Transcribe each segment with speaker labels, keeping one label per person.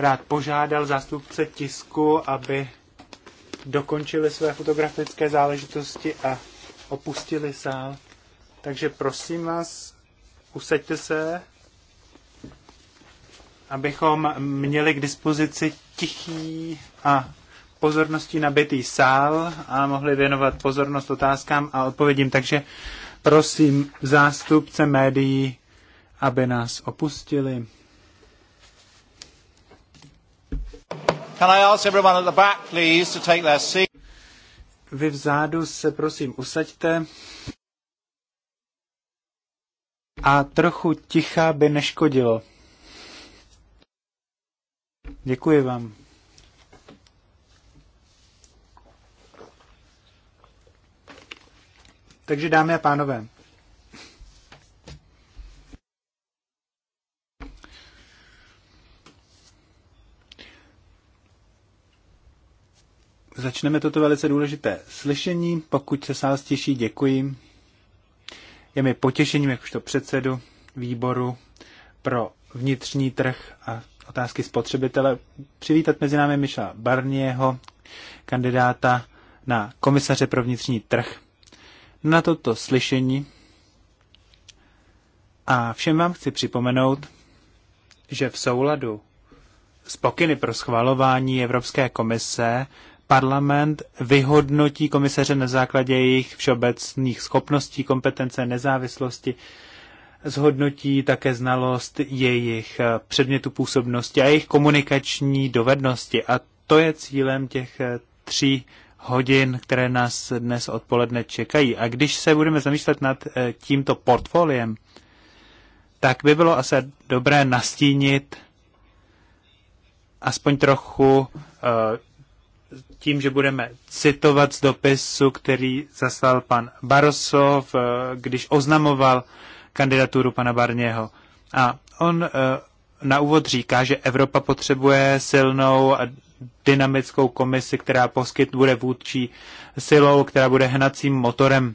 Speaker 1: rád požádal zástupce tisku, aby dokončili své fotografické záležitosti a opustili sál. Takže prosím vás, usaďte se, abychom měli k dispozici tichý a pozorností nabitý sál a mohli věnovat pozornost otázkám a odpovědím. Takže prosím zástupce médií, aby nás opustili.
Speaker 2: Can I ask everyone at the back, please, to take their seat?
Speaker 1: Vy vzadu se prosím usaďte. A trochu ticha by neškodilo. Děkuji vám. Takže dámy a pánové, začneme toto velice důležité slyšení. Pokud se sás těší, děkuji. Je mi potěšením, jakožto předsedu výboru pro vnitřní trh a otázky spotřebitele, přivítat mezi námi Miša Barnieho, kandidáta na komisaře pro vnitřní trh. Na toto slyšení a všem vám chci připomenout, že v souladu s pokyny pro schvalování Evropské komise parlament vyhodnotí komisaře na základě jejich všeobecných schopností, kompetence, nezávislosti, zhodnotí také znalost jejich eh, předmětu působnosti a jejich komunikační dovednosti. A to je cílem těch eh, tří hodin, které nás dnes odpoledne čekají. A když se budeme zamýšlet nad eh, tímto portfoliem, tak by bylo asi dobré nastínit aspoň trochu tím, že budeme citovat z dopisu, který zaslal pan Barroso, když oznamoval kandidaturu pana Barněho. A on eh, na úvod říká, že Evropa potřebuje silnou a dynamickou komisi, která poskyt bude vůdčí silou, která bude hnacím motorem.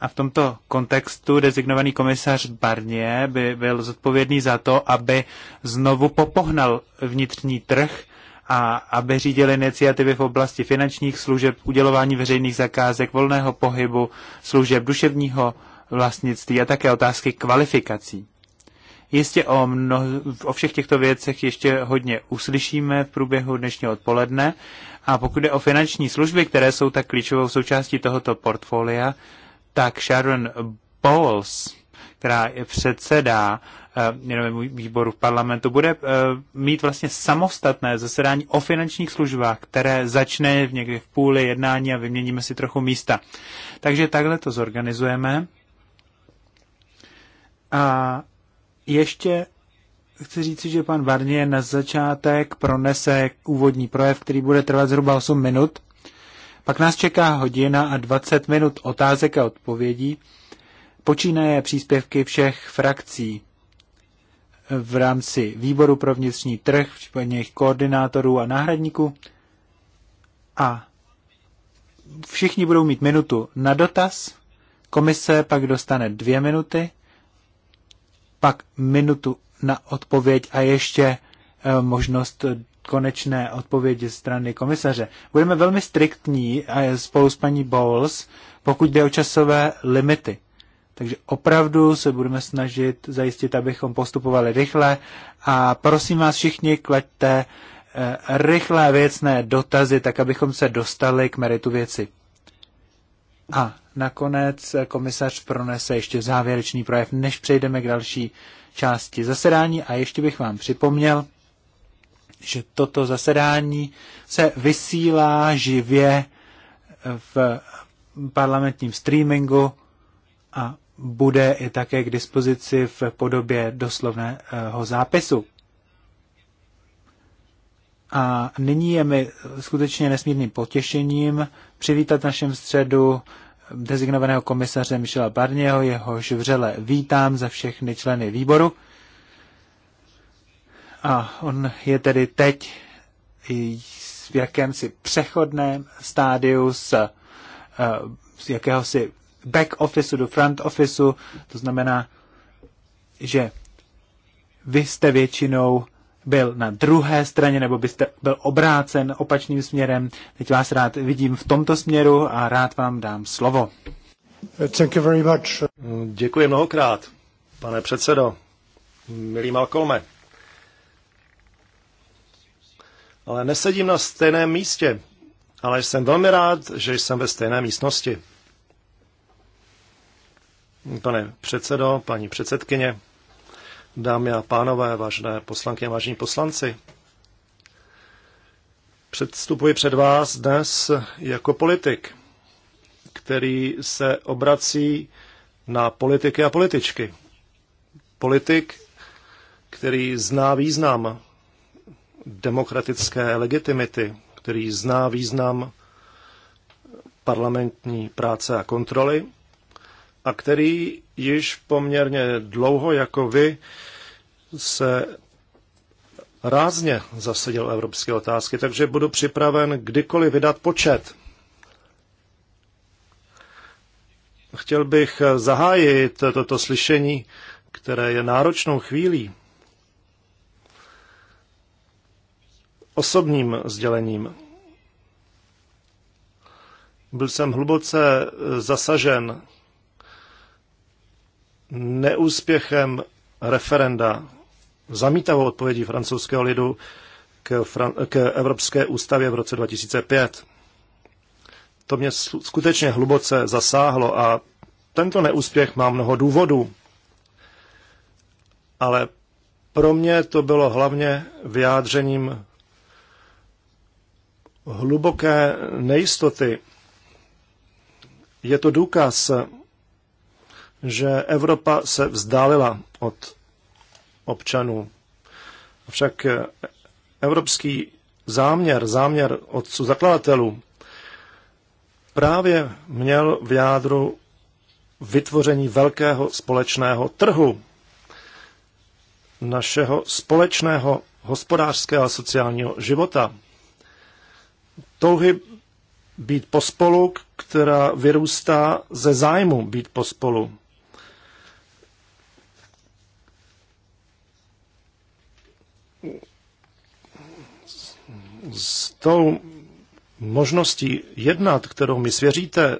Speaker 1: A v tomto kontextu designovaný komisař Barnier by byl zodpovědný za to, aby znovu popohnal vnitřní trh a aby řídili iniciativy v oblasti finančních služeb, udělování veřejných zakázek, volného pohybu, služeb duševního vlastnictví a také otázky kvalifikací. Jistě o, mno, o všech těchto věcech ještě hodně uslyšíme v průběhu dnešního odpoledne a pokud je o finanční služby, které jsou tak klíčovou součástí tohoto portfolia, tak Sharon Bowles která předsedá eh, měnovému výboru v parlamentu, bude eh, mít vlastně samostatné zasedání o finančních službách, které začne v někdy v půli jednání a vyměníme si trochu místa. Takže takhle to zorganizujeme. A ještě chci říci, že pan Varně na začátek pronese úvodní projev, který bude trvat zhruba 8 minut. Pak nás čeká hodina a 20 minut otázek a odpovědí počínaje příspěvky všech frakcí v rámci výboru pro vnitřní trh, případně jejich koordinátorů a náhradníků. A všichni budou mít minutu na dotaz, komise pak dostane dvě minuty, pak minutu na odpověď a ještě eh, možnost konečné odpovědi strany komisaře. Budeme velmi striktní eh, spolu s paní Bowles, pokud jde o časové limity. Takže opravdu se budeme snažit zajistit, abychom postupovali rychle a prosím vás všichni, klete eh, rychlé věcné dotazy, tak abychom se dostali k meritu věci. A nakonec komisař pronese ještě závěrečný projev, než přejdeme k další části zasedání. A ještě bych vám připomněl, že toto zasedání se vysílá živě v parlamentním streamingu a bude i také k dispozici v podobě doslovného zápisu. A nyní je mi skutečně nesmírným potěšením přivítat v našem středu dezignovaného komisaře Michela Barněho, jehož vřele vítám za všechny členy výboru. A on je tedy teď v jakémsi přechodném stádiu z, z eh, jakéhosi back officeu do front officeu, to znamená, že vy jste většinou byl na druhé straně, nebo byste byl obrácen opačným směrem. Teď vás rád vidím v tomto směru a rád vám dám slovo.
Speaker 3: Thank you very much. Děkuji mnohokrát, pane předsedo, milý Malcolme. Ale nesedím na stejném místě, ale jsem velmi rád, že jsem ve stejné místnosti. Pane předsedo, paní předsedkyně, dámy a pánové, vážené poslankyně, vážení poslanci, předstupuji před vás dnes jako politik, který se obrací na politiky a političky. Politik, který zná význam demokratické legitimity, který zná význam parlamentní práce a kontroly a který již poměrně dlouho jako vy se rázně zasadil evropské otázky, takže budu připraven kdykoliv vydat počet. Chtěl bych zahájit toto slyšení, které je náročnou chvílí, osobním sdělením. Byl jsem hluboce zasažen neúspěchem referenda, zamítavou odpovědí francouzského lidu k, Fran- k Evropské ústavě v roce 2005. To mě skutečně hluboce zasáhlo a tento neúspěch má mnoho důvodů. Ale pro mě to bylo hlavně vyjádřením hluboké nejistoty. Je to důkaz že Evropa se vzdálila od občanů. Avšak eh, evropský záměr, záměr otců zakladatelů, právě měl v jádru vytvoření velkého společného trhu, našeho společného hospodářského a sociálního života. Touhy být pospolu, která vyrůstá ze zájmu být pospolu. s tou možností jednat, kterou mi svěříte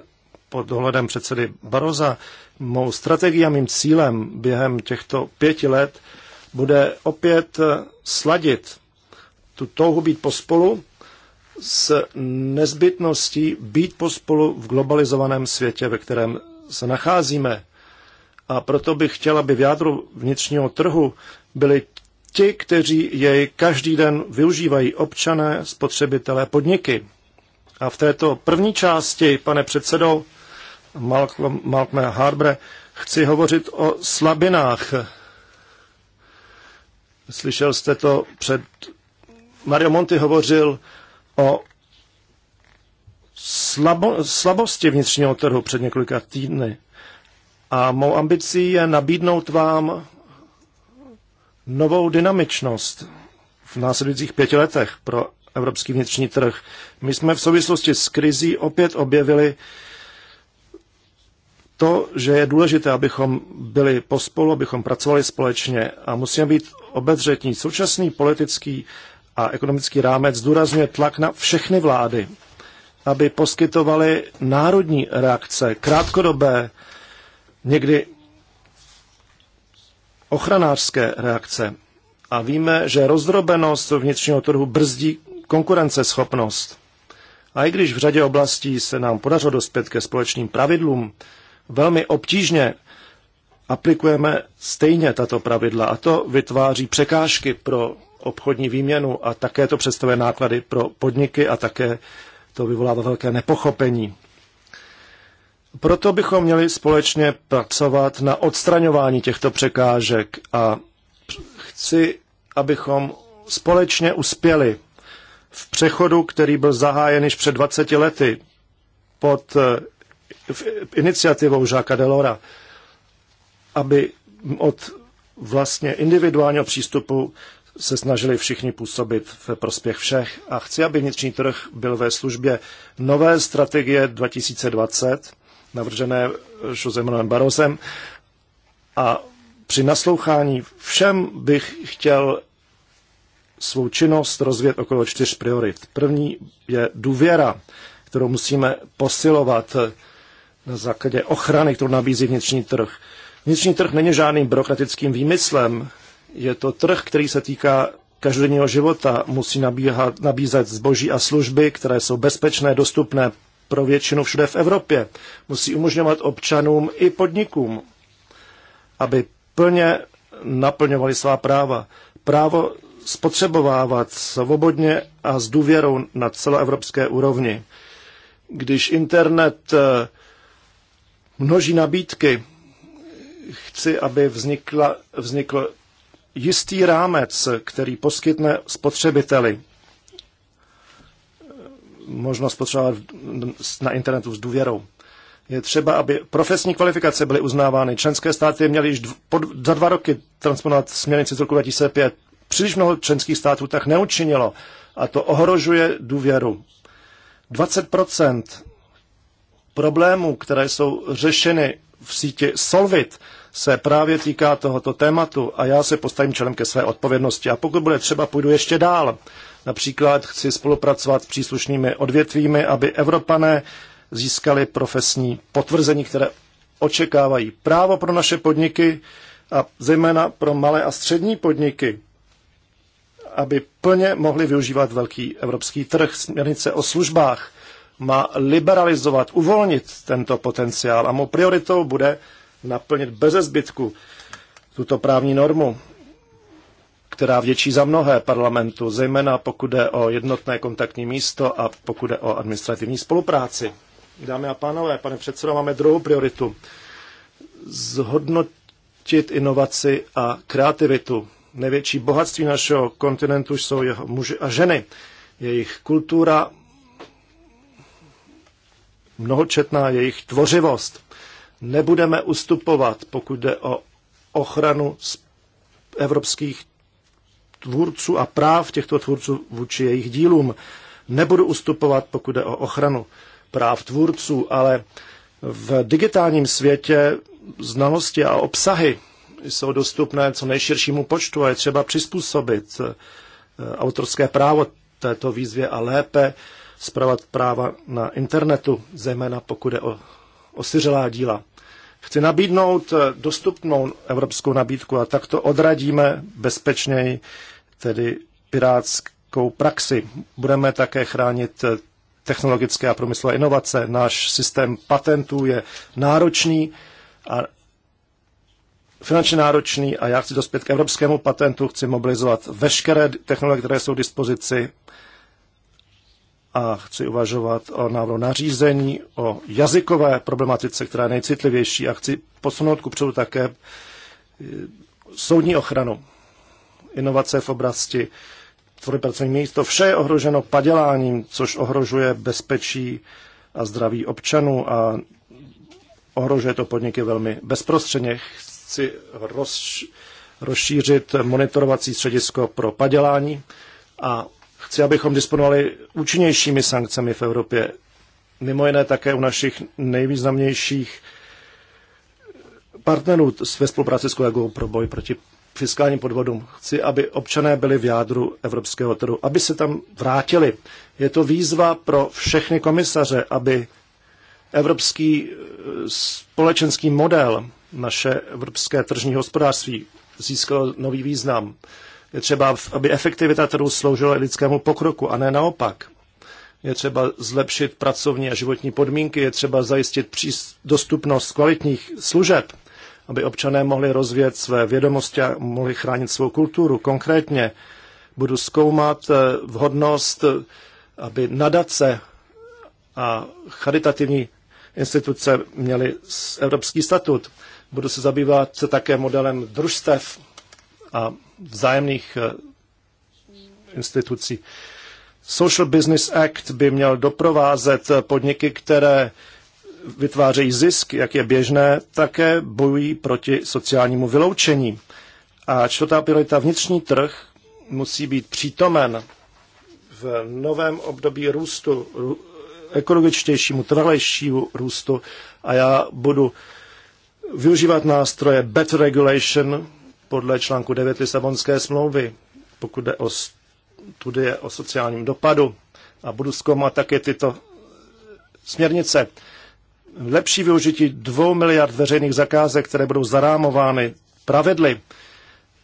Speaker 3: pod dohledem předsedy Baroza, mou strategií a mým cílem během těchto pěti let bude opět eh, sladit tu touhu být pospolu s nezbytností být pospolu v globalizovaném světě, ve kterém se nacházíme. A proto bych chtěla, aby v jádru vnitřního trhu byly ti, kteří jej každý den využívají, občané, spotřebitelé, podniky. A v této první části, pane předsedo Malcolm, Malcolm Harbre, chci hovořit o slabinách. Slyšel jste to před... Mario Monti hovořil o slabo, slabosti vnitřního trhu před několika týdny. A mou ambicí je nabídnout vám novou dynamičnost v následujících pěti letech pro evropský vnitřní trh. My jsme v souvislosti s krizí opět objevili to, že je důležité, abychom byli pospolu, abychom pracovali společně a musíme být obezřetní. Současný politický a ekonomický rámec zdůrazňuje tlak na všechny vlády, aby poskytovaly národní reakce, krátkodobé, někdy ochranářské reakce. A víme, že rozdrobenost vnitřního trhu brzdí konkurenceschopnost. A i když v řadě oblastí se nám podařilo dospět ke společným pravidlům, velmi obtížně aplikujeme stejně tato pravidla a to vytváří překážky pro obchodní výměnu a také to představuje náklady pro podniky a také to vyvolává velké nepochopení proto bychom měli společně pracovat na odstraňování těchto překážek a chci, abychom společně uspěli v přechodu, který byl zahájen již před 20 lety pod eh, iniciativou Žáka Delora, aby od vlastně individuálního přístupu se snažili všichni působit v prospěch všech a chci, aby vnitřní trh byl ve službě nové strategie 2020 navržené Josem Manuelem Barosem. A při naslouchání všem bych chtěl svou činnost rozvět okolo čtyř priorit. První je důvěra, kterou musíme posilovat na základě ochrany, kterou nabízí vnitřní trh. Vnitřní trh není žádným byrokratickým výmyslem. Je to trh, který se týká každodenního života. Musí nabíhat, nabízet zboží a služby, které jsou bezpečné, dostupné, pro většinu všude v Evropě. Musí umožňovat občanům i podnikům, aby plně naplňovali svá práva. Právo spotřebovávat svobodně a s důvěrou na celoevropské úrovni. Když internet eh, množí nabídky, chci, aby vznikla, vznikl jistý rámec, který poskytne spotřebiteli možnost spotřebovat na internetu s důvěrou. Je třeba, aby profesní kvalifikace byly uznávány. Členské státy měly již dv, pod, za dva roky transponovat směrnici z roku 2005. Příliš mnoho členských států tak neučinilo a to ohrožuje důvěru. 20 problémů, které jsou řešeny v síti Solvit, se právě týká tohoto tématu a já se postavím čelem ke své odpovědnosti. A pokud bude třeba, půjdu ještě dál. Například chci spolupracovat s příslušnými odvětvími, aby Evropané získali profesní potvrzení, které očekávají právo pro naše podniky a zejména pro malé a střední podniky, aby plně mohli využívat velký evropský trh. Směrnice o službách má liberalizovat, uvolnit tento potenciál a mou prioritou bude naplnit bez zbytku tuto právní normu která vděčí za mnohé parlamentu, zejména pokud jde o jednotné kontaktní místo a pokud jde o administrativní spolupráci. Dámy a pánové, pane předsedo, máme druhou prioritu. Zhodnotit inovaci a kreativitu. Největší bohatství našeho kontinentu jsou jeho muži a ženy. Jejich kultura, mnohočetná jejich tvořivost. Nebudeme ustupovat, pokud jde o ochranu evropských tvůrců a práv těchto tvůrců vůči jejich dílům. Nebudu ustupovat, pokud jde o ochranu práv tvůrců, ale v digitálním světě znalosti a obsahy jsou dostupné co nejširšímu počtu a je třeba přizpůsobit eh, autorské právo této výzvě a lépe zpravat práva na internetu, zejména pokud je o osiřelá díla. Chci nabídnout eh, dostupnou evropskou nabídku a takto odradíme bezpečněji tedy pirátskou praxi. Budeme také chránit eh, technologické a průmyslové inovace. Náš systém patentů je náročný a finančně náročný a já chci dospět k evropskému patentu, chci mobilizovat veškeré technologie, které jsou k dispozici a chci uvažovat o návrhu nařízení, o jazykové problematice, která je nejcitlivější a chci posunout kupředu také eh, soudní ochranu, inovace v oblasti tvorby pracovní místo. vše je ohroženo paděláním, což ohrožuje bezpečí a zdraví občanů a ohrožuje to podniky velmi bezprostředně. Chci roz, rozšířit monitorovací středisko pro padělání a Chci, abychom disponovali účinnějšími sankcemi v Evropě. Mimo jiné také u našich nejvýznamnějších partnerů ve spolupráci s kolegou pro boj proti fiskálním podvodům. Chci, aby občané byli v jádru evropského trhu, aby se tam vrátili. Je to výzva pro všechny komisaře, aby evropský eh, společenský model, naše evropské tržní hospodářství získalo nový význam. Je třeba, aby efektivita trhu sloužila lidskému pokroku a ne naopak. Je třeba zlepšit pracovní a životní podmínky, je třeba zajistit dostupnost kvalitních služeb, aby občané mohli rozvíjet své vědomosti a mohli chránit svou kulturu. Konkrétně budu zkoumat eh, vhodnost, eh, aby nadace a charitativní instituce měly evropský statut. Budu se zabývat také modelem družstev a vzájemných eh, institucí. Social Business Act by měl doprovázet eh, podniky, které vytvářejí zisk, jak je běžné, také bojují proti sociálnímu vyloučení. A čtvrtá priorita, vnitřní trh musí být přítomen v novém období růstu, ekologičtějšímu, trvalejšímu růstu a já budu využívat nástroje Better Regulation, podle článku 9 Lisabonské smlouvy, pokud jde o studie o sociálním dopadu a budu zkoumat také tyto směrnice. Lepší využití dvou miliard veřejných zakázek, které budou zarámovány pravidly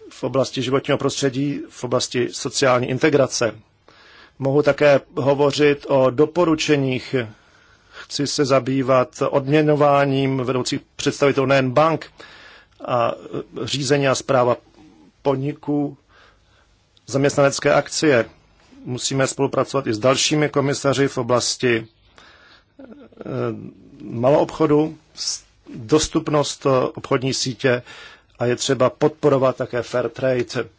Speaker 3: v oblasti životního prostředí, v oblasti sociální integrace. Mohu také hovořit o doporučeních. Chci se zabývat odměňováním vedoucích představitelů nejen bank, a řízení a zpráva podniků, zaměstnanecké akcie. Musíme spolupracovat i s dalšími komisaři v oblasti e, maloobchodu, dostupnost e, obchodní sítě a je třeba podporovat také fair trade.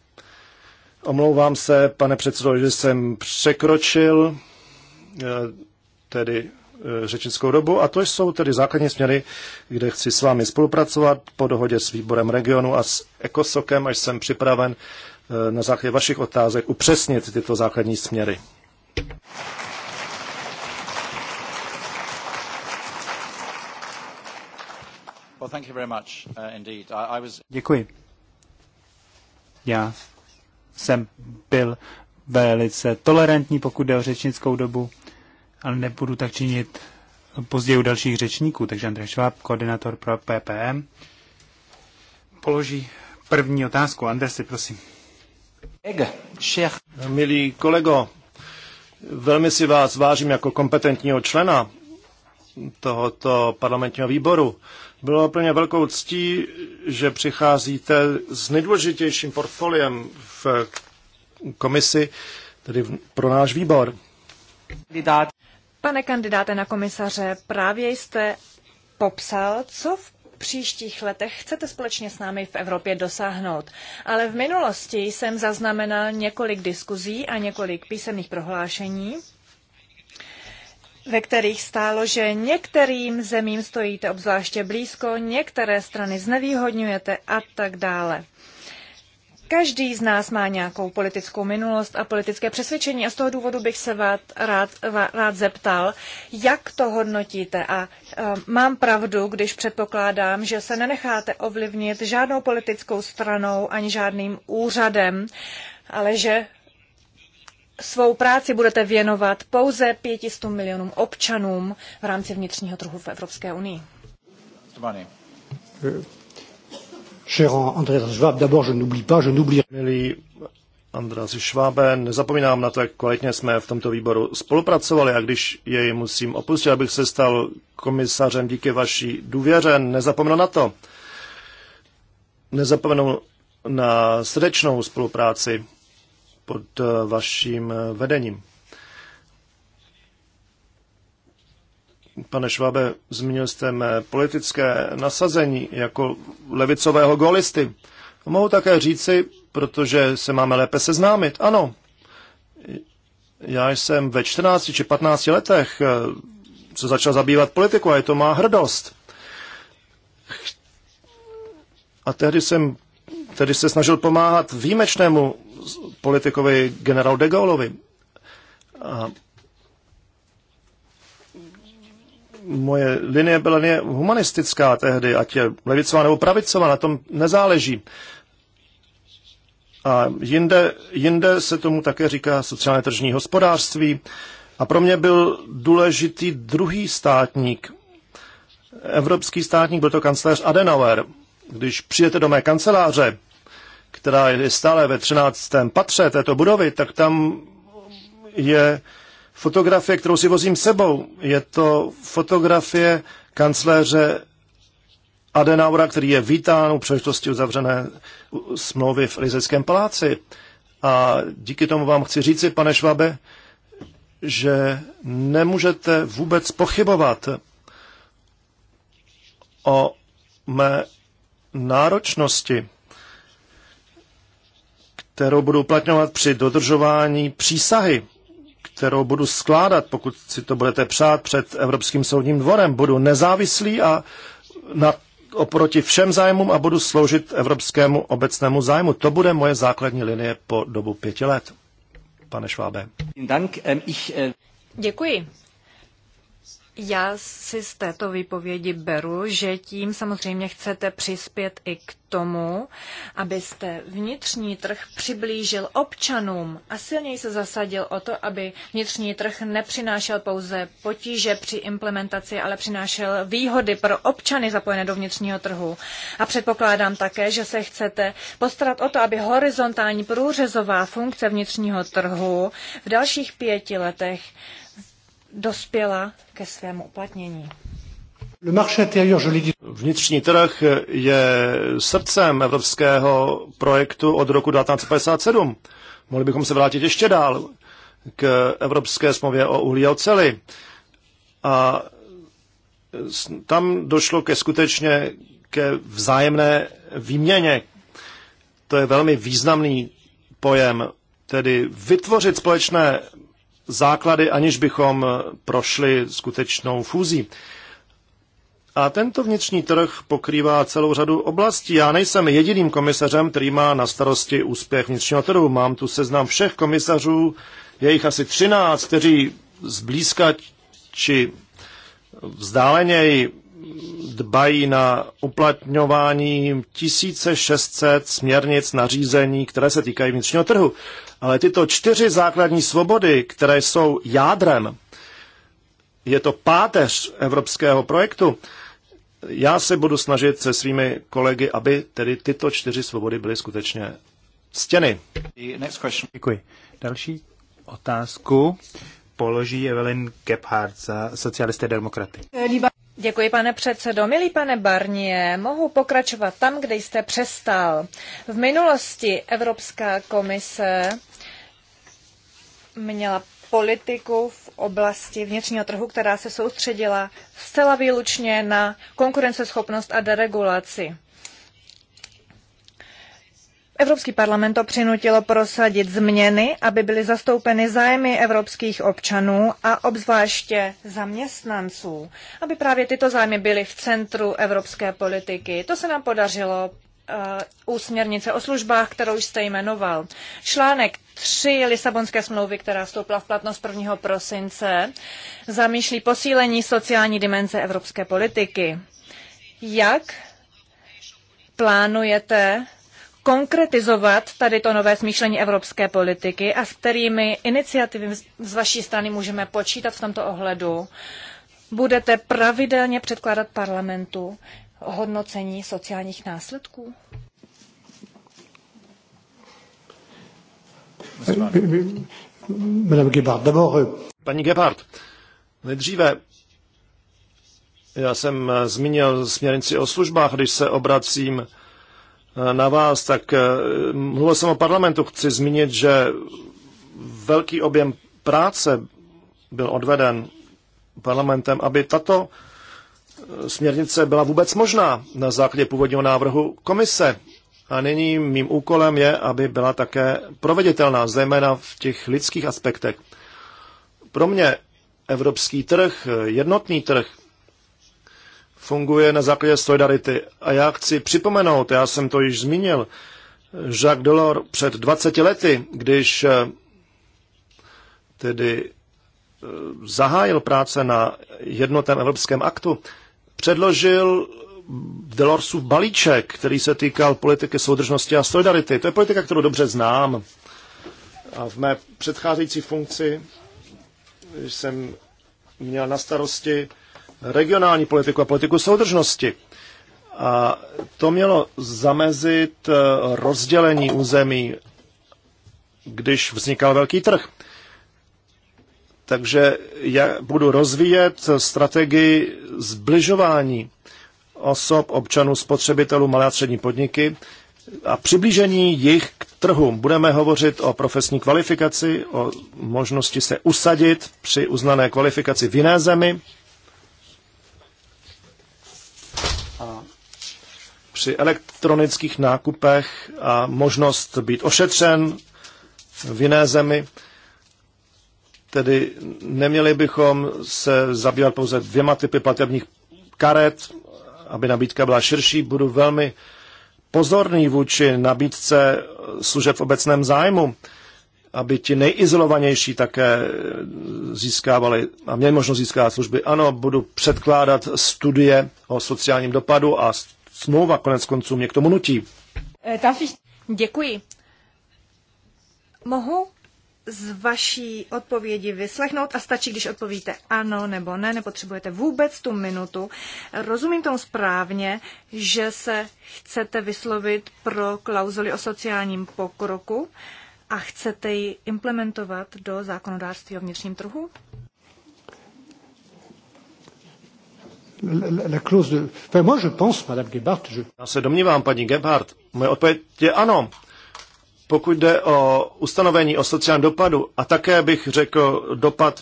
Speaker 3: Omlouvám se, pane předsedo, že jsem překročil e, tedy E, řečnickou dobu a to jsou tedy základní směry, kde chci s vámi spolupracovat po dohodě s výborem regionu a s Ekosokem, až jsem připraven e, na základě vašich otázek upřesnit tyto základní směry.
Speaker 4: Uh,
Speaker 3: Děkuji.
Speaker 1: Já jsem byl velice tolerantní, pokud jde o řečnickou dobu ale nebudu tak činit později u dalších řečníků, takže Andrej Šváb, koordinátor pro PPM, položí první otázku. si prosím.
Speaker 3: Milý kolego, velmi si vás vážím jako kompetentního člena tohoto parlamentního výboru. Bylo úplně velkou ctí, že přicházíte s nejdůležitějším portfoliem v komisi, tedy pro náš výbor.
Speaker 2: Kandidát. Pane kandidáte na komisaře, právě jste popsal, co v příštích letech chcete společně s námi v Evropě dosáhnout. Ale v minulosti jsem zaznamenal několik diskuzí a několik písemných prohlášení, ve kterých stálo, že některým zemím stojíte obzvláště blízko, některé strany znevýhodňujete a tak dále. Každý z nás má nějakou politickou minulost a politické přesvědčení a z toho důvodu bych se vás rád, rád zeptal, jak to hodnotíte a e, mám pravdu, když předpokládám, že se nenecháte ovlivnit žádnou politickou stranou ani žádným úřadem, ale že svou práci budete věnovat pouze 500 milionům občanům v rámci vnitřního trhu v Evropské unii.
Speaker 3: Cher Andreas Schwab, d'abord je n'oublie pas, je n'oublie... Milý Andrasi Švábe, nezapomínám na to, jak kvalitně jsme v tomto výboru spolupracovali a když jej musím opustit, abych se stal komisařem díky vaší důvěře, nezapomenu na to. Nezapomenu na srdečnou spolupráci pod vaším vedením. Pane Švábe, zmínil jste mé politické nasazení jako levicového golisty. mohu také říci, protože se máme lépe seznámit. Ano, já jsem ve 14 či 15 letech eh, se začal zabývat politiku, a je to má hrdost. A tehdy jsem tedy se snažil pomáhat výjimečnému politikovi generálu de Gaulovi. A moje linie byla linie humanistická tehdy, ať je levicová nebo pravicová, na tom nezáleží. A jinde, jinde se tomu také říká sociálně tržní hospodářství. A pro mě byl důležitý druhý státník, evropský státník, byl to kancléř Adenauer. Když přijete do mé kanceláře, která je stále ve 13. patře této budovy, tak tam je uh, fotografie, kterou si vozím sebou. Je to fotografie kancléře Adenaura, který je vítán u příležitosti uzavřené smlouvy v Rizeckém paláci. A díky tomu vám chci říci, pane Švabe, že nemůžete vůbec pochybovat o mé náročnosti, kterou budu uplatňovat při dodržování přísahy kterou budu skládat, pokud si to budete přát před Evropským soudním dvorem. Budu nezávislý a na, oproti všem zájmům a budu sloužit evropskému obecnému zájmu. To bude moje základní linie po dobu pěti let. Pane Švábe.
Speaker 2: Ähm, äh, Děkuji. Já si z této výpovědi beru, že tím samozřejmě chcete přispět i k tomu, abyste vnitřní trh přiblížil občanům a silněji se zasadil o to, aby vnitřní trh nepřinášel pouze potíže při implementaci, ale přinášel výhody pro občany zapojené do vnitřního trhu. A předpokládám také, že se chcete postarat o to, aby horizontální průřezová funkce vnitřního trhu v dalších pěti letech dospěla ke svému uplatnění.
Speaker 3: Vnitřní trh je srdcem evropského projektu od roku 1957. Mohli bychom se vrátit ještě dál k Evropské smlouvě o uhlí a oceli. A tam došlo ke skutečně ke vzájemné výměně. To je velmi významný pojem, tedy vytvořit společné základy, aniž bychom eh, prošli skutečnou fúzí. A tento vnitřní trh pokrývá celou řadu oblastí. Já nejsem jediným komisařem, který má na starosti úspěch vnitřního trhu. Mám tu seznam všech komisařů, je jich asi 13, kteří zblízka či vzdáleněji dbají na uplatňování 1600 směrnic nařízení, které se týkají vnitřního trhu. Ale tyto čtyři základní svobody, které jsou jádrem, je to páteř evropského projektu, já se budu snažit se svými kolegy, aby tedy tyto čtyři svobody byly skutečně stěny.
Speaker 1: Děkuji. Další otázku položí Evelyn Gebhardt za socialisté demokraty.
Speaker 2: Děkuji, pane předsedo. Milý pane Barnie, mohu pokračovat tam, kde jste přestal. V minulosti Evropská komise měla politiku v oblasti vnitřního trhu, která se soustředila zcela výlučně na konkurenceschopnost a deregulaci. Evropský parlament to přinutilo prosadit změny, aby byly zastoupeny zájmy evropských občanů a obzvláště zaměstnanců, aby právě tyto zájmy byly v centru evropské politiky. To se nám podařilo u směrnice o službách, kterou jste jmenoval. Článek 3 Lisabonské smlouvy, která vstoupila v platnost 1. prosince, zamýšlí posílení sociální dimenze evropské politiky. Jak plánujete konkretizovat tady to nové smýšlení evropské politiky a s kterými iniciativy z vaší strany můžeme počítat v tomto ohledu? Budete pravidelně předkládat parlamentu hodnocení sociálních následků?
Speaker 4: Euh,
Speaker 3: Paní Gebhardt, nejdříve já jsem eh, zmínil směrnici o službách, když se obracím eh, na vás, tak eh, mluvil jsem o parlamentu. Chci zmínit, že velký objem práce byl odveden parlamentem, aby tato směrnice byla vůbec možná na základě původního návrhu komise. A nyní mým úkolem je, aby byla také proveditelná, zejména v těch lidských aspektech. Pro mě evropský trh, jednotný trh, funguje na základě solidarity. A já chci připomenout, já jsem to již zmínil, Jacques Delors před 20 lety, když eh, tedy eh, zahájil práce na jednotném evropském aktu, předložil Delorsův balíček, který se týkal politiky soudržnosti a solidarity. To je politika, kterou dobře znám. A v mé předcházející funkci jsem měl na starosti regionální politiku a politiku soudržnosti. A to mělo zamezit eh, rozdělení území, když vznikal velký trh. Takže já budu rozvíjet strategii zbližování osob, občanů, spotřebitelů, malé a střední podniky a přiblížení jich k trhům. Budeme hovořit o profesní kvalifikaci, o možnosti se usadit při uznané kvalifikaci v jiné zemi a při elektronických nákupech a možnost být ošetřen v jiné zemi. Tedy neměli bychom se zabývat pouze dvěma typy platebních karet, aby nabídka byla širší. Budu velmi pozorný vůči nabídce služeb v obecném zájmu, aby ti nejizolovanější také získávali a měli možnost získávat služby. Ano, budu předkládat studie o sociálním dopadu a smlouva konec konců mě k tomu nutí.
Speaker 2: Eh, Děkuji. Mohu z vaší odpovědi vyslechnout a stačí, když odpovíte ano nebo ne, nepotřebujete vůbec tu minutu. Rozumím tomu správně, že se chcete vyslovit pro klauzuli o sociálním pokroku a chcete ji implementovat do zákonodárství o vnitřním trhu?
Speaker 3: Já se domnívám, paní Gebhardt, moje odpověď je ano. Pokud jde o ustanovení o sociálním dopadu a také bych řekl dopad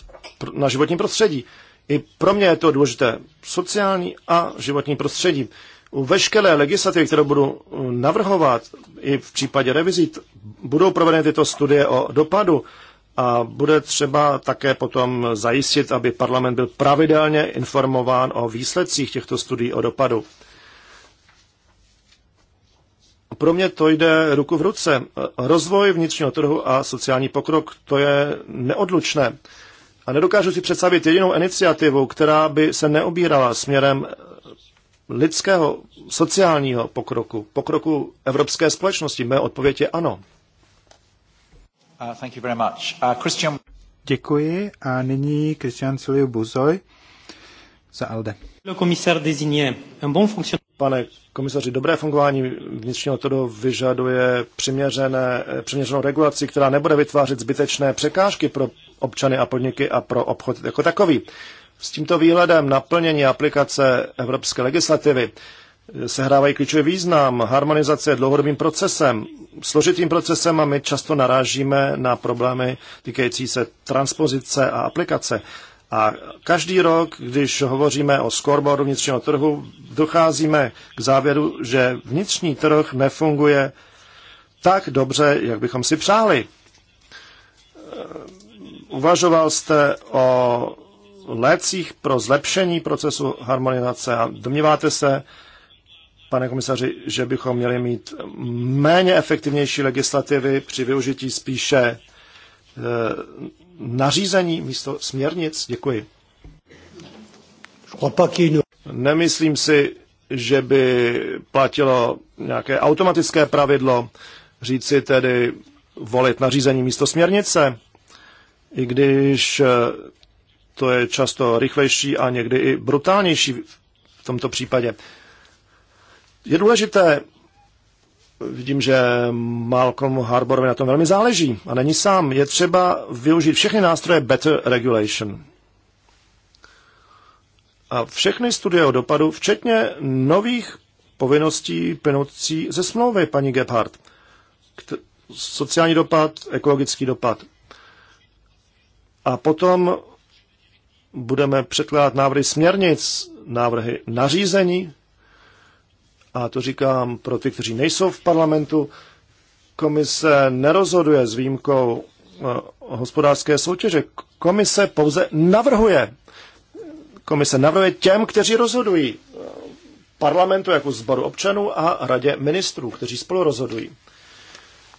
Speaker 3: na životní prostředí, i pro mě je to důležité sociální a životní prostředí. U veškeré legislativy, kterou budu uh, navrhovat, i v případě revizit, budou provedeny tyto studie o dopadu a bude třeba také potom zajistit, aby parlament byl pravidelně informován o výsledcích těchto studií o dopadu. Pro mě to jde ruku v ruce. Rozvoj vnitřního trhu a sociální pokrok, to je neodlučné. A nedokážu si představit jedinou iniciativu, která by se neobírala směrem lidského, sociálního pokroku, pokroku evropské společnosti. Mé odpověď je ano. Uh, uh,
Speaker 1: Děkuji a nyní Christian
Speaker 3: Suliu Buzoj za ALDE. Pane komisaři, dobré fungování vnitřního trhu vyžaduje přiměřené, eh, přiměřenou regulaci, která nebude vytvářet zbytečné překážky pro občany a podniky a pro obchod jako takový. S tímto výhledem naplnění aplikace evropské legislativy eh, sehrávají klíčový význam. Harmonizace je dlouhodobým procesem, složitým procesem a my často narážíme na problémy týkající se transpozice a aplikace. A každý rok, když hovoříme o scoreboardu vnitřního trhu, docházíme k závěru, že vnitřní trh nefunguje tak dobře, jak bychom si přáli. Uvažoval jste o lécích pro zlepšení procesu harmonizace a domníváte se, pane komisaři, že bychom měli mít méně efektivnější legislativy při využití spíše eh, nařízení místo směrnic? Děkuji. No- Nemyslím si, že by platilo nějaké automatické pravidlo říci tedy volit nařízení místo směrnice, i když eh, to je často rychlejší a někdy i brutálnější v tomto případě. Je důležité Vidím, že Malcolm Harbour na tom velmi záleží a není sám. Je třeba využít všechny nástroje Better Regulation. A všechny studie o dopadu, včetně nových povinností plynoucí ze smlouvy, paní Gebhardt. sociální dopad, ekologický dopad. A potom budeme překládat návrhy směrnic, návrhy nařízení, a to říkám pro ty, kteří nejsou v parlamentu, komise nerozhoduje s výjimkou eh, hospodářské soutěže. Komise pouze navrhuje. Komise navrhuje těm, kteří rozhodují. Parlamentu jako zboru občanů a radě ministrů, kteří spolu rozhodují.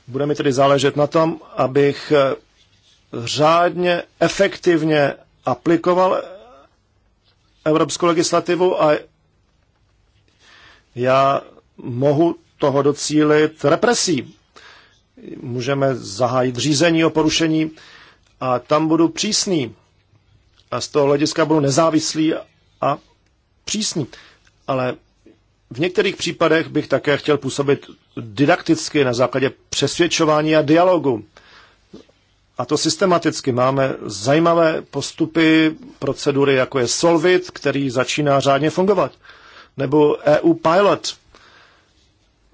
Speaker 3: Bude mi tedy záležet na tom, abych eh, řádně, efektivně aplikoval evropskou legislativu a já mohu toho docílit represí. Můžeme zahájit řízení o porušení a tam budu přísný. A z toho hlediska budu nezávislý a přísný. Ale v některých případech bych také chtěl působit didakticky na základě přesvědčování a dialogu. A to systematicky. Máme zajímavé postupy, procedury, jako je Solvit, který začíná řádně fungovat nebo EU Pilot,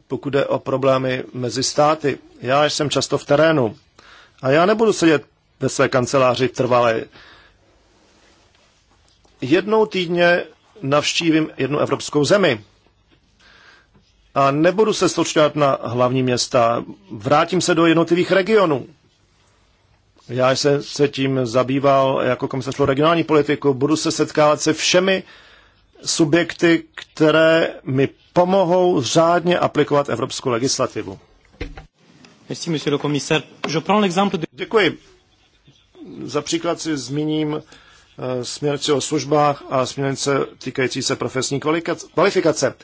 Speaker 3: pokud jde o problémy mezi státy. Já jsem často v terénu a já nebudu sedět ve své kanceláři trvale. Jednou týdně navštívím jednu evropskou zemi a nebudu se stočňovat na hlavní města. Vrátím se do jednotlivých regionů. Já jsem se tím zabýval jako komisař pro regionální politiku. Budu se setkávat se všemi subjekty, které mi pomohou řádně aplikovat evropskou legislativu. Děkuji. Za příklad si zmíním eh, směrnice o službách a směrnice týkající se profesní kvalifikace,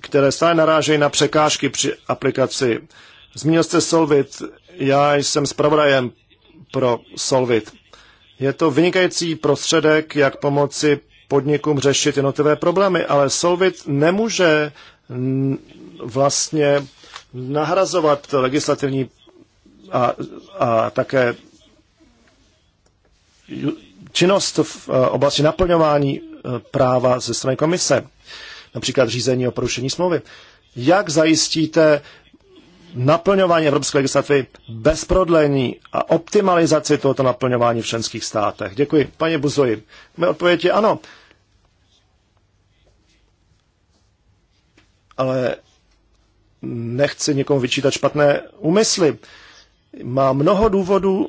Speaker 3: které stále narážejí na překážky při aplikaci. Zmínil jste Solvit, já jsem zpravodajem pro Solvit. Je to vynikající prostředek, jak pomoci podnikům řešit jednotlivé problémy, ale Solvit nemůže vlastně nahrazovat legislativní a, a také činnost v eh, oblasti naplňování eh, práva ze strany komise, například řízení o porušení smlouvy. Jak zajistíte naplňování evropské legislativy bez prodlení a optimalizaci tohoto naplňování v členských státech? Děkuji. Paní Buzoji, Moje odpověď je ano. Ale nechci někomu vyčítat špatné úmysly. Má mnoho důvodů,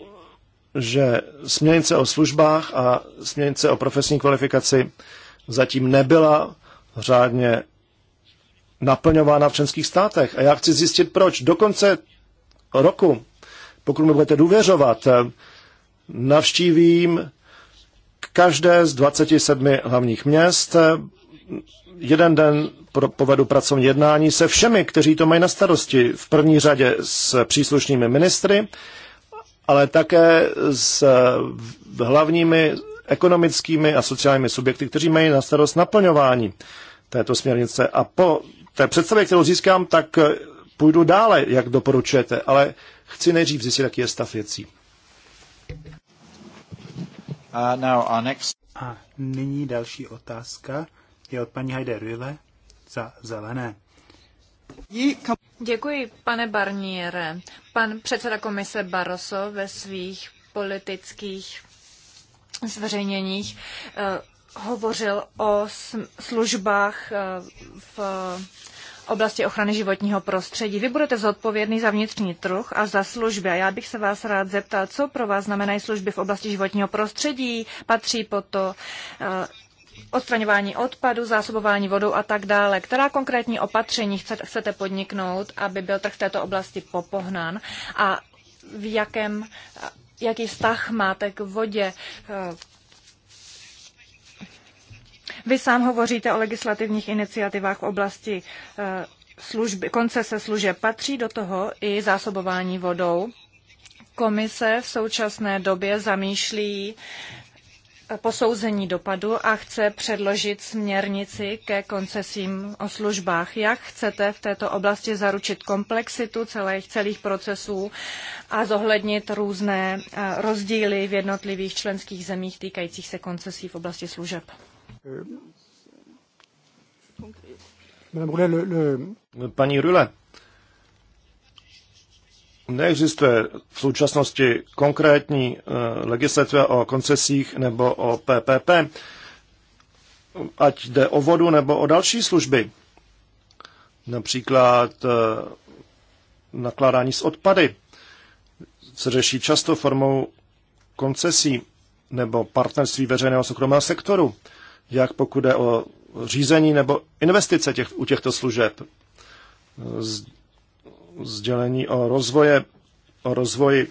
Speaker 3: že směrnice o službách a směrnice o profesní kvalifikaci zatím nebyla řádně naplňována v členských státech. A já chci zjistit, proč. Do konce roku, pokud mi budete důvěřovat, navštívím každé z 27 hlavních měst. Jeden den povedu pracovní jednání se všemi, kteří to mají na starosti. V první řadě s příslušnými ministry, ale také s hlavními ekonomickými a sociálními subjekty, kteří mají na starost naplňování této směrnice. A po té představě, kterou získám, tak eh, půjdu dále, jak doporučujete, ale chci nejdřív zjistit, jaký je stav věcí.
Speaker 1: Uh, now our next... A nyní další otázka je od paní Heide Rühle za zelené.
Speaker 2: Děkuji, pane Barniere. Pan předseda komise Barroso ve svých politických zveřejněních eh, hovořil o službách eh, v oblasti ochrany životního prostředí. Vy budete zodpovědný za vnitřní trh a za služby. A já bych se vás rád zeptal, co pro vás znamenají služby v oblasti životního prostředí? Patří po to eh, odstraňování odpadu, zásobování vodou a tak dále. Která konkrétní opatření chcete podniknout, aby byl trh v této oblasti popohnán? A v jakém jaký vztah máte k vodě, eh, vy sám hovoříte o legislativních iniciativách v oblasti eh, služby, koncese služeb. Patří do toho i zásobování vodou. Komise v současné době zamýšlí eh, posouzení dopadu a chce předložit směrnici ke koncesím o službách. Jak chcete v této oblasti zaručit komplexitu celých, celých procesů a zohlednit různé eh, rozdíly v jednotlivých členských zemích týkajících se koncesí v oblasti služeb?
Speaker 4: Euh,
Speaker 3: Paní Rule, neexistuje v současnosti konkrétní eh, legislativa o koncesích nebo o PPP, ať jde o vodu nebo o další služby, například eh, nakládání s odpady se řeší často formou koncesí nebo partnerství veřejného soukromého sektoru jak pokud jde o řízení nebo investice těch, u těchto služeb, sdělení o, rozvoje, o rozvoji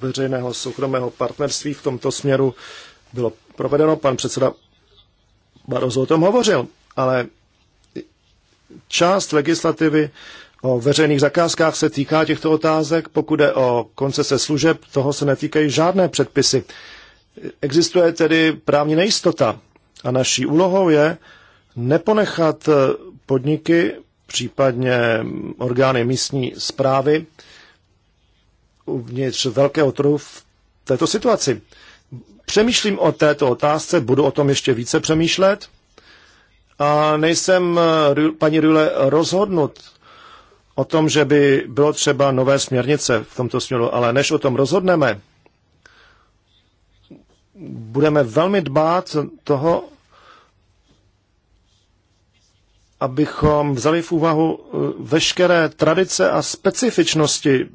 Speaker 3: veřejného soukromého partnerství v tomto směru bylo provedeno. Pan předseda Barozo o tom hovořil, ale část legislativy o veřejných zakázkách se týká těchto otázek. Pokud je o koncese služeb, toho se netýkají žádné předpisy. Existuje tedy právní nejistota a naší úlohou je neponechat podniky, případně orgány místní zprávy, uvnitř velkého trhu v této situaci. Přemýšlím o této otázce, budu o tom ještě více přemýšlet a nejsem, paní Rule, rozhodnut o tom, že by bylo třeba nové směrnice v tomto směru, ale než o tom rozhodneme, budeme velmi dbát toho, abychom vzali v úvahu eh, veškeré tradice a specifičnosti,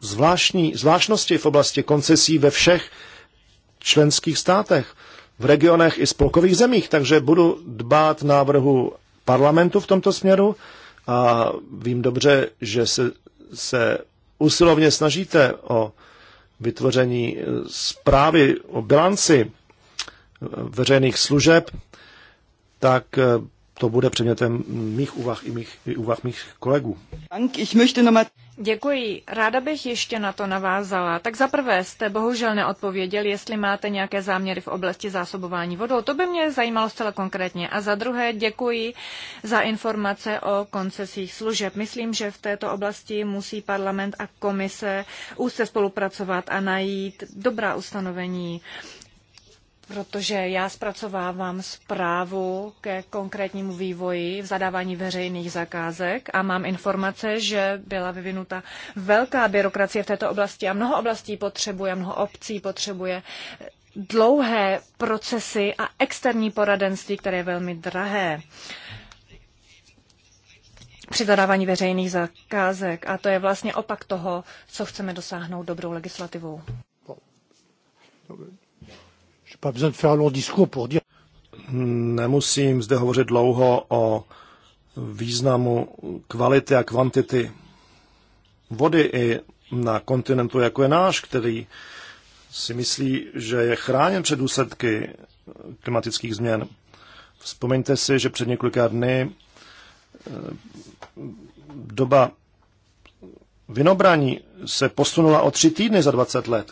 Speaker 3: zvláštní, zvláštnosti v oblasti koncesí ve všech členských státech, v regionech i spolkových zemích. Takže budu dbát návrhu parlamentu v tomto směru a vím dobře, že se, se usilovně snažíte o vytvoření eh, zprávy o bilanci eh, veřejných služeb, tak eh, to bude předmětem mých úvah i, mých, i úvah mých kolegů.
Speaker 2: Děkuji. Ráda bych ještě na to navázala. Tak zaprvé jste bohužel neodpověděl, jestli máte nějaké záměry v oblasti zásobování vodou. To by mě zajímalo zcela konkrétně. A za druhé děkuji za informace o koncesích služeb. Myslím, že v této oblasti musí parlament a komise úzce spolupracovat a najít dobrá ustanovení protože já zpracovávám zprávu ke konkrétnímu vývoji v zadávání veřejných zakázek a mám informace, že byla vyvinuta velká byrokracie v této oblasti a mnoho oblastí potřebuje, mnoho obcí potřebuje dlouhé procesy a externí poradenství, které je velmi drahé při zadávání veřejných zakázek. A to je vlastně opak toho, co chceme dosáhnout dobrou legislativou
Speaker 3: pas besoin de faire un long discours pour dire... Nemusím zde hovořit dlouho o významu kvality a kvantity vody i na kontinentu, jako je náš, který si myslí, že je chráněn před důsledky klimatických změn. Vzpomeňte si, že před několika dny eh, doba vynobraní se posunula o tři týdny za 20 let.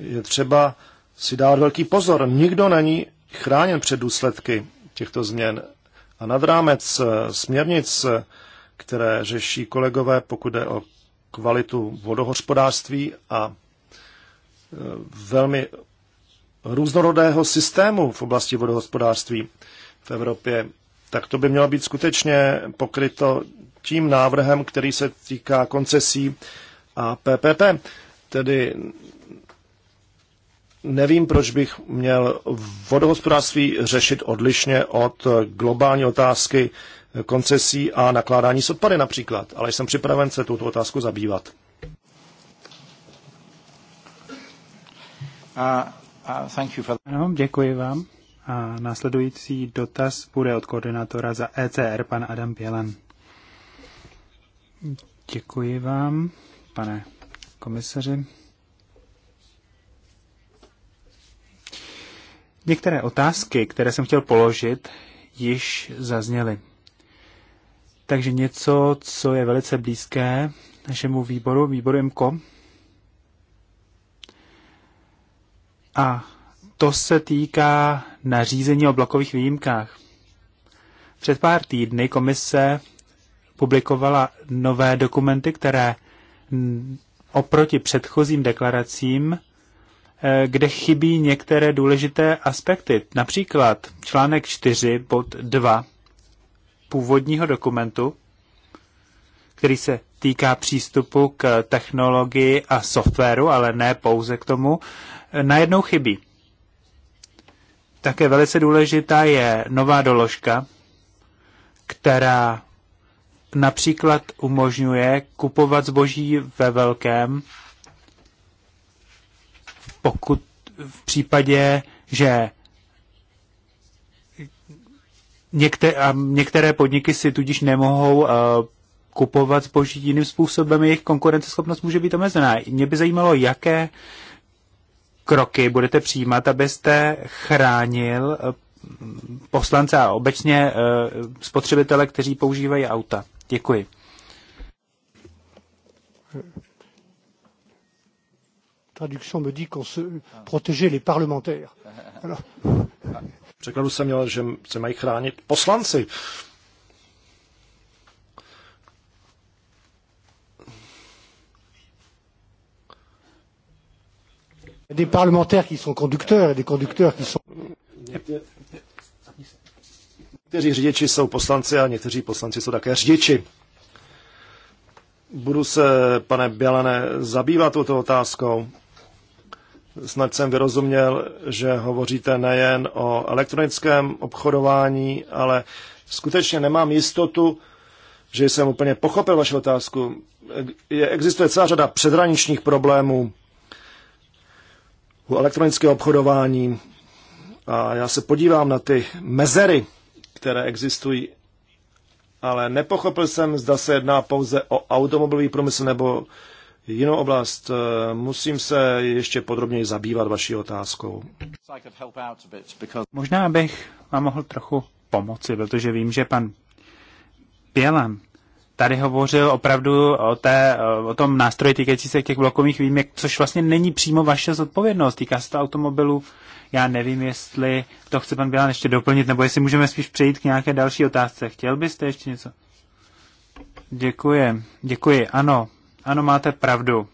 Speaker 3: Je třeba si dát velký pozor. Nikdo není chráněn před důsledky těchto změn. A nad rámec eh, směrnic, eh, které řeší kolegové, pokud jde o kvalitu vodohospodářství a eh, velmi různorodého systému v oblasti vodohospodářství v Evropě, tak to by mělo být skutečně pokryto tím návrhem, který se týká koncesí a PPP. Tedy nevím, proč bych měl vodohospodářství řešit odlišně od globální otázky koncesí a nakládání s odpady například, ale jsem připraven se tuto otázku zabývat.
Speaker 1: Uh, uh, thank you for... Ano, děkuji vám. A následující dotaz bude od koordinátora za ECR, pan Adam Bělan. Děkuji vám, pane komisaři. Některé otázky, které jsem chtěl položit, již zazněly. Takže něco, co je velice blízké našemu výboru, výboru MKO. A to se týká nařízení o blokových výjimkách. Před pár týdny komise publikovala nové dokumenty, které oproti předchozím deklaracím Eh, kde chybí některé důležité aspekty. Například článek 4 bod 2 původního dokumentu, který se týká přístupu k technologii a softwaru, ale ne pouze k tomu, eh, najednou chybí. Také velice důležitá je nová doložka, která například umožňuje kupovat zboží ve velkém pokud v případě, že některé, podniky si tudíž nemohou eh, kupovat zboží jiným způsobem, jejich konkurenceschopnost může být omezená. Mě by zajímalo, jaké kroky budete přijímat, abyste chránil eh, poslance a obecně eh, spotřebitele, kteří používají auta. Děkuji
Speaker 4: traduction me dit qu'on se protégeait les parlementaires. Alors...
Speaker 3: překladu jsem měl, že se mají chránit poslanci.
Speaker 4: Des parlementaires qui sont conducteurs et des conducteurs qui sont...
Speaker 3: Někteří řidiči jsou poslanci a někteří poslanci jsou také řidiči. Budu se, pane Bělane, zabývat touto otázkou. Snad jsem vyrozuměl, že hovoříte nejen o elektronickém obchodování, ale skutečně nemám jistotu, že jsem úplně pochopil vaši otázku. Je, existuje celá řada předraničních problémů u elektronického obchodování a já se podívám na ty mezery, které existují, ale nepochopil jsem, zda se jedná pouze o automobilový průmysl nebo jinou oblast. Eh, musím se ještě podrobněji zabývat vaší otázkou. Možná bych vám mohl trochu
Speaker 1: pomoci, protože vím, že pan Bělan tady hovořil opravdu o, té, eh, o tom nástroji týkající se těch blokových výjimek, což vlastně není přímo vaše zodpovědnost. Týká se to automobilu. Já nevím, jestli to chce pan Bělan ještě doplnit, nebo jestli můžeme spíš přejít k nějaké další otázce. Chtěl byste ještě něco? Děkuji. Děkuji. Ano, ano, máte pravdu.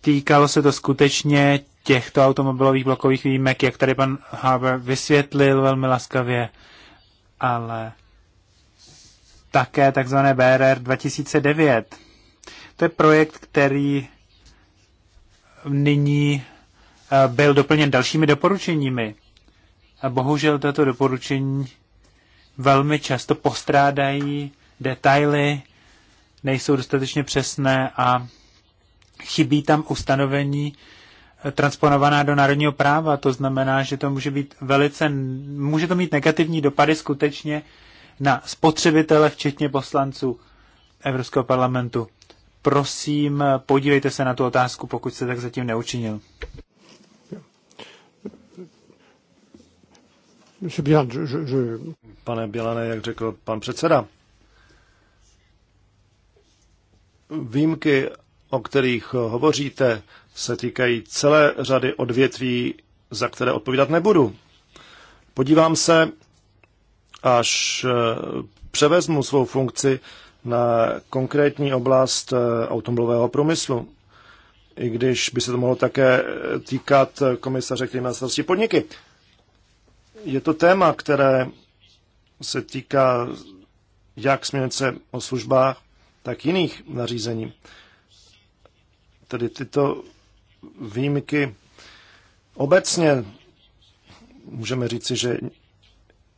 Speaker 1: Týkalo se to skutečně těchto automobilových blokových výjimek, jak tady pan Haber vysvětlil velmi laskavě, ale také takzvané BRR 2009. To je projekt, který nyní eh, byl doplněn dalšími doporučeními. A bohužel tato doporučení velmi často postrádají detaily, nejsou dostatečně přesné a chybí tam ustanovení eh, transponovaná do národního práva. To znamená, že to může být velice, může to mít negativní dopady skutečně na spotřebitele, včetně poslanců Evropského parlamentu. Prosím, eh, podívejte se na tu otázku, pokud se tak zatím neučinil.
Speaker 3: Pane Bělané, jak řekl pan předseda, Výjimky, o kterých hovoříte, se týkají celé řady odvětví, za které odpovídat nebudu. Podívám se, až eh, převezmu svou funkci na konkrétní oblast eh, automobilového průmyslu. I když by se to mohlo také eh, týkat komisaře, který podniky. Je to téma, které se týká jak směnce o službách, tak jiných nařízení. Tedy tyto výjimky obecně můžeme říci, že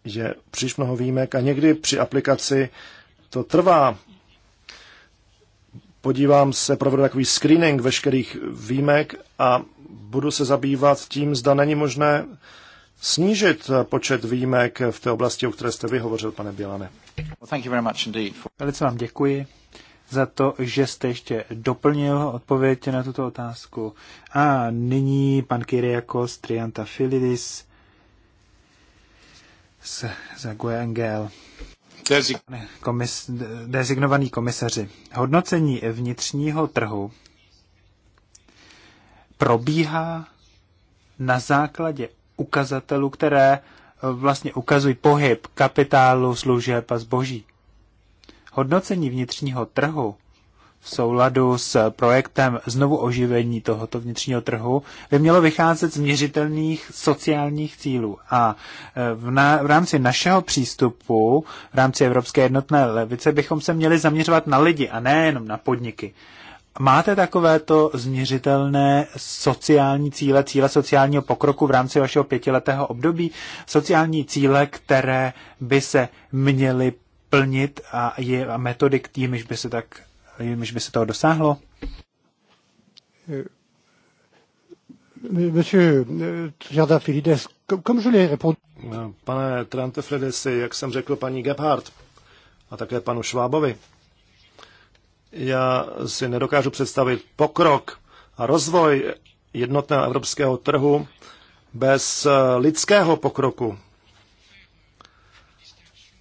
Speaker 3: je příliš mnoho výjimek a někdy při aplikaci to trvá. Podívám se, provedu takový screening veškerých výjimek a budu se zabývat tím, zda není možné snížit počet výjimek v té oblasti, o které jste vyhovořil, pane Bělane. Velice
Speaker 1: vám děkuji za to, že jste ještě doplnil odpověď na tuto otázku. A nyní pan Kyriakos Filidis z Zague Engel. Komis, designovaný komisaři. Hodnocení vnitřního trhu probíhá na základě ukazatelů, které eh, vlastně ukazují pohyb kapitálu, služeb a zboží. Hodnocení vnitřního trhu v souladu s projektem znovu oživení tohoto vnitřního trhu by mělo vycházet z měřitelných sociálních cílů. A eh, v, na, v rámci našeho přístupu, v rámci Evropské jednotné levice, bychom se měli zaměřovat na lidi a ne jenom na podniky. Máte takovéto změřitelné sociální cíle, cíle sociálního pokroku v rámci vašeho pětiletého období? Sociální cíle, které by se měly plnit a, je, a metody, k jimiž by se tak jimž by se toho dosáhlo?
Speaker 4: Monsieur Triantafilides, comme
Speaker 3: Pane jak jsem řekl paní Gebhardt a také panu Švábovi, já si nedokážu představit pokrok a rozvoj jednotného evropského trhu bez eh, lidského pokroku.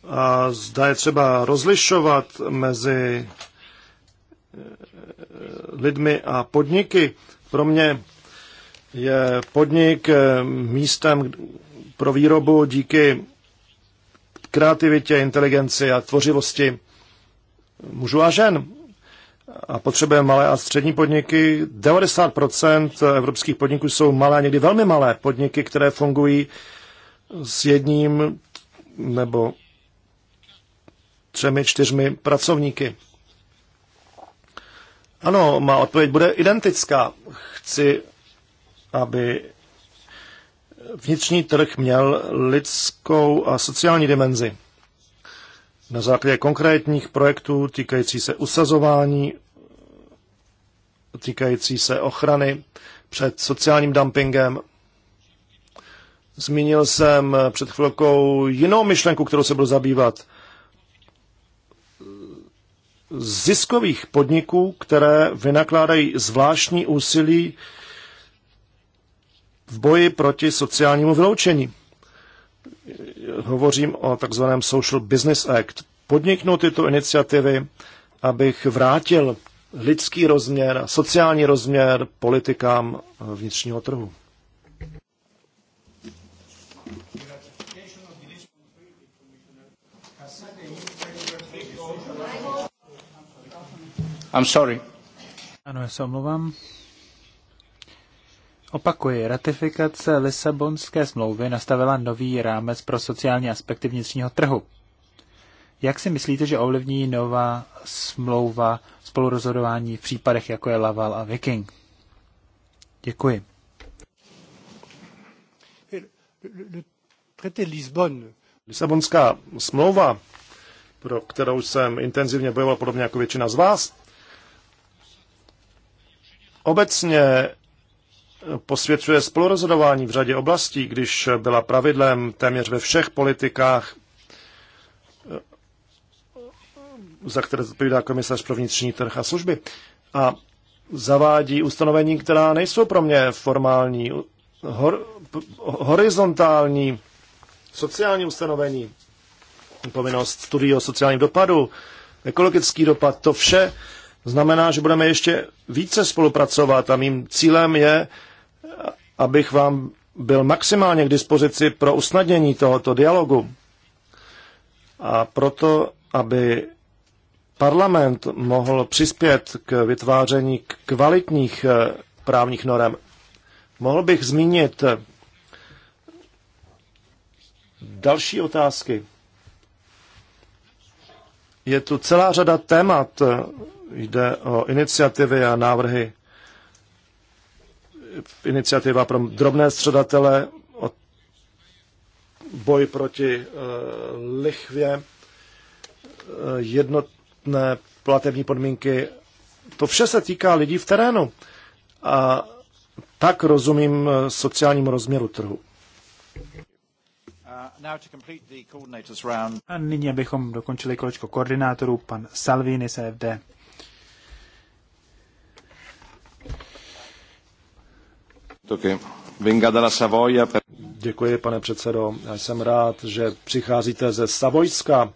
Speaker 3: A zda je třeba rozlišovat mezi eh, lidmi a podniky. Pro mě je podnik eh, místem pro výrobu díky kreativitě, inteligenci a tvořivosti mužů a žen a potřebuje malé a střední podniky. 90% evropských podniků jsou malé, někdy velmi malé podniky, které fungují s jedním nebo třemi, čtyřmi pracovníky. Ano, má odpověď bude identická. Chci, aby vnitřní trh měl lidskou a sociální dimenzi. Na základě konkrétních projektů týkající se usazování týkající se ochrany před sociálním dumpingem. Zmínil jsem před chvilkou jinou myšlenku, kterou se budu zabývat. Ziskových podniků, které vynakládají zvláštní úsilí v boji proti sociálnímu vyloučení. Hovořím o takzvaném Social Business Act. Podniknu tyto iniciativy, abych vrátil lidský rozměr sociální rozměr politikám eh, vnitřního trhu.
Speaker 4: I'm sorry.
Speaker 1: Ano, já se omlouvám. Opakuji, ratifikace Lisabonské smlouvy nastavila nový rámec pro sociální aspekty vnitřního trhu. Jak si myslíte, že ovlivní nová smlouva spolurozhodování v případech, jako je Laval a Viking? Děkuji.
Speaker 3: Lisabonská smlouva, pro kterou jsem intenzivně bojoval, podobně jako většina z vás, obecně posvědčuje spolurozhodování v řadě oblastí, když byla pravidlem téměř ve všech politikách za které zodpovídá komisař pro vnitřní trh a služby. A zavádí ustanovení, která nejsou pro mě formální, hor, horizontální, sociální ustanovení, povinnost studií o sociálním dopadu, ekologický dopad, to vše znamená, že budeme ještě více spolupracovat a mým cílem je, abych vám byl maximálně k dispozici pro usnadnění tohoto dialogu. A proto, aby parlament mohl přispět k vytváření kvalitních eh, právních norem. Mohl bych zmínit eh, další otázky. Je tu celá řada témat. Eh, jde o iniciativy a návrhy. Iniciativa pro drobné středatele, o boj proti lichvě, jednotlivé špatné platební podmínky. To vše se týká lidí v terénu. A tak rozumím eh, sociálnímu rozměru trhu.
Speaker 2: Uh,
Speaker 1: A nyní, abychom dokončili kolečko koordinátorů, pan Salvini z FD.
Speaker 3: Děkuji, pane předsedo. Já jsem rád, že přicházíte ze Savojska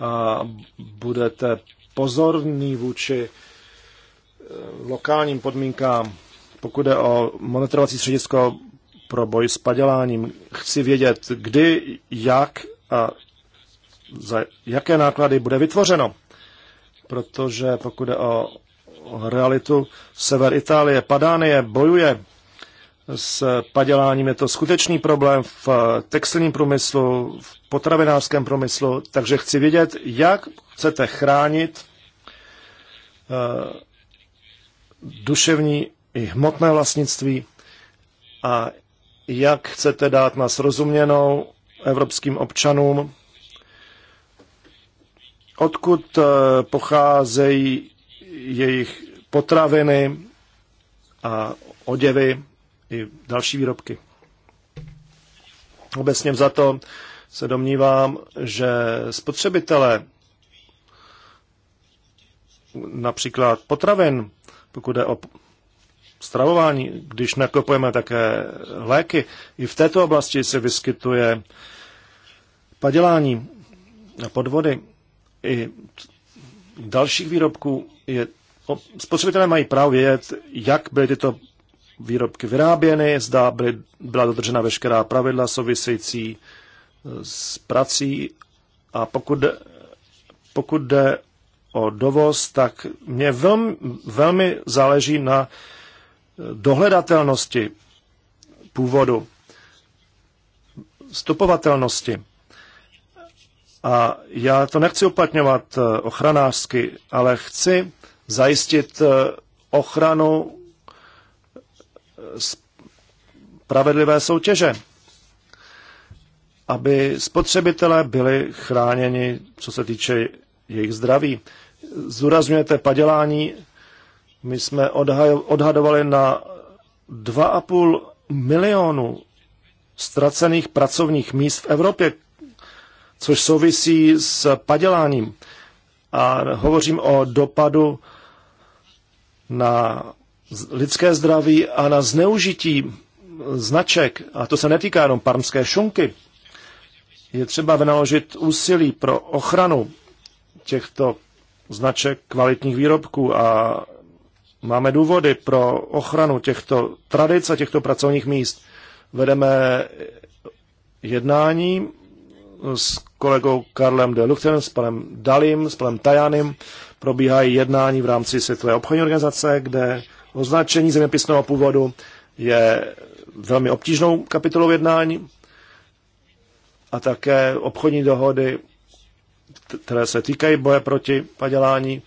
Speaker 3: a budete pozorní vůči eh, lokálním podmínkám, pokud je o monitorovací středisko pro boj s paděláním. Chci vědět, kdy, jak a za jaké náklady bude vytvořeno. Protože pokud je o realitu, sever Itálie, Padánie bojuje s paděláním. Je to skutečný problém v eh, textilním průmyslu, v potravinářském průmyslu, takže chci vědět, jak chcete chránit eh, duševní i hmotné vlastnictví a jak chcete dát na srozuměnou evropským občanům, odkud eh, pocházejí jejich potraviny a oděvy i další výrobky. Obecně za to se domnívám, že spotřebitele například potravin, pokud je o stravování, když nakupujeme také léky, i v této oblasti se vyskytuje padělání a podvody i dalších výrobků. Je, spotřebitelé mají právo vědět, jak byly tyto výrobky vyráběny, zda byly, byla dodržena veškerá pravidla související e, s prací a pokud, pokud jde o dovoz, tak mě velmi, velmi záleží na e, dohledatelnosti původu, stopovatelnosti. A já to nechci uplatňovat e, ochranářsky, ale chci zajistit ochranu spravedlivé soutěže, aby spotřebitelé byli chráněni, co se týče jejich zdraví. Zúrazňujete padělání. My jsme odhadovali na 2,5 milionu ztracených pracovních míst v Evropě, což souvisí s paděláním. A hovořím o dopadu na lidské zdraví a na zneužití značek, a to se netýká jenom parmské šunky, je třeba vynaložit úsilí pro ochranu těchto značek kvalitních výrobků a máme důvody pro ochranu těchto tradic a těchto pracovních míst. Vedeme jednání s kolegou Karlem de Luchten, s panem Dalim, s panem Tajanem. Probíhají jednání v rámci Světové obchodní organizace, kde Označení zeměpisného původu je velmi obtížnou kapitolou jednání a také obchodní dohody, které se týkají boje proti padělání,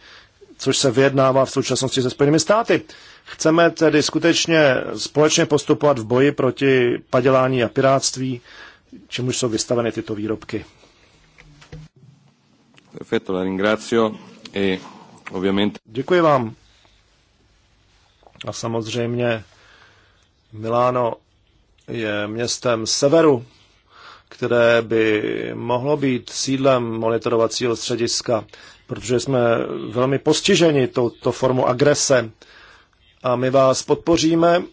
Speaker 3: což se vyjednává v současnosti se Spojenými státy. Chceme tedy skutečně společně postupovat v boji proti padělání a piráctví, čemuž jsou vystaveny tyto výrobky. Perfetto, la ringrazio e ovviamente... Děkuji vám. A samozřejmě Miláno je městem severu, které by mohlo být sídlem monitorovacího střediska, protože jsme velmi postiženi touto formou agrese. A my vás podpoříme,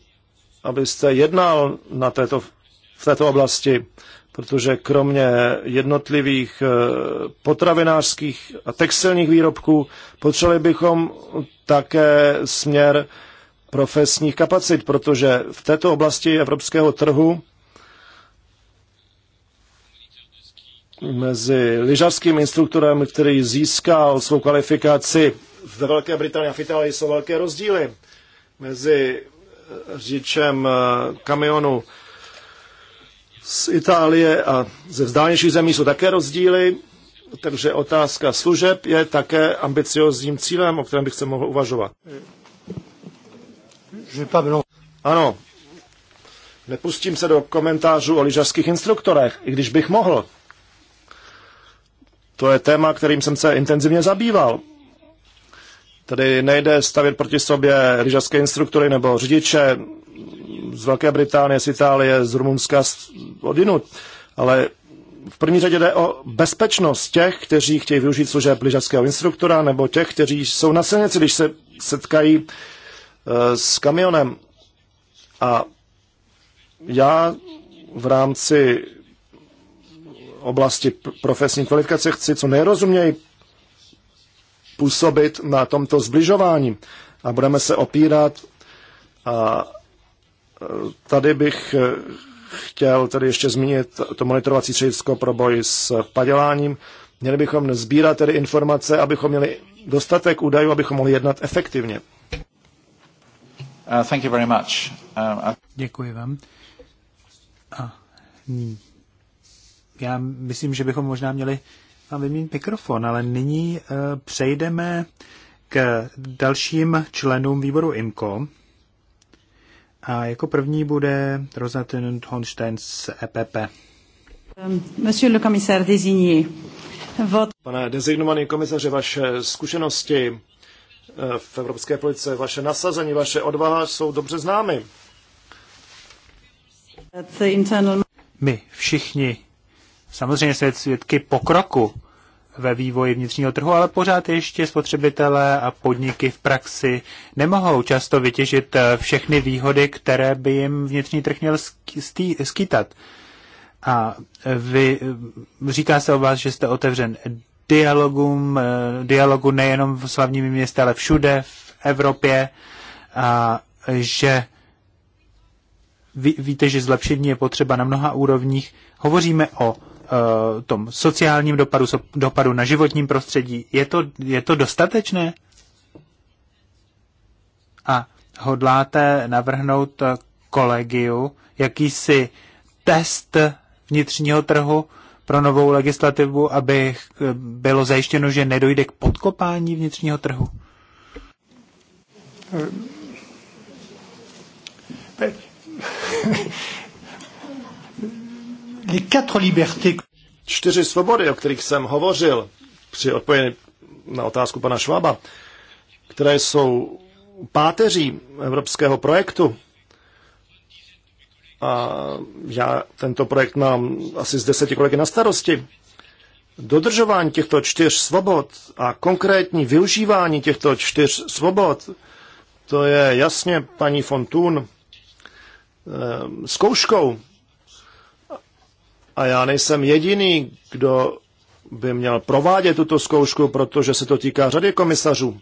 Speaker 3: abyste jednal na této, v této oblasti, protože kromě jednotlivých eh, potravinářských a textilních výrobků potřebovali bychom také směr profesních kapacit, protože v této oblasti evropského trhu mezi lyžařským instruktorem, který získal svou kvalifikaci ve Velké Británii a v Itálii, jsou velké rozdíly mezi řidičem eh, kamionu z Itálie a ze vzdálenějších zemí jsou také rozdíly, takže otázka služeb je také ambiciozním cílem, o kterém bych se mohl uvažovat. Ano, nepustím se do komentářů o lyžařských instruktorech, i když bych mohl. To je téma, kterým jsem se intenzivně zabýval. Tady nejde stavět proti sobě lyžařské instruktory nebo řidiče z Velké Británie, z Itálie, z Rumunska, z odinu. Ale v první řadě jde o bezpečnost těch, kteří chtějí využít služeb lyžařského instruktora, nebo těch, kteří jsou na silnici, když se setkají Eh, s kamionem. A já v rámci oblasti profesní kvalifikace chci co nejrozuměji působit na tomto zbližování a budeme se opírat. A eh, tady bych eh, chtěl tedy ještě zmínit to monitorovací středisko pro boj s paděláním. Měli bychom sbírat tedy informace, abychom měli dostatek údajů, abychom mohli jednat efektivně.
Speaker 1: Uh, uh, Děkuji vám. A nyní. Já myslím, že bychom možná měli vám vyměnit mikrofon, ale nyní uh, přejdeme k dalším členům výboru IMCO. A jako první bude Rosatin Honstein z EPP.
Speaker 2: Um, monsieur le commissaire
Speaker 3: désigné, Pane dezignovaný komisaře, vaše zkušenosti v evropské politice. Vaše nasazení, vaše odvaha jsou dobře známy.
Speaker 1: My všichni samozřejmě jsme svědky pokroku ve vývoji vnitřního trhu, ale pořád ještě spotřebitelé a podniky v praxi nemohou často vytěžit eh, všechny výhody, které by jim vnitřní trh měl skýtat. A eh, vy, eh, říká se o vás, že jste otevřen dialogům, eh, dialogu nejenom v slavním městě, ale všude v Evropě a že ví, víte, že zlepšení je potřeba na mnoha úrovních. Hovoříme o eh, tom sociálním dopadu, so, dopadu na životním prostředí. Je to, je to dostatečné? A hodláte navrhnout kolegiu jakýsi test vnitřního trhu, pro novou legislativu, aby eh, bylo zajištěno, že nedojde k podkopání vnitřního trhu?
Speaker 3: Čtyři svobody, o kterých jsem hovořil při odpovědi na otázku pana Švába, které jsou páteří evropského projektu, a já tento projekt mám asi z deseti kolegy na starosti. Dodržování těchto čtyř svobod a konkrétní využívání těchto čtyř svobod, to je jasně paní Fontún eh, zkouškou. A já nejsem jediný, kdo by měl provádět tuto zkoušku, protože se to týká řady komisařů.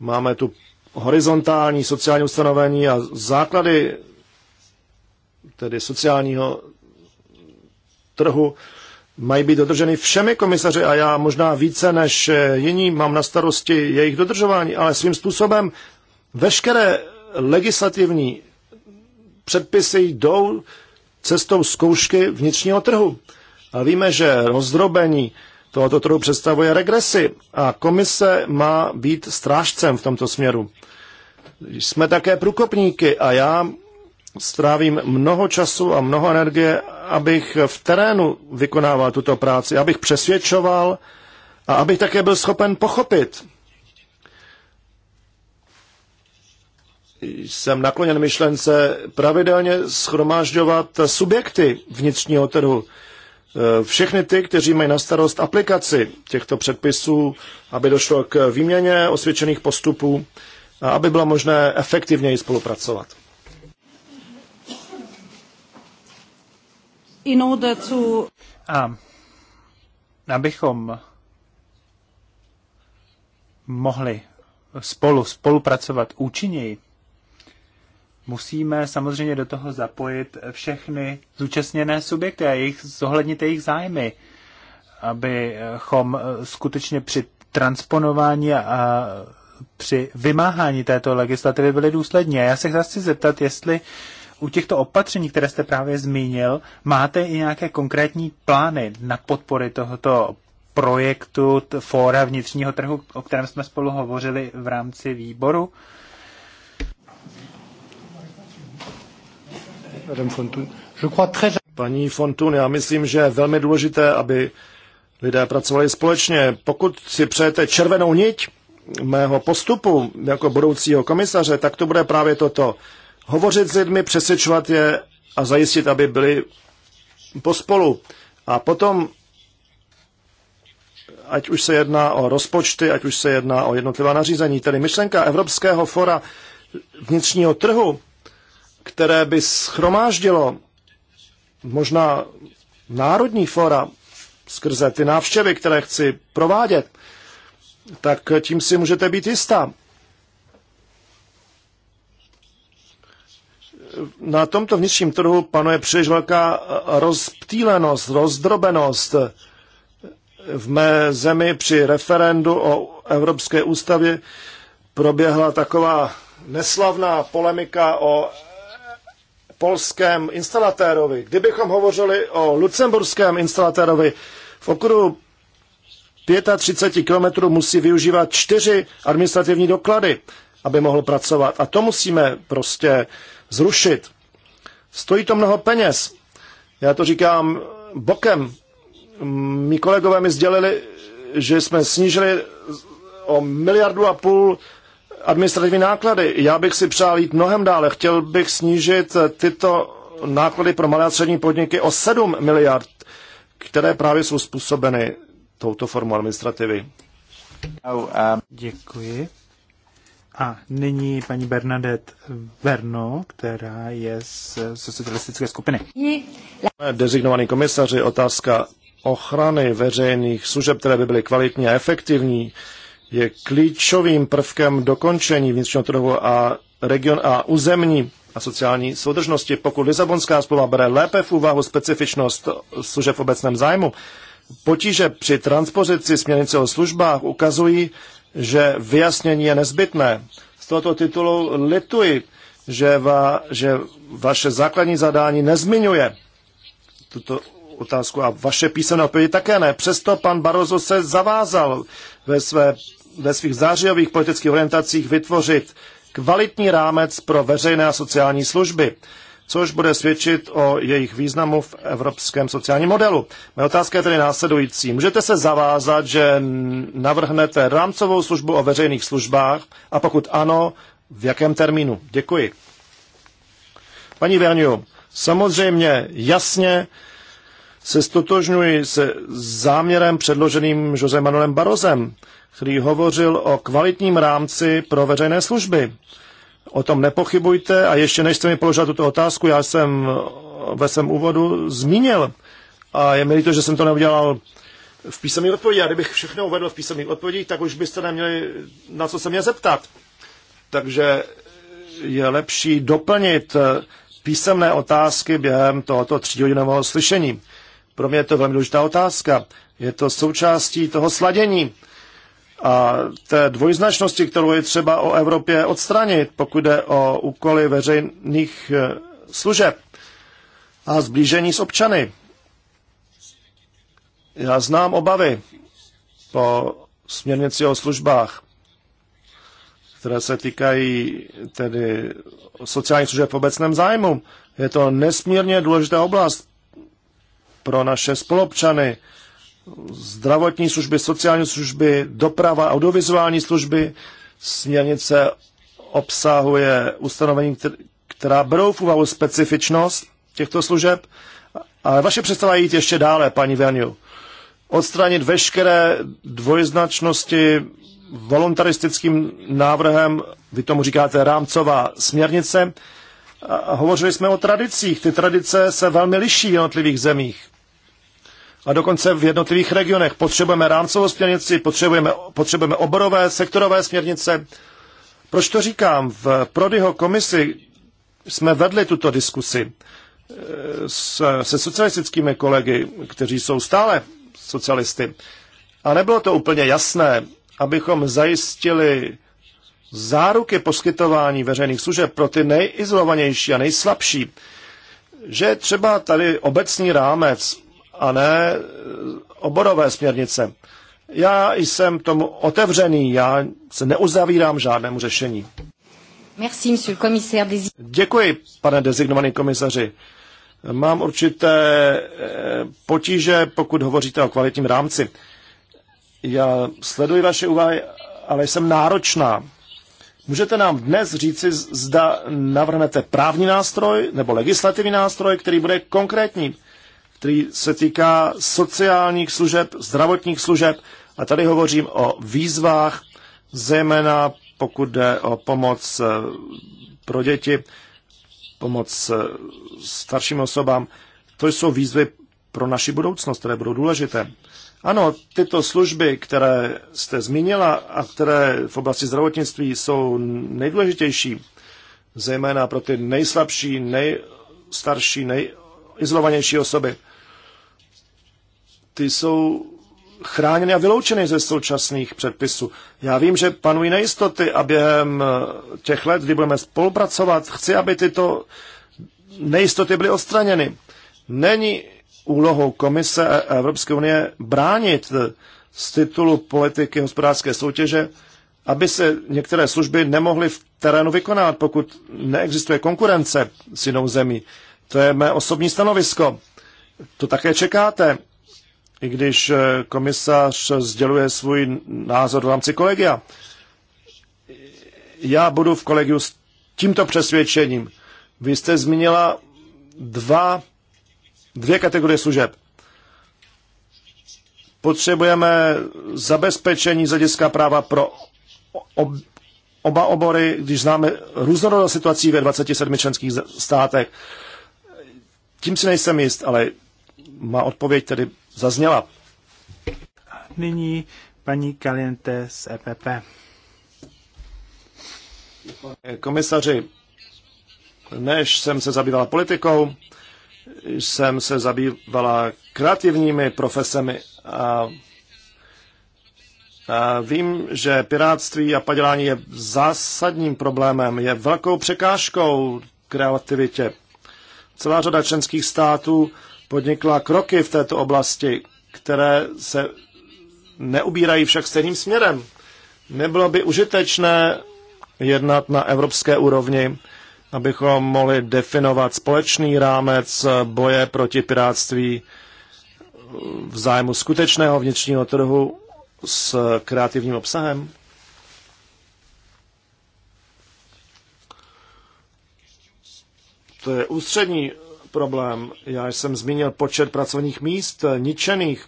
Speaker 3: Máme tu horizontální sociální ustanovení a základy tedy sociálního trhu, mají být dodrženy všemi komisaři a já možná více než jiní mám na starosti jejich dodržování, ale svým způsobem veškeré legislativní předpisy jdou cestou zkoušky vnitřního trhu. A víme, že rozdrobení tohoto trhu představuje regresy a komise má být strážcem v tomto směru. Jsme také průkopníky a já strávím mnoho času a mnoho energie, abych v terénu vykonával tuto práci, abych přesvědčoval a abych také byl schopen pochopit. Jsem nakloněn myšlence pravidelně schromážďovat subjekty vnitřního trhu. Všechny ty, kteří mají na starost aplikaci těchto předpisů, aby došlo k výměně osvědčených postupů a aby bylo možné efektivněji spolupracovat.
Speaker 2: in order to...
Speaker 3: A
Speaker 1: abychom mohli spolu spolupracovat účinněji, musíme samozřejmě do toho zapojit všechny zúčastněné subjekty a jejich, zohlednit jejich zájmy, abychom eh, skutečně při transponování a při vymáhání této legislativy byli důslední. A já se chci zeptat, jestli u těchto opatření, které jste právě zmínil, máte i nějaké konkrétní plány na podpory tohoto projektu Fóra vnitřního trhu, o kterém jsme spolu hovořili v
Speaker 3: rámci výboru? Paní Fontun, já myslím, že je velmi důležité, aby lidé pracovali společně. Pokud si přejete červenou niť mého postupu jako budoucího komisaře, tak to bude právě toto hovořit s lidmi, přesvědčovat je a zajistit, aby byli pospolu. A potom, ať už se jedná o rozpočty, ať už se jedná o jednotlivá nařízení, tedy myšlenka Evropského fora vnitřního trhu, které by schromáždilo možná národní fora skrze ty návštěvy, které chci provádět, tak tím si můžete být jistá, na tomto vnitřním trhu panuje příliš velká rozptýlenost, rozdrobenost. V mé zemi při referendu o Evropské ústavě proběhla taková neslavná polemika o polském instalatérovi. Kdybychom hovořili o lucemburském instalatérovi, v okruhu 35 km musí využívat čtyři administrativní doklady, aby mohl pracovat. A to musíme prostě uh, zrušit. Stojí to mnoho peněz. Já to říkám bokem. Mí kolegové mi sdělili, že jsme snížili o miliardu a půl administrativní náklady. Já bych si přál jít mnohem dále. Chtěl bych snížit tyto náklady pro malé a střední podniky o 7 miliard, které právě jsou způsobeny touto formou administrativy. Oh, um, Děkuji.
Speaker 1: A nyní paní Bernadette Verno, která je z,
Speaker 3: socialistické skupiny. Dezignovaný komisaři, otázka ochrany veřejných služeb, které by byly kvalitní a efektivní, je klíčovým prvkem dokončení vnitřního trhu a region a územní a sociální soudržnosti. Pokud Lisabonská smlouva bere lépe v úvahu specifičnost služeb v obecném zájmu, potíže při transpozici směrnice o službách ukazují, že vyjasnění je nezbytné. Z tohoto titulu lituji, že, va, že vaše základní zadání nezmiňuje tuto otázku a vaše písemné odpovědi také ne. Přesto pan Barroso se zavázal ve, své, ve svých zářijových politických orientacích vytvořit kvalitní rámec pro veřejné a sociální služby což bude svědčit o jejich významu v evropském sociálním modelu. Moje otázka je tedy následující. Můžete se zavázat, že navrhnete rámcovou službu o veřejných službách a pokud ano, v jakém termínu? Děkuji. Paní Verniu, samozřejmě jasně se stotožňuji se záměrem předloženým Jose Manuelem Barozem, který hovořil o kvalitním rámci pro veřejné služby. O tom nepochybujte a ještě než jste mi položila tuto otázku, já jsem ve svém úvodu zmínil a je mi líto, že jsem to neudělal v písemných odpovědi. A kdybych všechno uvedl v písemných odpovědích, tak už byste neměli na co se mě zeptat. Takže je lepší doplnit písemné otázky během tohoto tříhodinového slyšení. Pro mě je to velmi důležitá otázka. Je to součástí toho sladění a té dvojznačnosti, kterou je třeba o Evropě odstranit, pokud jde o úkoly veřejných eh, služeb a zblížení s občany. Já znám obavy po směrnici o službách, které se týkají tedy sociálních služeb v obecném zájmu. Je to nesmírně důležitá oblast pro naše spolupčany, zdravotní služby, sociální služby, doprava, audiovizuální služby. Směrnice obsahuje ustanovení, která berou v úvahu specifičnost těchto služeb. Ale vaše představa jít ještě dále, paní Vianiu. Odstranit veškeré dvojznačnosti voluntaristickým návrhem, vy tomu říkáte rámcová směrnice, a hovořili jsme o tradicích. Ty tradice se velmi liší v jednotlivých zemích a dokonce v jednotlivých regionech. Potřebujeme rámcovou směrnici, potřebujeme, potřebujeme oborové, sektorové směrnice. Proč to říkám? V Prodyho komisi jsme vedli tuto diskusi se, se socialistickými kolegy, kteří jsou stále socialisty. A nebylo to úplně jasné, abychom zajistili záruky poskytování veřejných služeb pro ty nejizolovanější a nejslabší, že třeba tady obecný rámec a ne eh, oborové směrnice. Já jsem tomu otevřený, já se neuzavírám žádnému řešení. Merci, Děkuji, pane designovaný komisaři. Mám určité eh, potíže, pokud hovoříte o kvalitním rámci. Já sleduji vaše úvahy, ale jsem náročná. Můžete nám dnes říci, zda navrhnete právní nástroj nebo legislativní nástroj, který bude konkrétní který se týká sociálních služeb, zdravotních služeb. A tady hovořím o výzvách, zejména pokud jde o pomoc eh, pro děti, pomoc eh, starším osobám. To jsou výzvy pro naši budoucnost, které budou důležité. Ano, tyto služby, které jste zmínila a které v oblasti zdravotnictví jsou nejdůležitější, zejména pro ty nejslabší, nejstarší, nejizolovanější osoby ty jsou chráněny a vyloučeny ze současných předpisů. Já vím, že panují nejistoty a během eh, těch let, kdy budeme spolupracovat, chci, aby tyto nejistoty byly odstraněny. Není úlohou Komise Evropské unie bránit eh, z titulu politiky hospodářské soutěže, aby se některé služby nemohly v terénu vykonávat, pokud neexistuje konkurence s jinou zemí. To je mé osobní stanovisko. To také čekáte i když eh, komisař sděluje svůj názor v rámci kolegia. Já budu v kolegiu s tímto přesvědčením. Vy jste zmínila dva, dvě kategorie služeb. Potřebujeme zabezpečení z hlediska práva pro ob, oba obory, když známe různorodost situací ve 27 členských státech. Tím si nejsem jist, ale má odpověď tedy zazněla. Nyní paní Kaliente z EPP. Komisaři, než jsem se zabývala politikou, jsem se zabývala kreativními profesemi a, a vím, že pirátství a padělání je zásadním problémem, je velkou překážkou kreativitě. Celá řada členských států podnikla kroky v této oblasti, které se neubírají však stejným směrem. Nebylo by užitečné jednat na evropské úrovni, abychom mohli definovat společný rámec boje proti pirátství v zájmu skutečného vnitřního trhu s kreativním obsahem? To je ústřední problém. Já jsem zmínil počet pracovních míst eh, ničených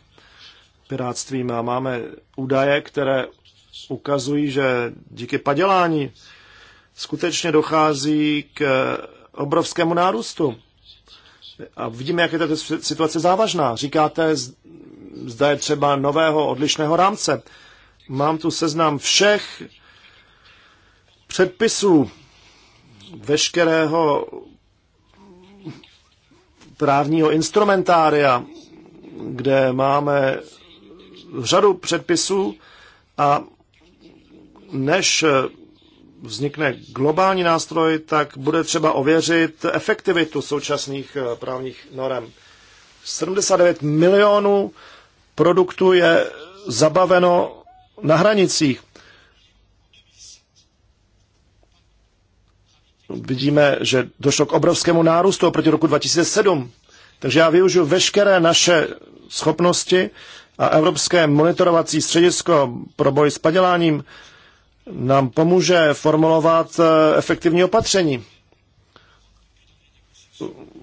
Speaker 3: pirátstvím a máme údaje, které ukazují, že díky padělání skutečně dochází k eh, obrovskému nárůstu. A vidíme, jak je tato situace závažná. Říkáte, zda je třeba nového odlišného rámce. Mám tu seznam všech předpisů, veškerého právního instrumentária, kde máme řadu předpisů a než vznikne globální nástroj, tak bude třeba ověřit efektivitu současných eh, právních norem. 79 milionů produktů je zabaveno na hranicích vidíme, že došlo k obrovskému nárůstu oproti roku 2007. Takže já využiju veškeré naše schopnosti a Evropské monitorovací středisko pro boj s paděláním nám pomůže formulovat eh, efektivní opatření.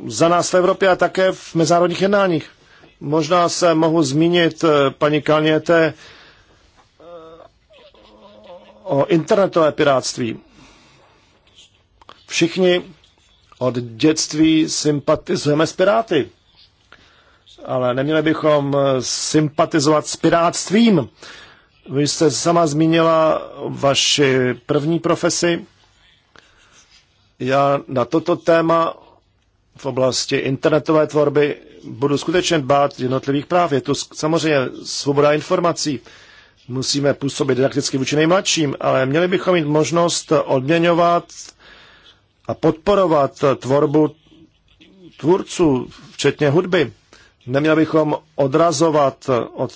Speaker 3: Za nás v Evropě a také v mezinárodních jednáních. Možná se mohu zmínit, eh, paní Kalněte, eh, o internetové piráctví. Všichni od dětství sympatizujeme s Piráty, ale neměli bychom eh, sympatizovat s pirátstvím. Vy jste sama zmínila vaši první profesi. Já na toto téma v oblasti internetové tvorby budu skutečně dbát jednotlivých práv. Je to samozřejmě svoboda informací. Musíme působit didakticky vůči nejmladším, ale měli bychom mít možnost odměňovat a podporovat tvorbu tvůrců, včetně hudby. Neměli bychom odrazovat od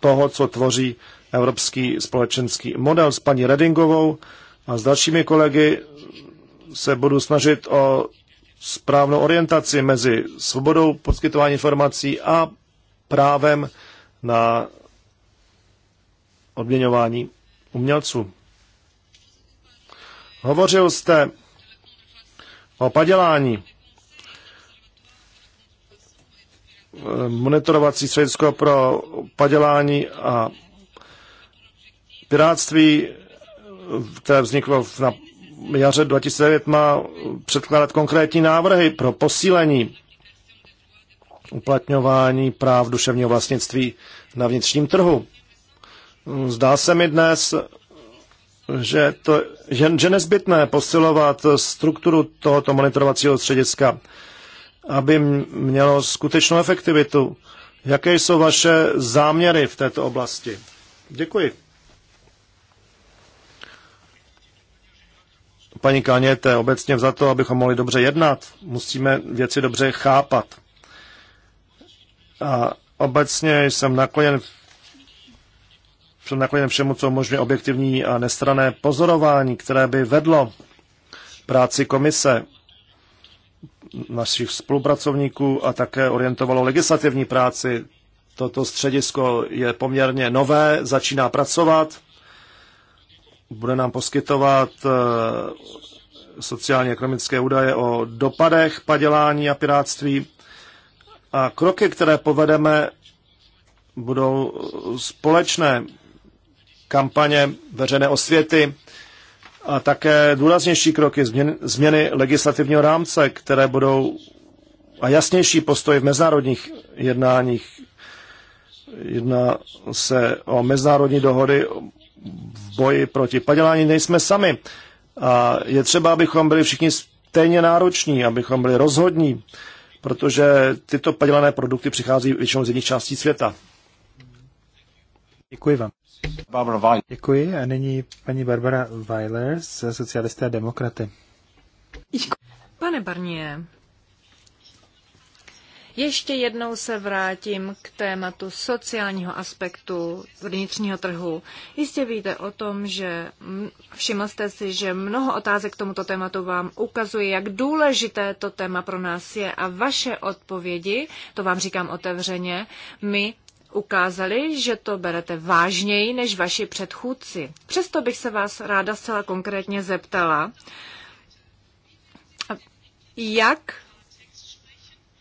Speaker 3: toho, co tvoří evropský společenský model s paní Redingovou a s dalšími kolegy se budu snažit o správnou orientaci mezi svobodou poskytování informací a právem na odměňování umělců. Hovořil jste o padělání. Monitorovací středisko pro padělání a piráctví, které vzniklo na jaře 2009, má předkládat konkrétní návrhy pro posílení uplatňování práv duševního vlastnictví na vnitřním trhu. Zdá se mi dnes, že, to, že, že nezbytné posilovat strukturu tohoto monitorovacího střediska, aby mělo skutečnou efektivitu. Jaké jsou vaše záměry v této oblasti? Děkuji. Paní Kaněte, obecně za to, abychom mohli dobře jednat, musíme věci dobře chápat. A obecně jsem nakloněn nakloněn všemu, co umožňuje objektivní a nestrané pozorování, které by vedlo práci komise našich spolupracovníků a také orientovalo legislativní práci. Toto středisko je poměrně nové, začíná pracovat, bude nám poskytovat eh, sociálně-ekonomické údaje o dopadech padělání a piráctví. A kroky, které povedeme, budou společné kampaně veřejné osvěty a také důraznější kroky změny, změny legislativního rámce, které budou a jasnější postoj v mezinárodních jednáních. Jedná se o mezinárodní dohody v boji proti padělání. Nejsme sami. A je třeba, abychom byli všichni stejně nároční, abychom byli rozhodní, protože tyto padělané produkty přichází většinou z jiných částí světa.
Speaker 1: Děkuji vám. Barbara Weiler. Děkuji a nyní paní Barbara Weiler z Socialisté a demokraty.
Speaker 2: Pane Barnier, ještě jednou se vrátím k tématu sociálního aspektu vnitřního trhu. Jistě víte o tom, že všiml jste si, že mnoho otázek k tomuto tématu vám ukazuje, jak důležité to téma pro nás je a vaše odpovědi, to vám říkám otevřeně, mi ukázali, že to berete vážněji než vaši předchůdci. Přesto bych se vás ráda zcela konkrétně zeptala, jak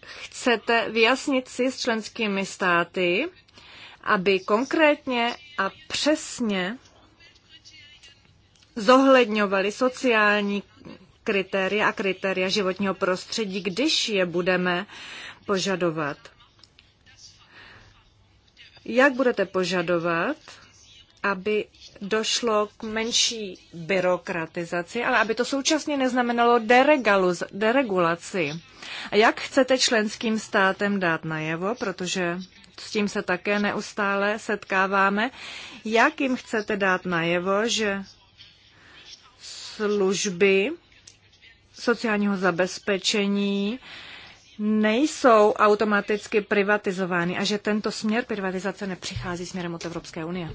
Speaker 2: chcete vyjasnit si s členskými státy, aby konkrétně a přesně zohledňovali sociální kritéria a kritéria životního prostředí, když je budeme požadovat. Jak budete požadovat, aby došlo k menší byrokratizaci, ale aby to současně neznamenalo deregulaci. A jak chcete členským státem dát najevo, protože s tím se také neustále setkáváme, jak jim chcete dát najevo, že služby sociálního zabezpečení nejsou automaticky privatizovány a že tento směr privatizace nepřichází směrem od Evropské unie.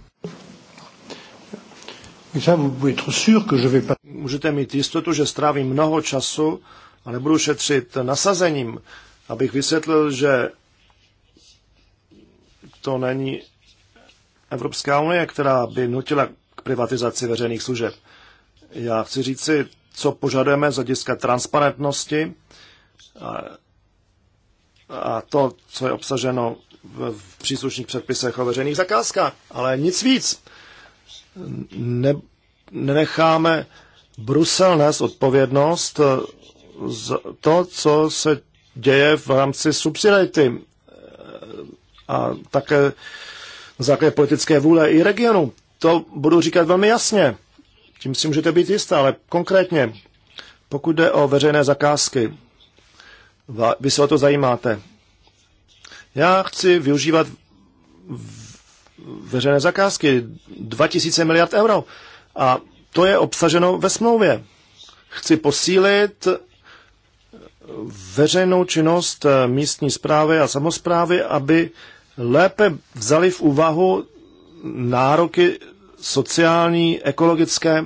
Speaker 3: Můžete mít jistotu, že strávím mnoho času a nebudu šetřit nasazením, abych vysvětlil, že to není Evropská unie, která by nutila k privatizaci veřejných služeb. Já chci říci, co požadujeme z hlediska transparentnosti, a to, co je obsaženo v, v příslušných předpisech o veřejných zakázkách, ale nic víc. Ne, nenecháme Brusel nést odpovědnost eh, za to, co se děje v rámci subsidiarity eh, a také základě politické vůle i regionu. To budu říkat velmi jasně. Tím si můžete být jistá, ale konkrétně, pokud jde o veřejné zakázky, vy se o to zajímáte. Já chci využívat veřejné zakázky 2000 miliard euro a to je obsaženo ve smlouvě. Chci posílit veřejnou činnost eh, místní zprávy a samozprávy, aby lépe vzali v úvahu nároky sociální, ekologické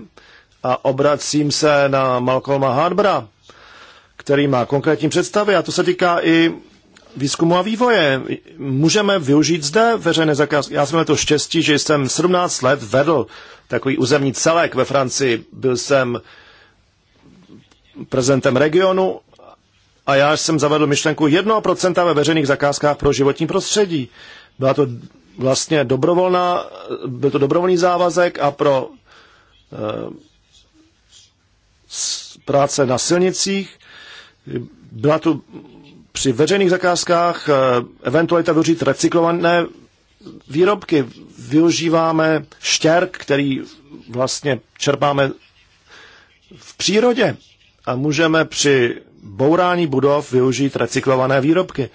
Speaker 3: a obracím se na Malcolma Harbra, který má konkrétní představy a to se týká i výzkumu a vývoje. Můžeme využít zde veřejné zakázky. Já jsem měl to štěstí, že jsem 17 let vedl takový územní celek ve Francii. Byl jsem prezidentem regionu a já jsem zavedl myšlenku 1% ve veřejných zakázkách pro životní prostředí. Byla to vlastně dobrovolná, byl to dobrovolný závazek a pro e, práce na silnicích byla tu při veřejných zakázkách eh, eventualita využít recyklované výrobky. Využíváme štěrk, který vlastně čerpáme v přírodě a můžeme při bourání budov využít recyklované výrobky.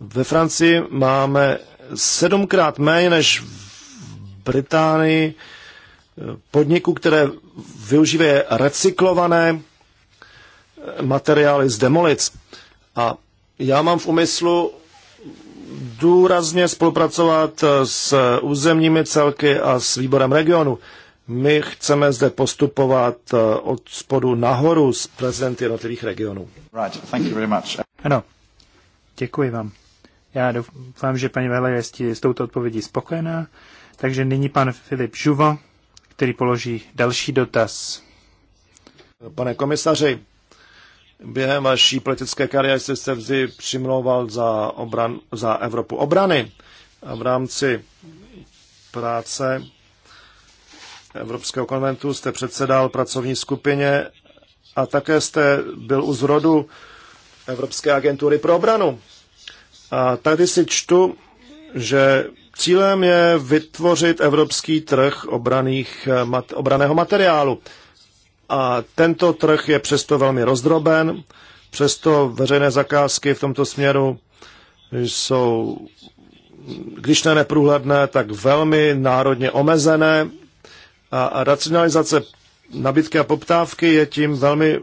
Speaker 3: Ve Francii máme sedmkrát méně než v Británii eh, podniků, které využívají recyklované materiály z demolic. A já mám v úmyslu důrazně spolupracovat s územními celky a s výborem regionu. My chceme zde postupovat eh, od spodu nahoru s prezidenty jednotlivých regionů. Right, thank you very much.
Speaker 1: Ano, děkuji vám. Já doufám, že paní Vela je s touto odpovědí spokojená. Takže nyní pan Filip Žuva, který položí další dotaz.
Speaker 3: Pane komisaři, Během vaší politické kariéry jste se vždy přimlouval za, obran, za Evropu obrany a v rámci práce Evropského konventu jste předsedal pracovní skupině a také jste byl u zrodu Evropské agentury pro obranu. A tady si čtu, že cílem je vytvořit evropský trh obraných, mat, obraného materiálu. A tento trh je přesto velmi rozdroben, přesto veřejné zakázky v tomto směru jsou, když ne neprůhledné, tak velmi národně omezené. A racionalizace nabídky a poptávky je tím velmi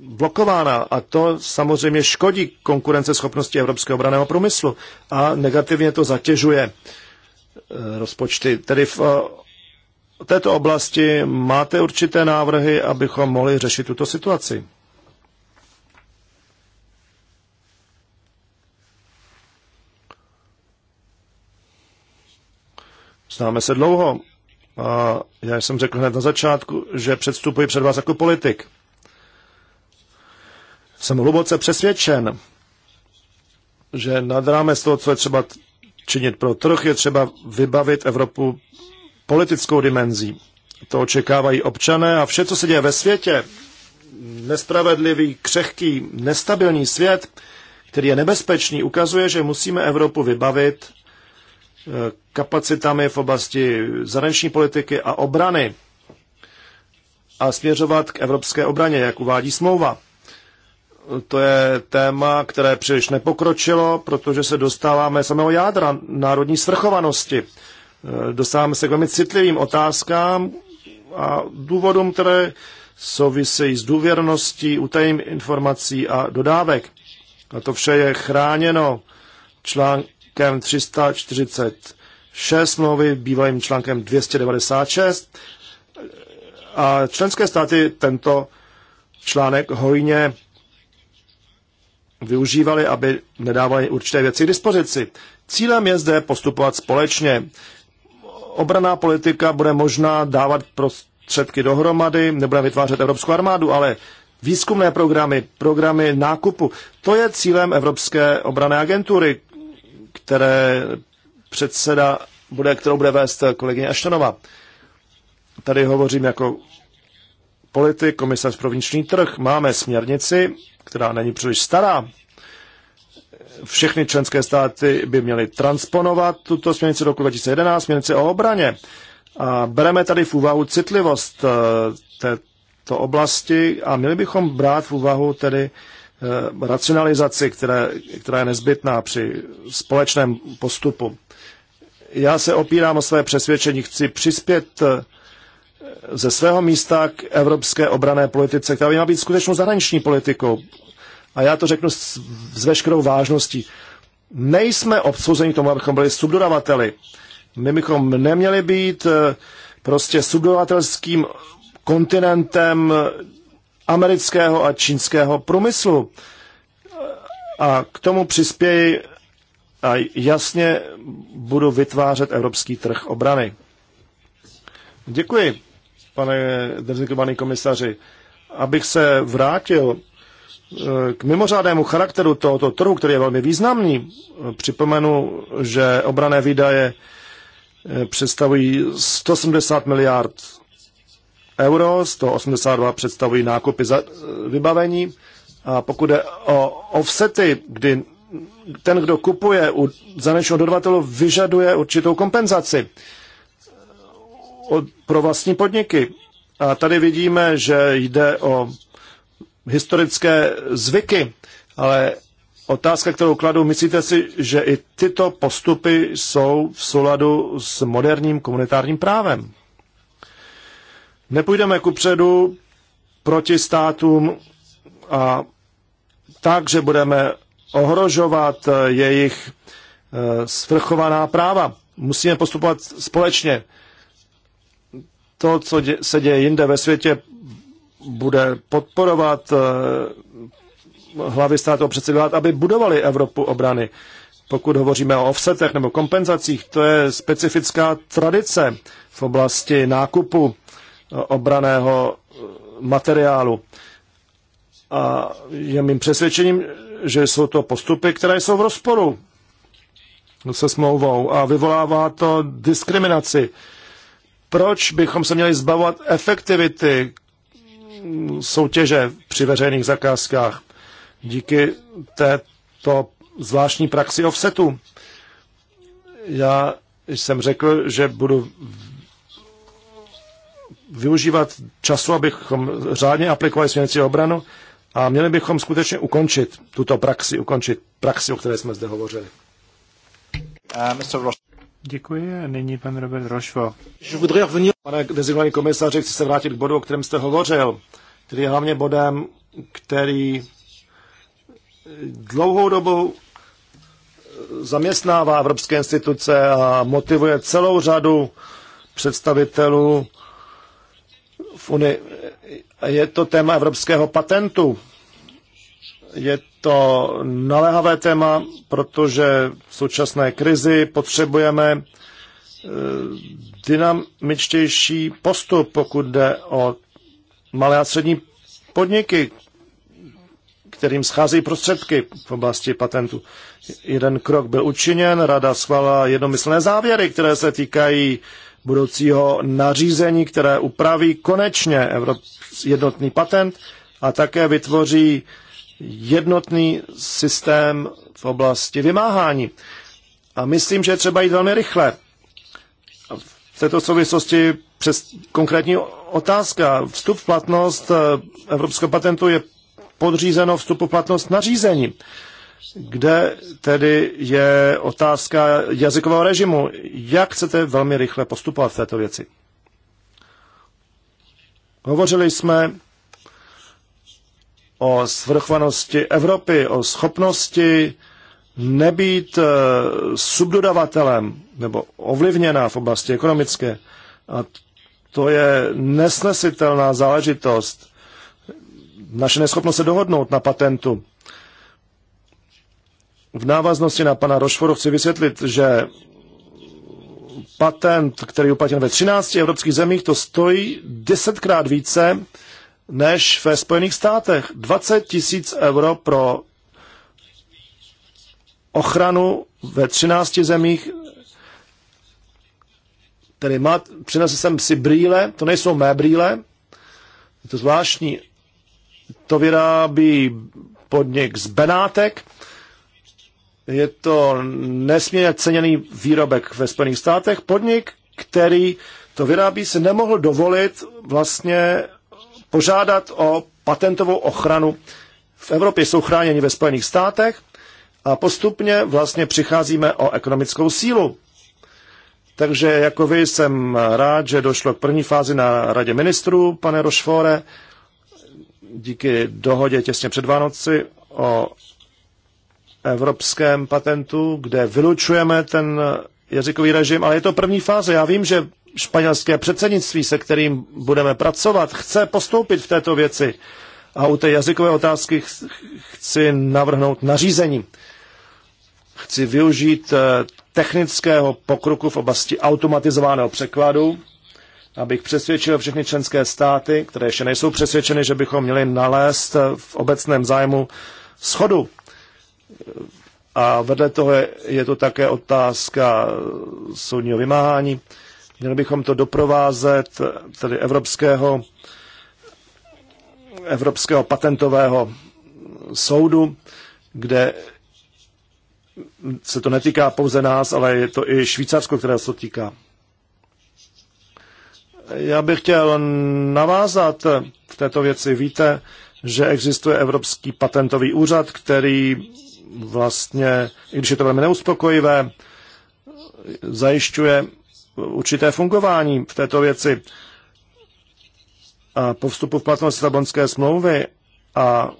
Speaker 3: blokována a to samozřejmě škodí konkurenceschopnosti evropského obraného průmyslu a negativně to zatěžuje eh, rozpočty. Tedy v eh, této oblasti máte určité návrhy, abychom mohli řešit tuto situaci? Známe se dlouho a já jsem řekl hned na začátku, že předstupuji před vás jako politik. Jsem hluboce přesvědčen, že nad rámec toho, co je třeba činit pro trh, je třeba vybavit Evropu politickou dimenzí. To očekávají občané a vše, co se děje ve světě, nespravedlivý, křehký, nestabilní svět, který je nebezpečný, ukazuje, že musíme Evropu vybavit eh, kapacitami v oblasti zahraniční politiky a obrany a směřovat k evropské obraně, jak uvádí smlouva. To je téma, které příliš nepokročilo, protože se dostáváme samého jádra národní svrchovanosti dostáváme se k velmi citlivým otázkám a důvodům, které souvisejí s důvěrností, utajím informací a dodávek. A to vše je chráněno článkem 346 smlouvy, bývalým článkem 296 a členské státy tento článek hojně využívali, aby nedávali určité věci k dispozici. Cílem je zde postupovat společně obraná politika bude možná dávat prostředky dohromady, nebude vytvářet evropskou armádu, ale výzkumné programy, programy nákupu, to je cílem Evropské obrané agentury, které předseda bude, kterou bude vést kolegyně Aštonova. Tady hovořím jako politik, komisař pro vnitřní trh. Máme směrnici, která není příliš stará, všechny členské státy by měly transponovat tuto směrnici roku 2011, směrnici o obraně. A bereme tady v úvahu citlivost eh, této oblasti a měli bychom brát v úvahu tedy eh, racionalizaci, které, která je nezbytná při společném postupu. Já se opírám o své přesvědčení, chci přispět eh, ze svého místa k evropské obrané politice, která by měla být skutečnou zahraniční politikou a já to řeknu s, s veškerou vážností, nejsme obsouzeni k tomu, abychom byli subdodavateli. My bychom neměli být eh, prostě subdodavatelským kontinentem amerického a čínského průmyslu. A k tomu přispěji a jasně budu vytvářet evropský trh obrany. Děkuji, pane dezignovaný komisaři. Abych se vrátil k mimořádnému charakteru tohoto trhu, který je velmi významný, připomenu, že obrané výdaje eh, představují 170 miliard euro, 182 představují nákupy za eh, vybavení. A pokud je o offsety, kdy ten, kdo kupuje u zanečního dodavatelů, vyžaduje určitou kompenzaci eh, od, pro vlastní podniky. A tady vidíme, že jde o historické zvyky, ale otázka, kterou kladu, myslíte si, že i tyto postupy jsou v souladu s moderním komunitárním právem? Nepůjdeme ku předu proti státům a tak, že budeme ohrožovat jejich eh, svrchovaná práva. Musíme postupovat společně. To, co se děje jinde ve světě, bude podporovat eh, hlavy státu a aby budovali Evropu obrany. Pokud hovoříme o offsetech nebo kompenzacích, to je specifická tradice v oblasti nákupu eh, obraného eh, materiálu. A je mým přesvědčením, že jsou to postupy, které jsou v rozporu se smlouvou a vyvolává to diskriminaci. Proč bychom se měli zbavovat efektivity, soutěže při veřejných zakázkách díky této zvláštní praxi offsetu. Já jsem řekl, že budu využívat času, abychom řádně aplikovali směrnici obranu a měli bychom skutečně ukončit tuto praxi, ukončit praxi, o které jsme zde hovořili.
Speaker 1: Uh, Děkuji a nyní pan Robert Rošvo.
Speaker 3: Pane dezignovaný komisaři, chci se vrátit k bodu, o kterém jste hovořil, který je hlavně bodem, který dlouhou dobu zaměstnává evropské instituce a motivuje celou řadu představitelů v Unii. Je to téma evropského patentu, je to naléhavé téma, protože v současné krizi potřebujeme eh, dynamičtější postup, pokud jde o malé a střední podniky, kterým schází prostředky v oblasti patentu. Jeden krok byl učiněn, rada schválila jednomyslné závěry, které se týkají budoucího nařízení, které upraví konečně jednotný patent a také vytvoří jednotný systém v oblasti vymáhání. A myslím, že je třeba jít velmi rychle. V této souvislosti přes konkrétní otázka. Vstup v platnost eh, Evropského patentu je podřízeno vstupu v platnost nařízení, kde tedy je otázka jazykového režimu. Jak chcete velmi rychle postupovat v této věci? Hovořili jsme o svrchovanosti Evropy, o schopnosti nebýt eh, subdodavatelem nebo ovlivněná v oblasti ekonomické. A to je nesnesitelná záležitost. Naše neschopnost se dohodnout na patentu. V návaznosti na pana Rošforu chci vysvětlit, že patent, který je ve 13 evropských zemích, to stojí desetkrát více než ve Spojených státech. 20 tisíc euro pro ochranu ve 13 zemích, tedy má, přinesl jsem si brýle, to nejsou mé brýle, je to zvláštní, to vyrábí podnik z Benátek, je to nesmírně ceněný výrobek ve Spojených státech, podnik, který to vyrábí, se nemohl dovolit vlastně požádat o patentovou ochranu. V Evropě jsou chráněni ve Spojených státech a postupně vlastně přicházíme o ekonomickou sílu. Takže jako vy jsem rád, že došlo k první fázi na radě ministrů, pane Rošfore, díky dohodě těsně před Vánoci o evropském patentu, kde vylučujeme ten jazykový režim, ale je to první fáze. Já vím, že španělské předsednictví, se kterým budeme pracovat, chce postoupit v této věci. A u té jazykové otázky chci navrhnout nařízení. Chci využít eh, technického pokroku v oblasti automatizovaného překladu, abych přesvědčil všechny členské státy, které ještě nejsou přesvědčeny, že bychom měli nalézt eh, v obecném zájmu schodu. A vedle toho je, je to také otázka eh, soudního vymáhání Měli bychom to doprovázet tedy evropského, evropského patentového soudu, kde se to netýká pouze nás, ale je to i Švýcarsko, které se to týká. Já bych chtěl navázat v této věci. Víte, že existuje Evropský patentový úřad, který vlastně, i když je to velmi neuspokojivé, zajišťuje určité fungování v této věci. A po vstupu v platnost Lisabonské smlouvy a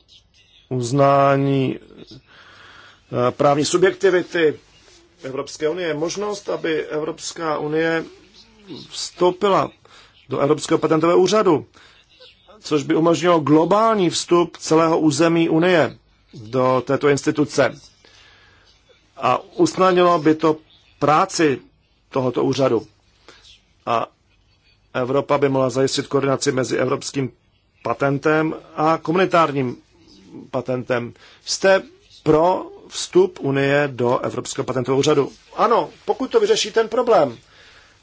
Speaker 3: uznání eh, právní subjektivity Evropské unie je možnost, aby Evropská unie vstoupila do Evropského patentového úřadu, což by umožnilo globální vstup celého území Unie do této instituce. A usnadnilo by to práci tohoto úřadu. A Evropa by mohla zajistit koordinaci mezi evropským patentem a komunitárním patentem. Jste pro vstup Unie do Evropského patentového úřadu? Ano, pokud to vyřeší ten problém.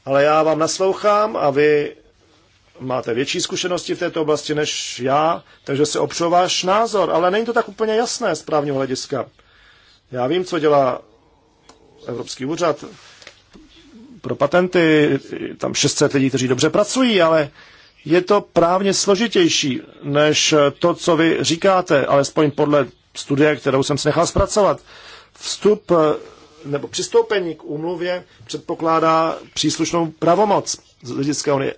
Speaker 3: Ale já vám naslouchám a vy máte větší zkušenosti v této oblasti než já, takže se opřu váš názor, ale není to tak úplně jasné z právního hlediska. Já vím, co dělá Evropský úřad, pro patenty, tam 600 lidí, kteří dobře pracují, ale je to právně složitější než to, co vy říkáte, alespoň podle studie, kterou jsem si nechal zpracovat. Vstup eh, nebo přistoupení k úmluvě předpokládá příslušnou pravomoc z hlediska unie.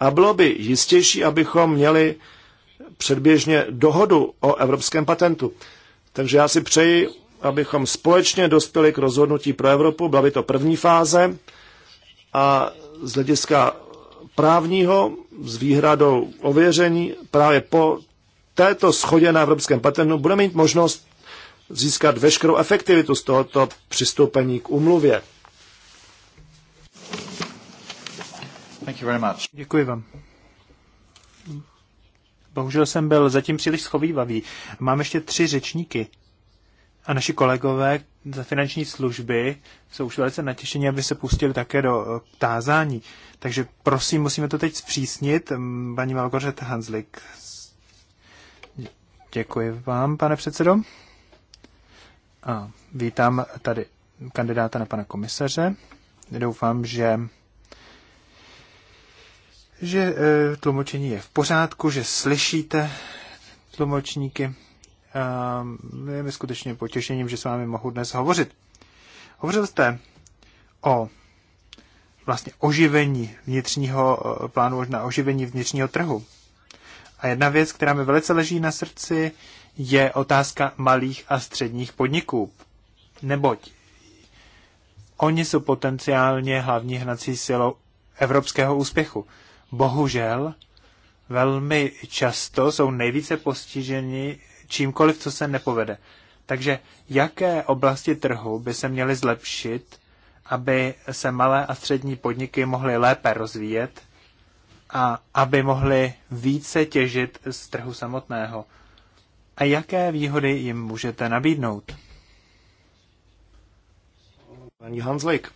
Speaker 3: A bylo by jistější, abychom měli předběžně dohodu o evropském patentu. Takže já si přeji, abychom společně dospěli k rozhodnutí pro Evropu. Byla by to první fáze a z hlediska právního s výhradou ověření právě po této schodě na evropském patentu budeme mít možnost získat veškerou efektivitu z tohoto přistoupení k umluvě.
Speaker 1: Thank you very much. Děkuji vám. Bohužel jsem byl zatím příliš schovývavý. Mám ještě tři řečníky a naši kolegové za finanční služby jsou už velice natěšení, aby se pustili také do eh, tázání. Takže prosím, musíme to teď zpřísnit. Paní Malgořet Hanslik. Děkuji vám, pane předsedo. A vítám tady kandidáta na pana komisaře. Doufám, že že eh, tlumočení je v pořádku, že slyšíte tlumočníky. Je mi skutečně potěšením, že s vámi mohu dnes hovořit. Hovořil jste o vlastně oživení vnitřního eh, plánu, možná oživení vnitřního trhu. A jedna věc, která mi velice leží na srdci, je otázka malých a středních podniků. Neboť oni jsou potenciálně hlavní hnací silou evropského úspěchu. Bohužel velmi často jsou nejvíce postiženi čímkoliv, co se nepovede. Takže jaké oblasti trhu by se měly zlepšit, aby se malé a střední podniky mohly lépe rozvíjet a aby mohly více těžit z trhu samotného? A jaké výhody jim můžete nabídnout?
Speaker 3: Paní Hanzlik,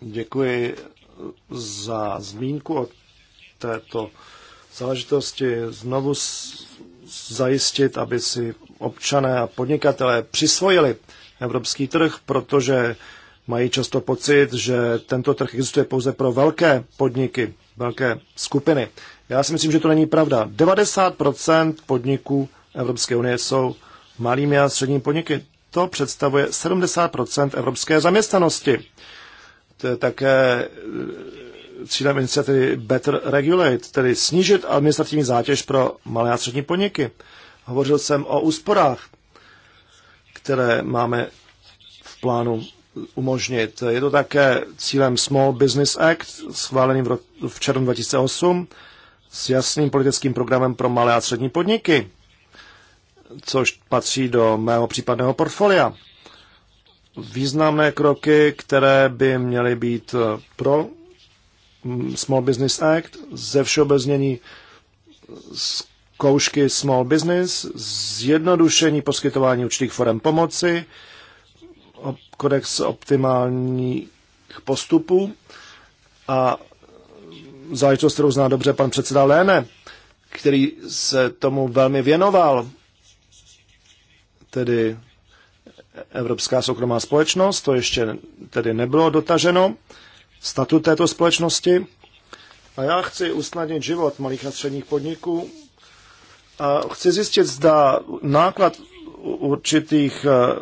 Speaker 3: děkuji za zmínku o této záležitosti. Znovu zajistit, aby si občané a podnikatelé přisvojili evropský trh, protože mají často pocit, že tento trh existuje pouze pro velké podniky, velké skupiny. Já si myslím, že to není pravda. 90% podniků Evropské unie jsou malými a středními podniky. To představuje 70% evropské zaměstnanosti. To je také cílem iniciativy Better Regulate, tedy snížit administrativní zátěž pro malé a střední podniky. Hovořil jsem o úsporách, které máme v plánu umožnit. Je to také cílem Small Business Act, schváleným v, ro- v červnu 2008, s jasným politickým programem pro malé a střední podniky, což patří do mého případného portfolia. Významné kroky, které by měly být pro Small Business Act, ze všeobecnění zkoušky Small Business, zjednodušení poskytování určitých forem pomoci, kodex optimálních postupů a záležitost, kterou zná dobře pan předseda Léne, který se tomu velmi věnoval, tedy Evropská soukromá společnost, to ještě tedy nebylo dotaženo statut této společnosti. A já chci usnadnit život malých a středních podniků a chci zjistit, zda náklad určitých eh,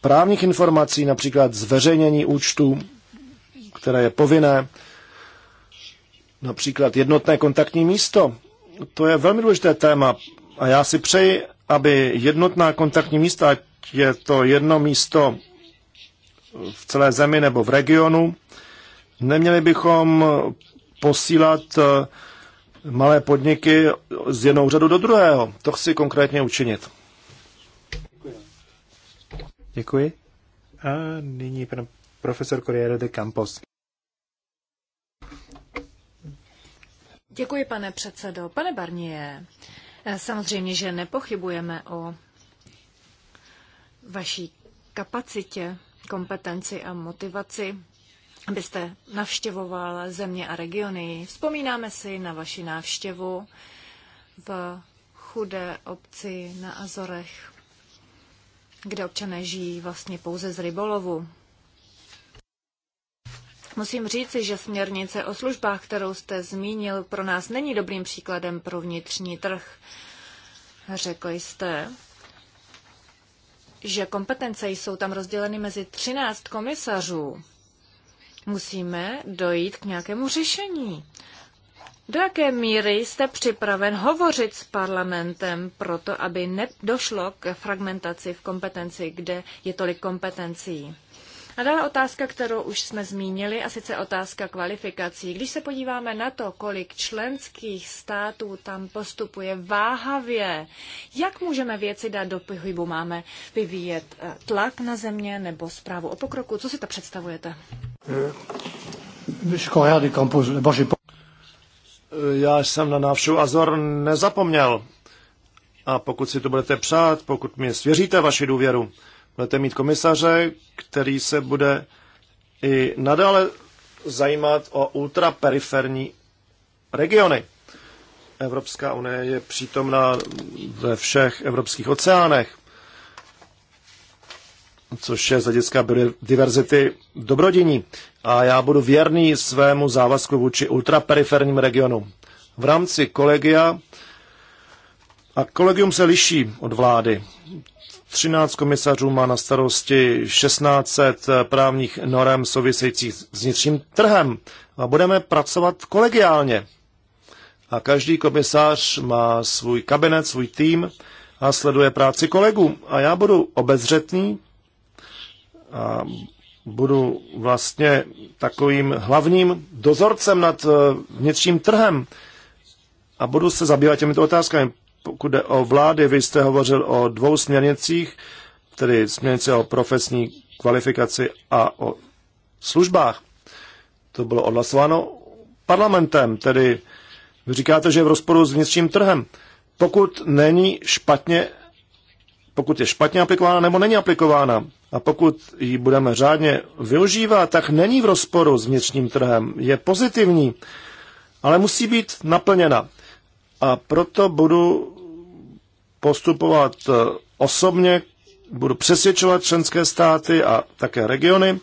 Speaker 3: právních informací, například zveřejnění účtu, které je povinné, například jednotné kontaktní místo. To je velmi důležité téma a já si přeji, aby jednotná kontaktní místa, ať je to jedno místo v celé zemi nebo v regionu. Neměli bychom posílat eh, malé podniky z jednou řadu do druhého. To chci konkrétně učinit. Děkuji.
Speaker 1: A nyní pan profesor Corriere de Campos.
Speaker 2: Děkuji, pane předsedo. Pane Barnier, eh, samozřejmě, že nepochybujeme o vaší kapacitě kompetenci a motivaci, abyste navštěvoval země a regiony. Vzpomínáme si na vaši návštěvu v chudé obci na Azorech, kde občané žijí vlastně pouze z rybolovu. Musím říci, že směrnice o službách, kterou jste zmínil, pro nás není dobrým příkladem pro vnitřní trh. Řekl jste, že kompetence jsou tam rozděleny mezi 13 komisařů, musíme dojít k nějakému řešení. Do jaké míry jste připraven hovořit s parlamentem proto, aby nedošlo k fragmentaci v kompetenci, kde je tolik kompetencí? A dále otázka, kterou už jsme zmínili, a sice otázka kvalifikací. Když se podíváme na to, kolik členských států tam postupuje váhavě, jak můžeme věci dát do pohybu? Máme vyvíjet eh, tlak na země nebo zprávu o pokroku? Co si to představujete?
Speaker 4: Eh, eh,
Speaker 3: já jsem na návštěvu Azor nezapomněl. A pokud si to budete přát, pokud mi svěříte vaši důvěru, budete mít komisaře, který se bude i nadále zajímat o ultraperiferní regiony. Evropská unie je přítomna ve všech evropských oceánech, což je z hlediska diverzity dobrodění. A já budu věrný svému závazku vůči ultraperiferním regionům. V rámci kolegia a kolegium se liší od vlády. 13 komisařů má na starosti 1600 eh, právních norem souvisejících s vnitřním trhem a budeme pracovat kolegiálně. A každý komisař má svůj kabinet, svůj tým a sleduje práci kolegů. A já budu obezřetný a budu vlastně takovým hlavním dozorcem nad eh, vnitřním trhem a budu se zabývat těmito otázkami. Pokud jde o vlády, vy jste hovořil o dvou směrnicích, tedy směrnice o profesní kvalifikaci a o službách. To bylo odhlasováno parlamentem, tedy vy říkáte, že je v rozporu s vnitřním trhem. Pokud není špatně, pokud je špatně aplikována nebo není aplikována, a pokud ji budeme řádně využívat, tak není v rozporu s vnitřním trhem, je pozitivní, ale musí být naplněna. A proto budu postupovat eh, osobně, budu přesvědčovat členské státy a také regiony,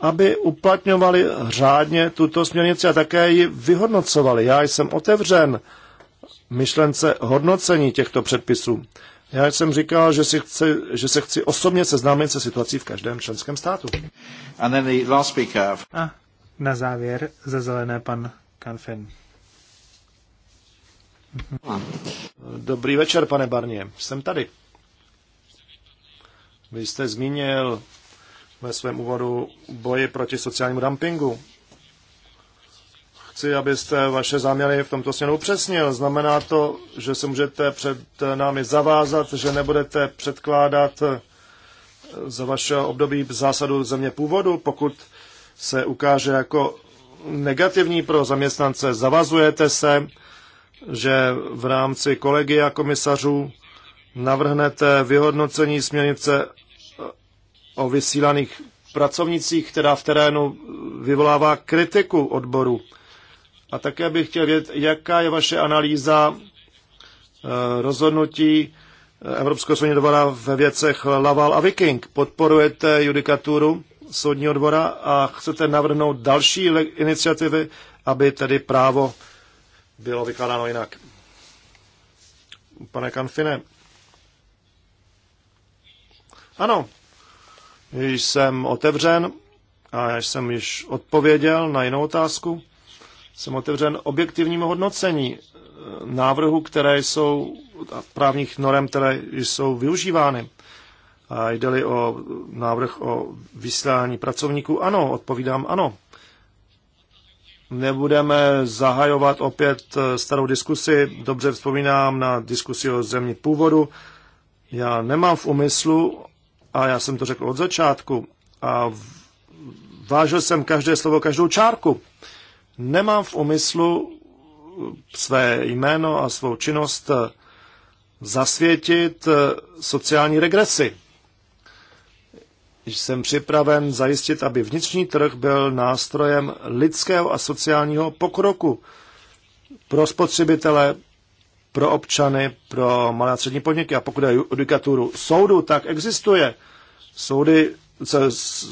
Speaker 3: aby uplatňovali řádně tuto směrnici a také ji vyhodnocovali. Já jsem otevřen myšlence hodnocení těchto předpisů. Já jsem říkal, že, si chci, že se chci osobně seznámit se situací v každém členském státu. And then the last speaker.
Speaker 1: A na závěr ze zelené pan Kanfen.
Speaker 3: Dobrý večer, pane Barně. Jsem tady. Vy jste zmínil ve svém úvodu boji proti sociálnímu dumpingu. Chci, abyste vaše záměry v tomto směru upřesnil. Znamená to, že se můžete před námi zavázat, že nebudete předkládat za vašeho období zásadu země původu, pokud se ukáže jako negativní pro zaměstnance. Zavazujete se že v rámci kolegia komisařů navrhnete vyhodnocení směrnice o vysílaných pracovnicích, která v terénu vyvolává kritiku odboru. A také bych chtěl vědět, jaká je vaše analýza eh, rozhodnutí Evropského soudního dvora ve věcech Laval a Viking. Podporujete judikaturu soudního dvora a chcete navrhnout další iniciativy, aby tedy právo bylo vykládáno jinak. Pane Kanfine. Ano, jsem otevřen a já jsem již odpověděl na jinou otázku. Jsem otevřen objektivnímu hodnocení eh, návrhu, které jsou právních norem, které jsou využívány. A jde-li o návrh o vysílání pracovníků, ano, odpovídám ano nebudeme zahajovat opět eh, starou diskusi. Dobře vzpomínám na diskusi o zemní původu. Já nemám v úmyslu, a já jsem to řekl od začátku, a vážil jsem každé slovo, každou čárku. Nemám v úmyslu eh, své jméno a svou činnost eh, zasvětit sociální regresi jsem připraven zajistit, aby vnitřní trh byl nástrojem lidského a sociálního pokroku pro spotřebitele, pro občany, pro malé a střední podniky. A pokud je judikaturu soudu, tak existuje. Soudy,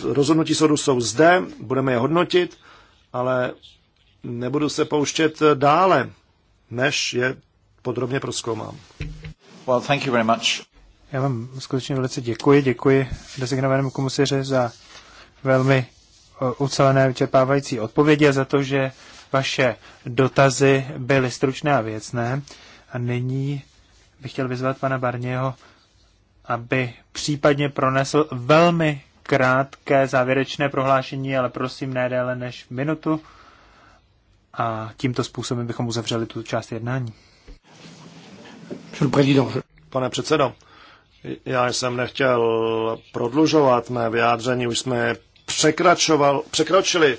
Speaker 3: rozhodnutí soudu jsou zde, budeme je hodnotit, ale nebudu se pouštět dále, než je podrobně proskoumám.
Speaker 2: Well, thank you very much.
Speaker 3: Já vám
Speaker 1: skutečně velice děkuji. Děkuji designovanému komisaři za velmi e, ucelené vyčerpávající odpovědi a za to, že vaše dotazy byly stručné a věcné. A nyní bych chtěl vyzvat pana Barněho, aby případně pronesl velmi krátké závěrečné prohlášení, ale prosím ne déle než minutu. A tímto způsobem bychom uzavřeli tu část
Speaker 3: jednání. Pane předsedo, já jsem nechtěl prodlužovat mé vyjádření, už jsme překračoval, překročili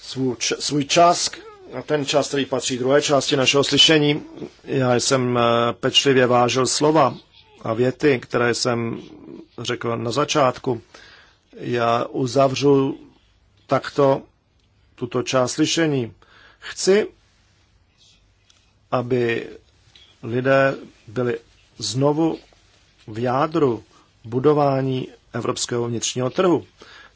Speaker 3: svůj, svůj čas a ten čas, který patří druhé části našeho slyšení. Já jsem eh, pečlivě vážil slova a věty, které jsem řekl na začátku. Já uzavřu takto tuto část slyšení. Chci, aby lidé byli znovu v jádru budování evropského vnitřního trhu.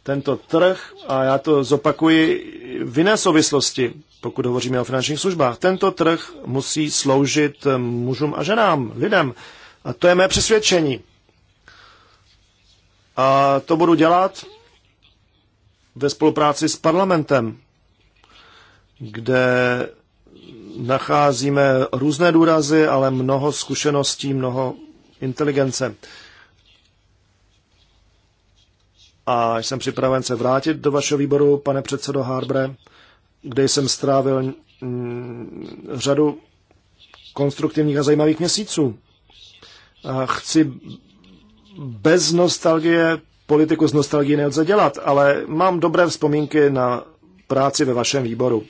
Speaker 3: Tento trh, a já to zopakuji v jiné souvislosti, pokud hovoříme o finančních službách, tento trh musí sloužit mužům a ženám, lidem. A to je mé přesvědčení. A to budu dělat ve spolupráci s parlamentem, kde nacházíme různé důrazy, ale mnoho zkušeností, mnoho inteligence. A jsem připraven se vrátit do vašeho výboru, pane předsedo Harbre, kde jsem strávil mm, řadu konstruktivních a zajímavých měsíců. A chci bez nostalgie, politiku z nostalgie nelze dělat, ale mám dobré vzpomínky na práci ve vašem výboru.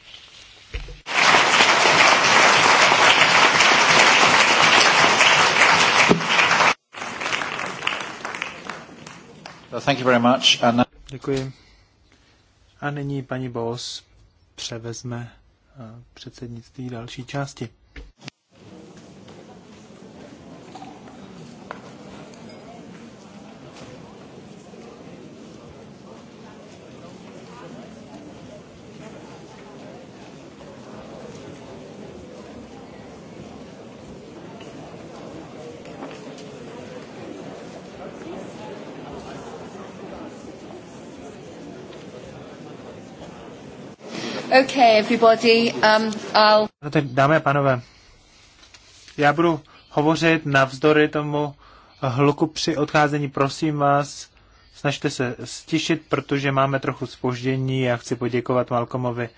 Speaker 1: Thank you very much. And... Uh, Děkuji. A nyní paní Bos převezme uh, předsednictví další části.
Speaker 2: Okay, everybody, um, I'll... No
Speaker 1: tak dámy a pánové, já budu hovořit navzdory tomu hluku při odcházení. Prosím vás, snažte se stišit, protože máme trochu spoždění Já chci poděkovat Malcolmovi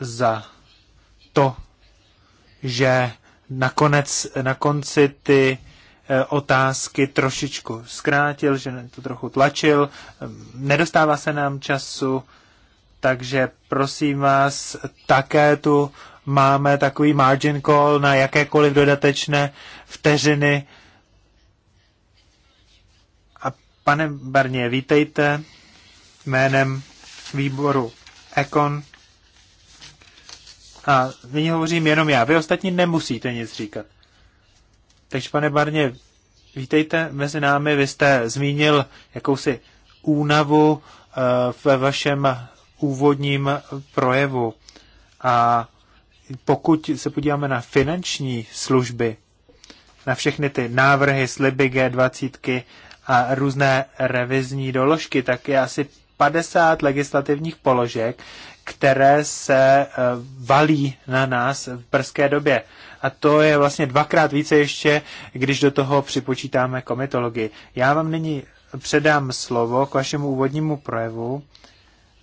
Speaker 1: za to, že nakonec, na konci ty eh, otázky trošičku zkrátil, že to trochu tlačil. Nedostává se nám času takže prosím vás, také tu máme takový margin call na jakékoliv dodatečné vteřiny. A pane Barně, vítejte jménem výboru Econ. A nyní hovořím jenom já. Vy ostatní nemusíte nic říkat. Takže pane Barně, vítejte mezi námi. Vy jste zmínil jakousi únavu eh, ve vašem úvodním projevu. A pokud se podíváme na finanční služby, na všechny ty návrhy, sliby G20 a různé revizní doložky, tak je asi 50 legislativních položek, které se e, valí na nás v brzké době. A to je vlastně dvakrát více ještě, když do toho připočítáme komitologii. Já vám nyní předám slovo k vašemu úvodnímu projevu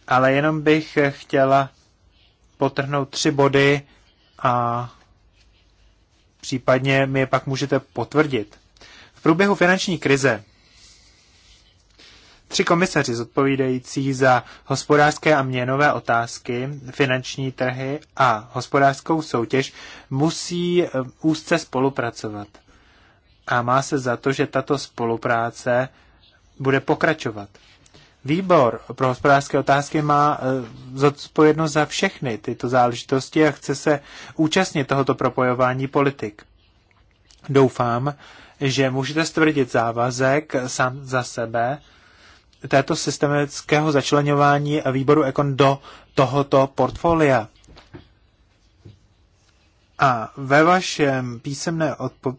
Speaker 1: ale jenom bych chtěla potrhnout tři body a případně mi je pak můžete potvrdit. V průběhu finanční krize tři komisaři zodpovídající za hospodářské a měnové otázky, finanční trhy a hospodářskou soutěž musí eh, úzce spolupracovat. A má se za to, že tato spolupráce bude pokračovat. Výbor pro hospodářské otázky má e, zodpovědnost za všechny tyto záležitosti a chce se účastnit tohoto propojování politik. Doufám, že můžete stvrdit závazek sám za sebe této systemického začlenování výboru Ekon do tohoto portfolia. A ve vašem písemné odpo-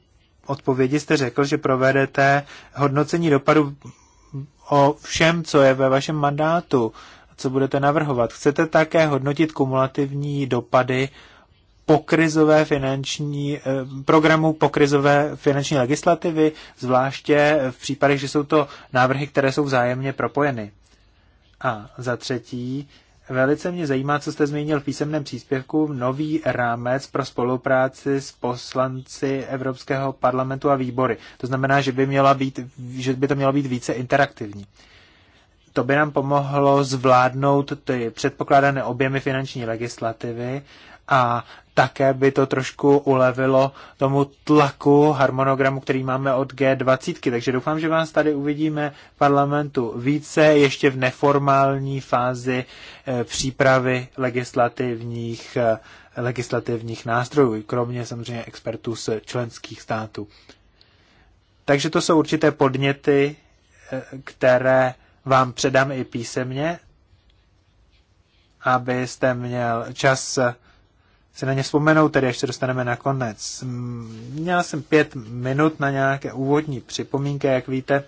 Speaker 1: odpovědi jste řekl, že provedete hodnocení dopadu o všem, co je ve vašem mandátu, co budete navrhovat. Chcete také hodnotit kumulativní dopady pokrizové finanční, eh, programu pokrizové finanční legislativy, zvláště v případech, že jsou to návrhy, které jsou vzájemně propojeny. A za třetí, Velice mě zajímá, co jste zmínil v písemném příspěvku, nový rámec pro spolupráci s poslanci Evropského parlamentu a výbory. To znamená, že by, měla být, že by to mělo být více interaktivní. To by nám pomohlo zvládnout ty předpokládané objemy finanční legislativy a také by to trošku ulevilo tomu tlaku harmonogramu, který máme od G20. Takže doufám, že vás tady uvidíme v parlamentu více, ještě v neformální fázi eh, přípravy legislativních, eh, legislativních nástrojů, kromě samozřejmě expertů z členských států. Takže to jsou určité podněty, eh, které vám předám i písemně, abyste měl čas se na ně vzpomenou, tedy až se dostaneme na konec. Měl jsem pět minut na nějaké úvodní připomínky, jak víte.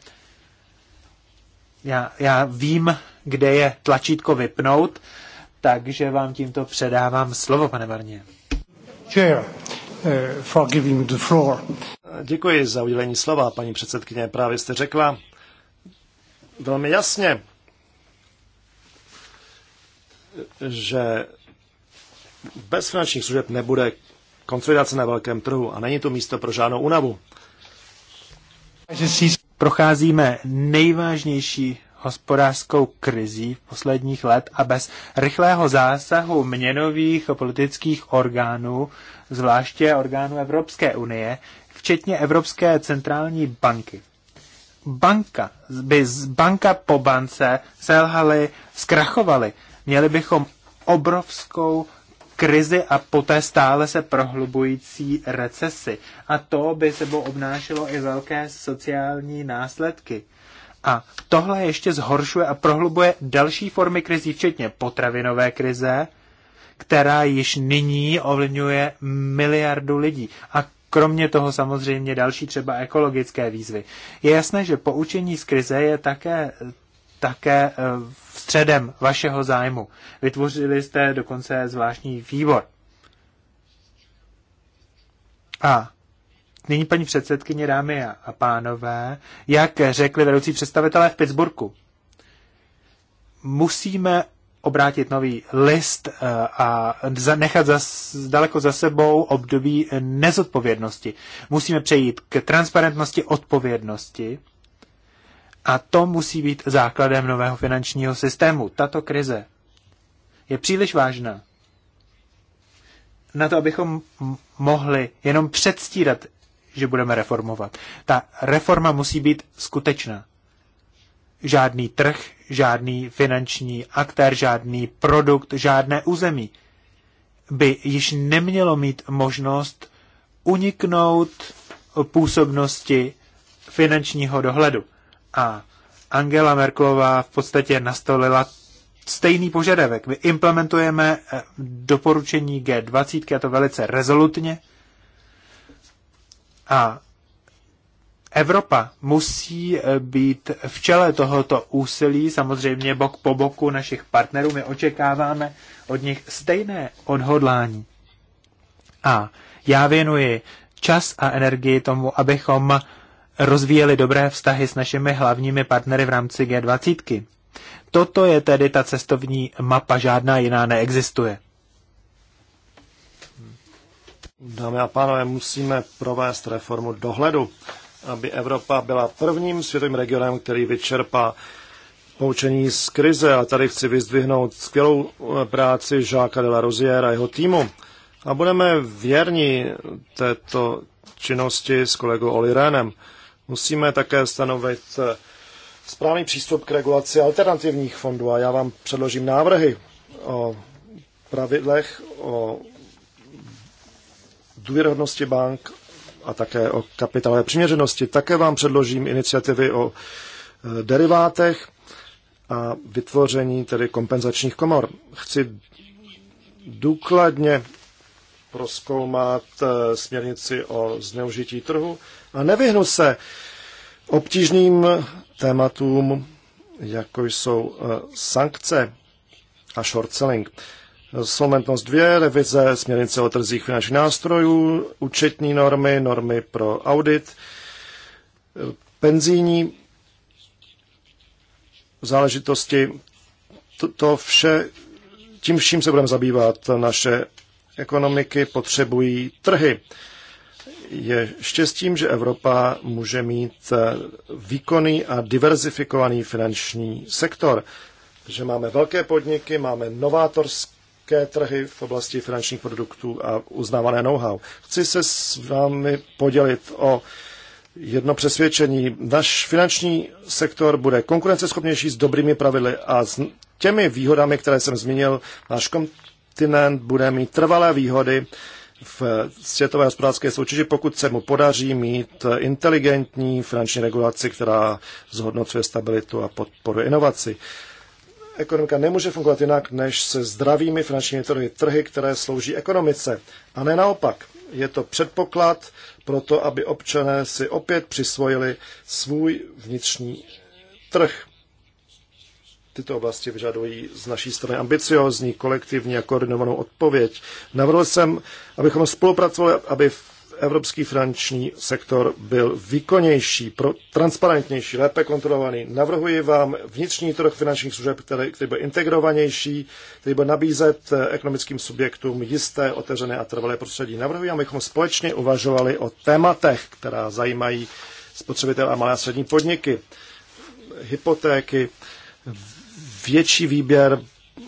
Speaker 1: Já, já vím, kde je tlačítko vypnout, takže vám tímto předávám slovo, pane
Speaker 3: varně.
Speaker 4: Chair, eh, for giving the floor.
Speaker 3: Děkuji za udělení slova, paní předsedkyně. Právě jste řekla velmi jasně, že bez finančních služeb nebude konsolidace na velkém trhu a není to místo pro žádnou únavu.
Speaker 1: Procházíme nejvážnější hospodářskou krizí v posledních let a bez rychlého zásahu měnových a politických orgánů, zvláště orgánů Evropské unie, včetně Evropské centrální banky. Banka by z banka po bance selhaly, zkrachovaly. Měli bychom obrovskou krizi a poté stále se prohlubující recesi. A to by sebou obnášelo i velké sociální následky. A tohle ještě zhoršuje a prohlubuje další formy krizí, včetně potravinové krize, která již nyní ovlivňuje miliardu lidí. A kromě toho samozřejmě další třeba ekologické výzvy. Je jasné, že poučení z krize je také také eh, středem vašeho zájmu. Vytvořili jste dokonce zvláštní výbor. A nyní paní předsedkyně, dámy a pánové, jak řekli vedoucí představitelé v Pittsburghu, musíme obrátit nový list eh, a nechat za, daleko za sebou období nezodpovědnosti. Musíme přejít k transparentnosti, odpovědnosti a to musí být základem nového finančního systému. Tato krize je příliš vážná na to, abychom mohli jenom předstírat, že budeme reformovat. Ta reforma musí být skutečná. Žádný trh, žádný finanční aktér, žádný produkt, žádné území by již nemělo mít možnost uniknout působnosti finančního dohledu. A Angela Merklová v podstatě nastolila stejný požadavek. My implementujeme eh, doporučení G20 a to velice rezolutně. A Evropa musí eh, být v čele tohoto úsilí, samozřejmě bok po boku našich partnerů. My očekáváme od nich stejné odhodlání. A já věnuji čas a energii tomu, abychom rozvíjeli dobré vztahy s našimi hlavními partnery v rámci G20. Toto je tedy ta cestovní mapa, žádná jiná neexistuje.
Speaker 3: Dámy a pánové, musíme provést reformu dohledu, aby Evropa byla prvním světovým regionem, který vyčerpá poučení z krize. A tady chci vyzdvihnout skvělou eh, práci Žáka de la Rosière a jeho týmu. A budeme věrni této činnosti s kolegou Oli Renem. Musíme také stanovit eh, správný přístup k regulaci alternativních fondů a já vám předložím návrhy o pravidlech, o důvěrhodnosti bank a také o kapitálové přiměřenosti. Také vám předložím iniciativy o eh, derivátech a vytvoření tedy kompenzačních komor. Chci důkladně proskoumat eh, směrnici o zneužití trhu a nevyhnu se obtížným tématům, jako jsou eh, sankce a short selling. Solventnost 2, revize směrnice o trzích finančních nástrojů, účetní normy, normy pro audit, eh, penzijní záležitosti. To, to vše, tím vším se budeme zabývat naše ekonomiky potřebují trhy. Je štěstím, že Evropa může mít eh, výkonný a diverzifikovaný finanční sektor, že máme velké podniky, máme novátorské trhy v oblasti finančních produktů a uznávané know-how. Chci se s vámi podělit o jedno přesvědčení. Naš finanční sektor bude konkurenceschopnější s dobrými pravidly a s těmi výhodami, které jsem zmínil, náš kontinent bude mít trvalé výhody v světové hospodářské soutěži, pokud se mu podaří mít inteligentní finanční regulaci, která zhodnocuje stabilitu a podporuje inovaci. Ekonomika nemůže fungovat jinak než se zdravými finančními trhy, trhy, které slouží ekonomice. A ne naopak. Je to předpoklad pro to, aby občané si opět přisvojili svůj vnitřní trh. Tyto oblasti vyžadují z naší strany ambiciozní, kolektivní a koordinovanou odpověď. Navrhl jsem, abychom spolupracovali, aby evropský finanční sektor byl výkonnější, pro, transparentnější, lépe kontrolovaný. Navrhuji vám vnitřní trh finančních služeb, který, který byl integrovanější, který byl nabízet eh, ekonomickým subjektům jisté, otevřené a trvalé prostředí. Navrhuji, abychom společně uvažovali o tématech, která zajímají spotřebitel a malé a střední podniky, hypotéky, větší výběr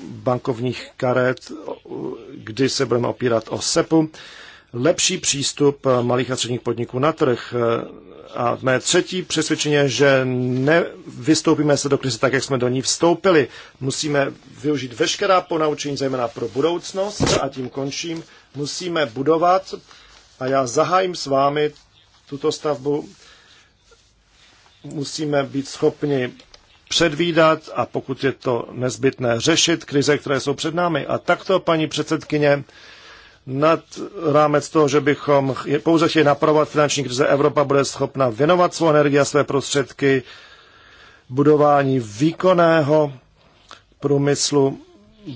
Speaker 3: bankovních karet, kdy se budeme opírat o SEPu, lepší přístup malých a středních podniků na trh. A mé třetí přesvědčení je, že nevystoupíme se do krize tak, jak jsme do ní vstoupili. Musíme využít veškerá ponaučení, zejména pro budoucnost, a tím končím. Musíme budovat a já zahájím s vámi tuto stavbu. Musíme být schopni předvídat a pokud je to nezbytné řešit krize, které jsou před námi. A takto, paní předsedkyně, nad rámec toho, že bychom pouze chtěli napravovat finanční krize, Evropa bude schopna věnovat svou energii a své prostředky budování výkonného průmyslu,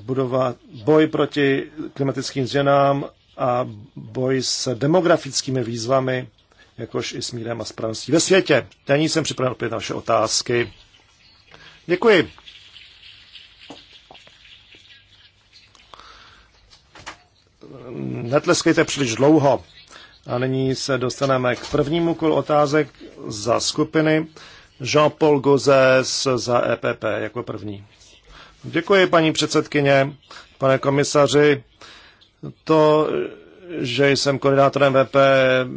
Speaker 3: budovat boj proti klimatickým změnám a boj s demografickými výzvami, jakož i s mírem a spravedlností ve světě. Nyní jsem připraven opět na vaše otázky. Děkuji. Netleskejte příliš dlouho. A nyní se dostaneme k prvnímu kolu otázek za skupiny. Jean-Paul Gozes za EPP jako první. Děkuji, paní předsedkyně, pane komisaři. To, že jsem koordinátorem VP,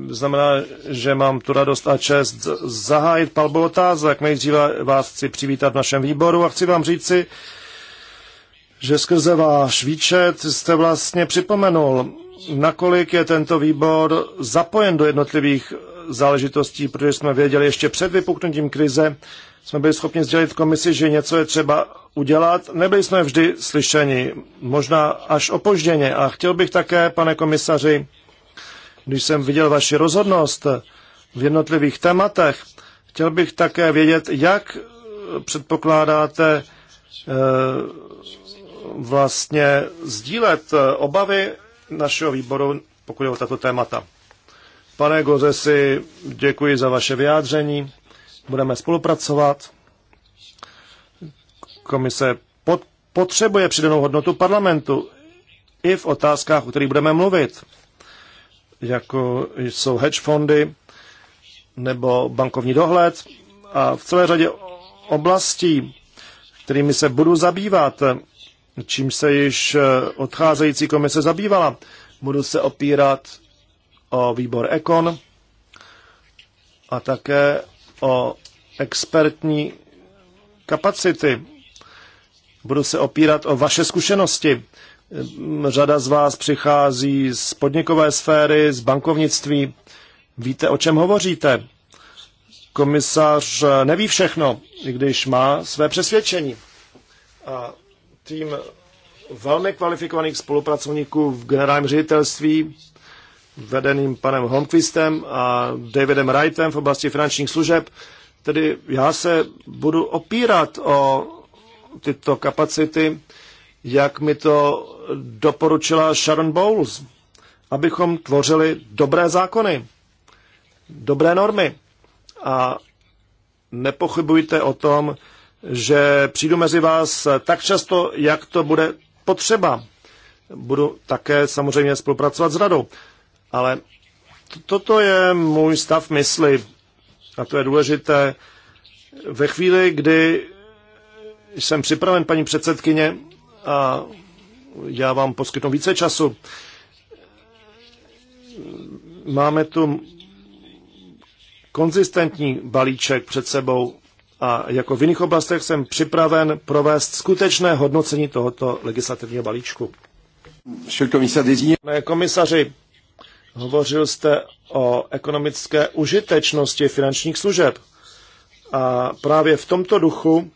Speaker 3: znamená, že mám tu radost a čest zahájit palbu otázek. Nejdříve vás chci přivítat v našem výboru a chci vám říci, že skrze váš výčet jste vlastně připomenul, nakolik je tento výbor zapojen do jednotlivých záležitostí, protože jsme věděli ještě před vypuknutím krize, jsme byli schopni sdělit komisi, že něco je třeba udělat. Nebyli jsme vždy slyšeni, možná až opožděně. A chtěl bych také, pane komisaři, když jsem viděl vaši rozhodnost v jednotlivých tématech, chtěl bych také vědět, jak eh, předpokládáte eh, vlastně sdílet eh, obavy našeho výboru, pokud je o tato témata. Pane Gozesi, děkuji za vaše vyjádření budeme spolupracovat. Komise pod, potřebuje přidanou hodnotu parlamentu i v otázkách, o kterých budeme mluvit, jako jsou hedge fondy nebo bankovní dohled a v celé řadě oblastí, kterými se budu zabývat, čím se již odcházející komise zabývala. Budu se opírat o výbor Ekon a také o expertní kapacity. Budu se opírat o vaše zkušenosti. Řada z vás přichází z podnikové sféry, z bankovnictví. Víte, o čem hovoříte? Komisař neví všechno, i když má své přesvědčení. A tým velmi kvalifikovaných spolupracovníků v generálním ředitelství vedeným panem Holmquistem a Davidem Wrightem v oblasti finančních služeb. Tedy já se budu opírat o tyto kapacity, jak mi to doporučila Sharon Bowles, abychom tvořili dobré zákony, dobré normy. A nepochybujte o tom, že přijdu mezi vás tak často, jak to bude potřeba. Budu také samozřejmě spolupracovat s radou. Ale toto je můj stav mysli a to je důležité. Ve chvíli, kdy jsem připraven, paní předsedkyně, a já vám poskytnu více času, máme tu konzistentní balíček před sebou a jako v jiných oblastech jsem připraven provést skutečné hodnocení tohoto legislativního balíčku. Pane komisaři, Hovořil jste o ekonomické užitečnosti finančních služeb. A právě v tomto duchu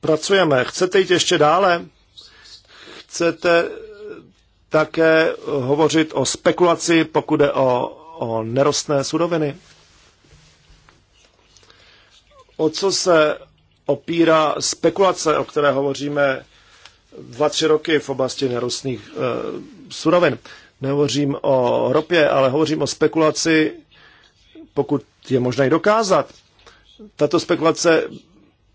Speaker 3: pracujeme. Chcete jít ještě dále? Chcete také hovořit o spekulaci, pokud jde o, o nerostné suroviny? O co se opírá spekulace, o které hovoříme dva, tři roky v oblasti nerostných e, surovin? Nehovořím o ropě, ale hovořím o spekulaci, pokud je možné ji dokázat. Tato spekulace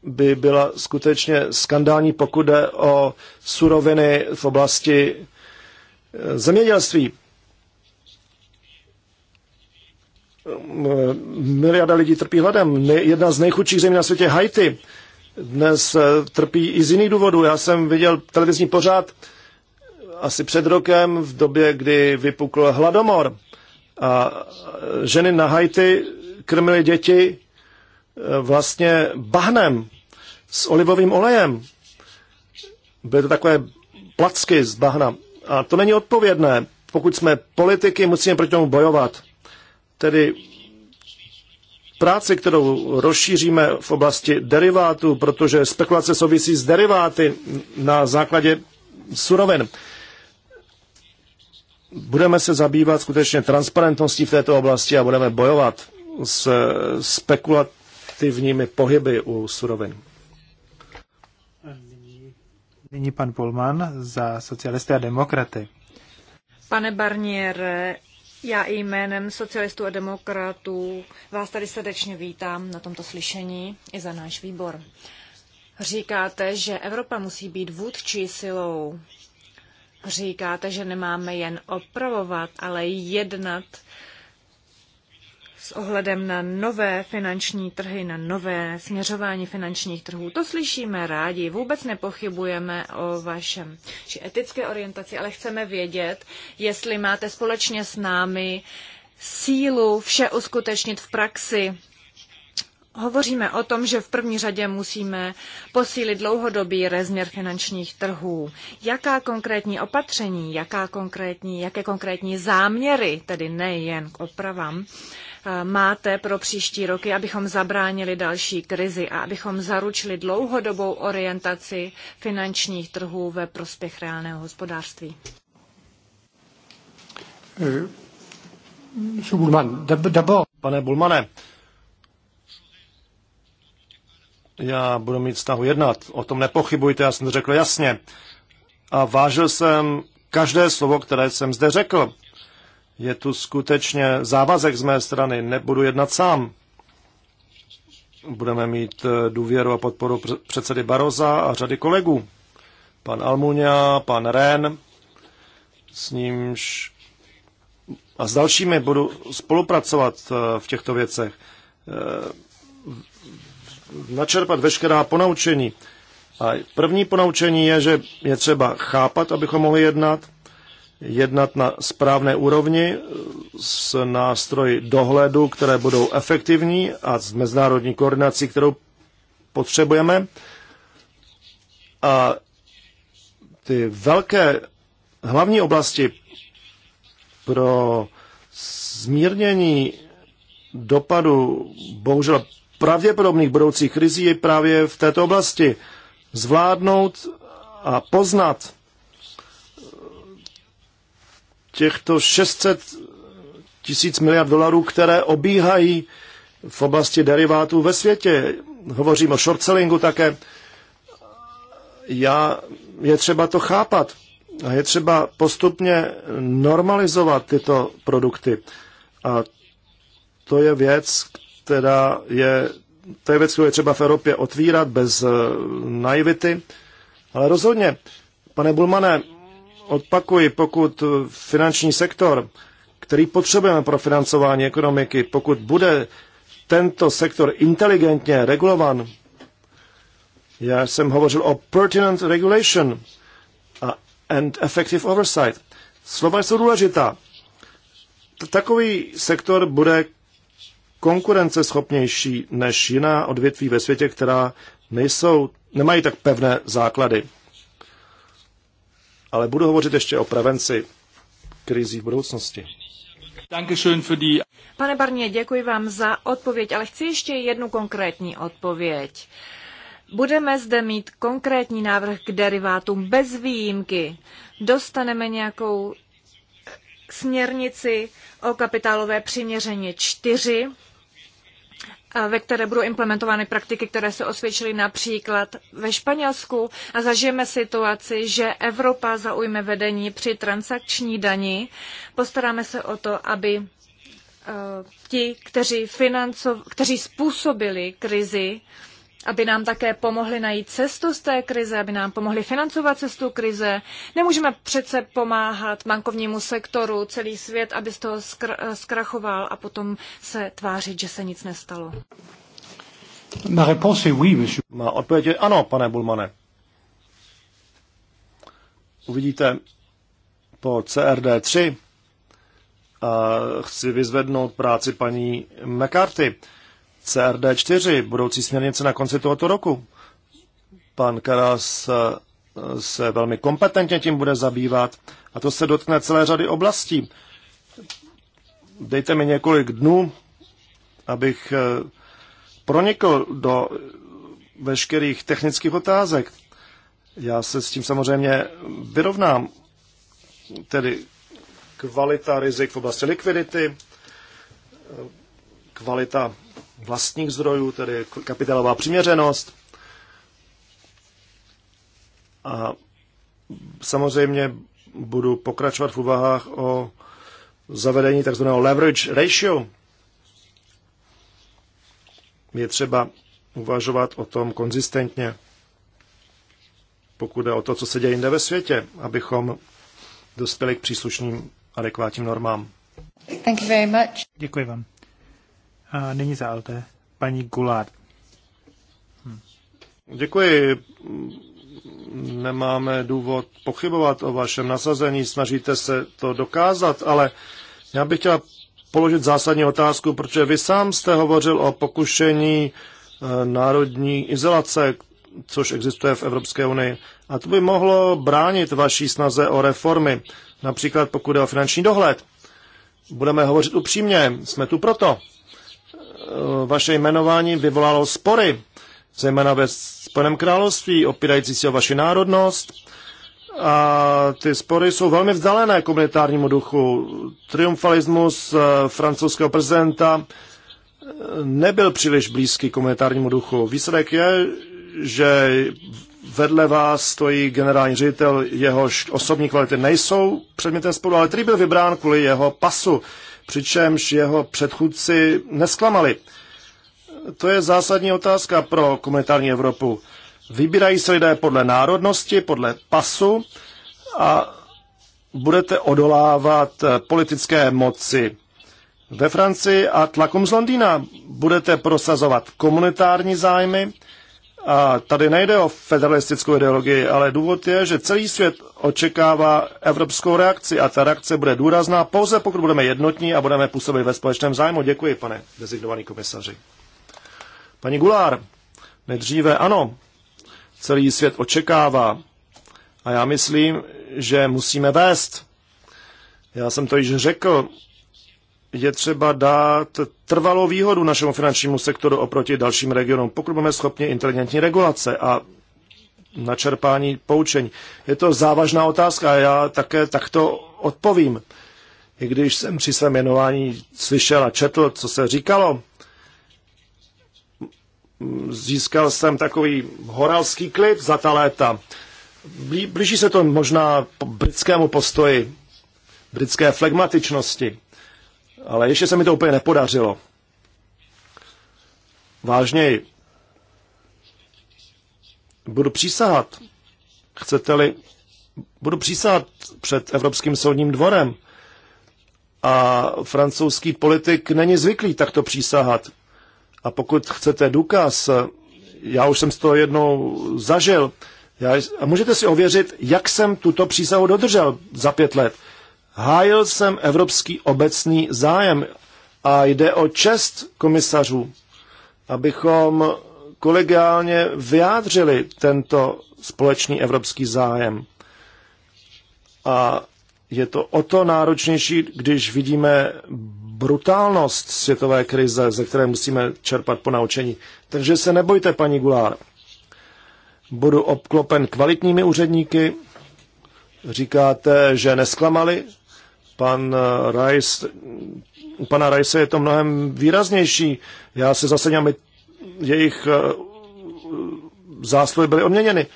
Speaker 3: by byla skutečně skandální, pokud jde o suroviny v oblasti eh, zemědělství. Eh, miliarda lidí trpí hladem. Jedna z nejchudších zemí na světě, Haiti, dnes eh, trpí i z jiných důvodů. Já jsem viděl televizní pořád asi před rokem, v době, kdy vypukl hladomor. A ženy na Haiti krmily děti e, vlastně bahnem s olivovým olejem. Byly to takové placky z bahna. A to není odpovědné. Pokud jsme politiky, musíme proti tomu bojovat. Tedy práci, kterou rozšíříme v oblasti derivátů, protože spekulace souvisí s deriváty na základě surovin budeme se zabývat skutečně transparentností v této oblasti a budeme bojovat s spekulativními pohyby u surovin.
Speaker 1: Nyní, pan Polman za socialisty a demokraty.
Speaker 2: Pane Barniere, já i jménem socialistů a demokratů vás tady srdečně vítám na tomto slyšení i za náš výbor. Říkáte, že Evropa musí být vůdčí silou říkáte, že nemáme jen opravovat, ale jednat s ohledem na nové finanční trhy, na nové směřování finančních trhů. To slyšíme rádi, vůbec nepochybujeme o vašem či etické orientaci, ale chceme vědět, jestli máte společně s námi sílu vše uskutečnit v praxi, Hovoříme o tom, že v první řadě musíme posílit dlouhodobý rozměr finančních trhů. Jaká konkrétní opatření, jaká konkrétní, jaké konkrétní záměry, tedy nejen k opravám, eh, máte pro příští roky, abychom zabránili další krizi a abychom zaručili dlouhodobou orientaci finančních trhů ve prospěch reálného hospodářství?
Speaker 3: Eh, Pane Bulmane, já budu mít snahu jednat, o tom nepochybujte, já jsem to řekl jasně. A vážil jsem každé slovo, které jsem zde řekl. Je tu skutečně závazek z mé strany, nebudu jednat sám. Budeme mít eh, důvěru a podporu předsedy Baroza a řady kolegů. Pan Almunia, pan Ren, s nímž a s dalšími budu spolupracovat eh, v těchto věcech. Eh, načerpat veškerá ponaučení. A první ponaučení je, že je třeba chápat, abychom mohli jednat, jednat na správné úrovni eh, s nástroji dohledu, které budou efektivní a s mezinárodní koordinací, kterou potřebujeme. A ty velké hlavní oblasti pro zmírnění dopadu bohužel pravděpodobných budoucích krizí je právě v této oblasti. Zvládnout a poznat těchto 600 tisíc miliard dolarů, které obíhají v oblasti derivátů ve světě. Hovořím o shortsellingu také. Já, je třeba to chápat a je třeba postupně normalizovat tyto produkty. A to je věc, teda je, to je věc, kterou je třeba v Evropě otvírat bez eh, naivity, ale rozhodně, pane Bulmane, odpakuji, pokud finanční sektor, který potřebujeme pro financování ekonomiky, pokud bude tento sektor inteligentně regulovan, já jsem hovořil o pertinent regulation a and effective oversight. Slova jsou důležitá. Takový sektor bude konkurenceschopnější než jiná odvětví ve světě, která nejsou, nemají tak pevné základy. Ale budu hovořit ještě o prevenci krizí v budoucnosti.
Speaker 2: Pane Barně, děkuji vám za odpověď, ale chci ještě jednu konkrétní odpověď. Budeme zde mít konkrétní návrh k derivátům bez výjimky. Dostaneme nějakou směrnici o kapitálové přiměřeně 4, ve které budou implementovány praktiky, které se osvědčily například ve Španělsku a zažijeme situaci, že Evropa zaujme vedení při transakční dani. Postaráme se o to, aby eh, ti, kteří, financo, kteří způsobili krizi, aby nám také pomohli najít cestu z té krize, aby nám pomohli financovat cestu krize. Nemůžeme přece pomáhat bankovnímu sektoru, celý svět, aby z toho skr- zkrachoval a potom se tvářit, že se nic nestalo.
Speaker 3: Na réponse est oui, monsieur. Má odpověď je ano, pane Bulmane. Uvidíte po CRD3 a chci vyzvednout práci paní McCarthy CRD 4, budoucí směrnice na konci tohoto roku. Pan Karas eh, se velmi kompetentně tím bude zabývat a to se dotkne celé řady oblastí. Dejte mi několik dnů, abych eh, pronikl do veškerých technických otázek. Já se s tím samozřejmě vyrovnám, tedy kvalita rizik v oblasti likvidity, eh, kvalita vlastních zdrojů, tedy kapitálová přiměřenost. A samozřejmě budu pokračovat v úvahách o zavedení tzv. leverage ratio. Je třeba uvažovat o tom konzistentně, pokud je o to, co se děje jinde ve světě, abychom dospěli k příslušným adekvátním normám.
Speaker 1: Thank you very much. Děkuji vám. A nyní za paní Gulard.
Speaker 3: Hm. Děkuji. Nemáme důvod pochybovat o vašem nasazení, snažíte se to dokázat, ale já bych chtěl položit zásadní otázku, protože vy sám jste hovořil o pokušení e, národní izolace, což existuje v Evropské unii. A to by mohlo bránit vaší snaze o reformy, například pokud je o finanční dohled. Budeme hovořit upřímně, jsme tu proto. Eh, vaše jmenování vyvolalo spory, zejména ve Spojeném království, opírající se o vaši národnost. A ty spory jsou velmi vzdálené komunitárnímu duchu. Triumfalismus eh, francouzského prezidenta eh, nebyl příliš blízký komunitárnímu duchu. Výsledek je, že vedle vás stojí generální ředitel, jehož osobní kvality nejsou předmětem sporu, ale který byl vybrán kvůli jeho pasu přičemž jeho předchůdci nesklamali. To je zásadní otázka pro komunitární Evropu. Vybírají se lidé podle národnosti, podle pasu a budete odolávat politické moci ve Francii a tlakům z Londýna. Budete prosazovat komunitární zájmy a tady nejde o federalistickou ideologii, ale důvod je, že celý svět očekává evropskou reakci a ta reakce bude důrazná pouze pokud budeme jednotní a budeme působit ve společném zájmu. Děkuji, pane designovaný komisaři. Paní Gulár, nejdříve ano, celý svět očekává a já myslím, že musíme vést. Já jsem to již řekl je třeba dát trvalou výhodu našemu finančnímu sektoru oproti dalším regionům, pokud budeme schopni inteligentní regulace a načerpání poučení. Je to závažná otázka a já také takto odpovím. I když jsem při svém jmenování slyšel a četl, co se říkalo, získal jsem takový horalský klid za ta léta. Blíží se to možná britskému postoji, britské flegmatičnosti. Ale ještě se mi to úplně nepodařilo. Vážněji, budu přísahat, chcete-li, budu přísahat před Evropským soudním dvorem. A francouzský politik není zvyklý takto přísahat. A pokud chcete důkaz, já už jsem to jednou zažil, já, a můžete si ověřit, jak jsem tuto přísahu dodržel za pět let. Hájil jsem evropský obecný zájem a jde o čest komisařů, abychom kolegiálně vyjádřili tento společný evropský zájem. A je to o to náročnější, když vidíme brutálnost světové krize, ze které musíme čerpat po naučení. Takže se nebojte, paní Gulár. Budu obklopen kvalitními úředníky. Říkáte, že nesklamali, pan eh, Rice, u pana Rice je to mnohem výraznější. Já se zase aby jejich eh, zásluhy byly odměněny.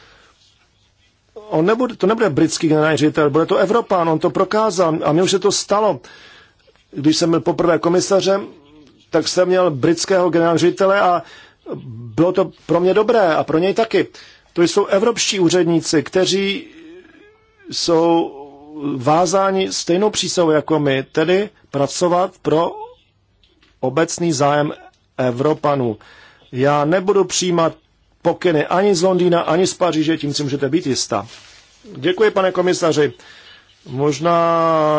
Speaker 3: On nebude, to nebude britský generální ředitel, bude to Evropán, on to prokázal a mně už se to stalo. Když jsem byl poprvé komisařem, tak jsem měl britského generálního ředitele a bylo to pro mě dobré a pro něj taky. To jsou evropští úředníci, kteří jsou vázáni stejnou přísou jako my, tedy pracovat pro obecný zájem Evropanů. Já nebudu přijímat pokyny ani z Londýna, ani z Paříže, tím si můžete být jistá. Děkuji, pane komisaři. Možná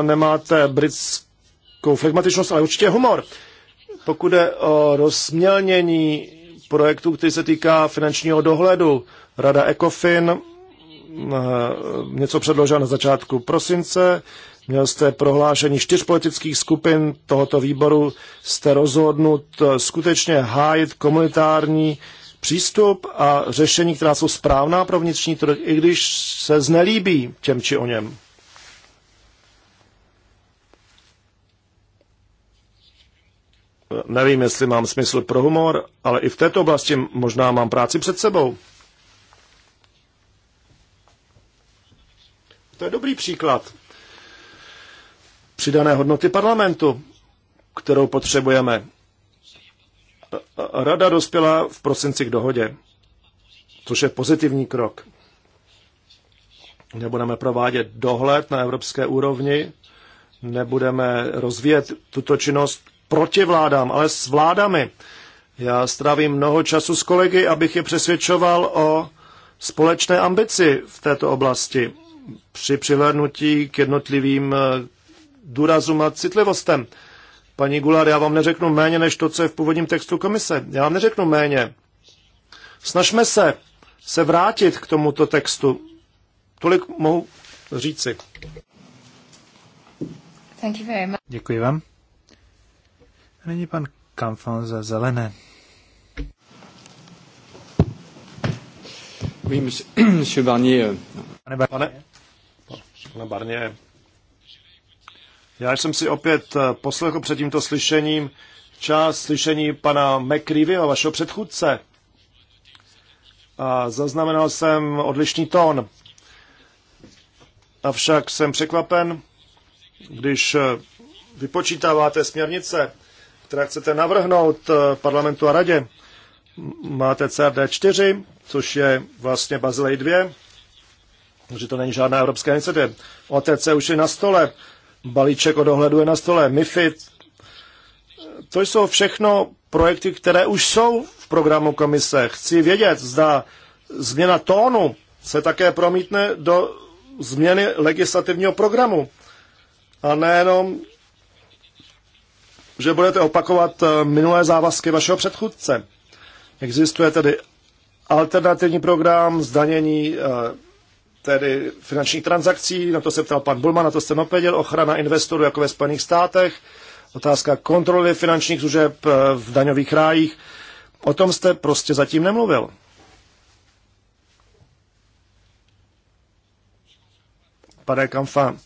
Speaker 3: nemáte britskou flegmatičnost, ale určitě humor. Pokud je o rozmělnění projektu, který se týká finančního dohledu, Rada ECOFIN Eh, něco předložil na začátku prosince. Měl jste prohlášení čtyř politických skupin tohoto výboru. Jste rozhodnut eh, skutečně hájit komunitární přístup a řešení, která jsou správná pro vnitřní trh, i když se znelíbí těm či o něm. Nevím, jestli mám smysl pro humor, ale i v této oblasti možná mám práci před sebou. To je dobrý příklad přidané hodnoty parlamentu, kterou potřebujeme. Rada dospěla v prosinci k dohodě, což je pozitivní krok. Nebudeme provádět dohled na evropské úrovni, nebudeme rozvíjet tuto činnost proti vládám, ale s vládami. Já strávím mnoho času s kolegy, abych je přesvědčoval o společné ambici v této oblasti při přihlédnutí k jednotlivým eh, důrazům a citlivostem. Paní Gular, já vám neřeknu méně než to, co je v původním textu komise. Já vám neřeknu méně. Snažme se se vrátit k tomuto textu. Tolik mohu říci. Thank you very much. Děkuji vám. Není pan Kamfan za zelené.
Speaker 4: Euh, Pane,
Speaker 3: Pane, Pana Barně, já jsem si opět eh, poslechl před tímto slyšením část slyšení pana McCreevyho, vašeho předchůdce. A zaznamenal jsem odlišný tón. Avšak jsem překvapen, když eh, vypočítáváte směrnice, které chcete navrhnout eh, parlamentu a radě. Máte CRD 4, což je vlastně Bazilej 2, že to není žádná evropská iniciativa. OTC už je na stole, balíček o dohledu je na stole, MIFID. To jsou všechno projekty, které už jsou v programu komise. Chci vědět, zda změna tónu se také promítne do změny legislativního programu. A nejenom, že budete opakovat eh, minulé závazky vašeho předchůdce. Existuje tedy alternativní program zdanění eh, tedy finančních transakcí, na to se ptal pan Bulman, na to jsem odpověděl, ochrana investorů jako ve Spojených státech, otázka kontroly finančních služeb eh, v daňových rájích. O tom jste prostě zatím nemluvil. Pane Kamfa,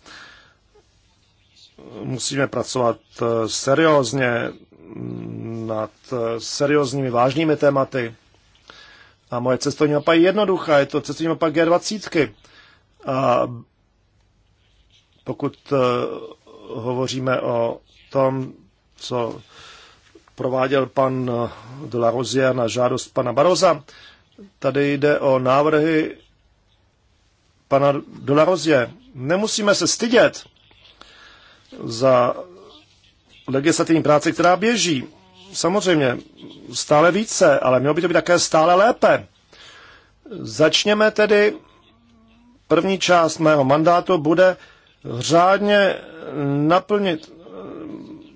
Speaker 3: musíme pracovat eh, seriózně mm, nad eh, seriózními, vážnými tématy. A moje cestovní mapa je jednoduchá, je to cestovní mapa G20. A pokud eh, hovoříme o tom, co prováděl pan eh, de la Rozia na žádost pana Baroza, tady jde o návrhy pana de la Rozia. Nemusíme se stydět za legislativní práci, která běží. Samozřejmě, stále více, ale mělo by to být také stále lépe. Začněme tedy První část mého mandátu bude řádně naplnit.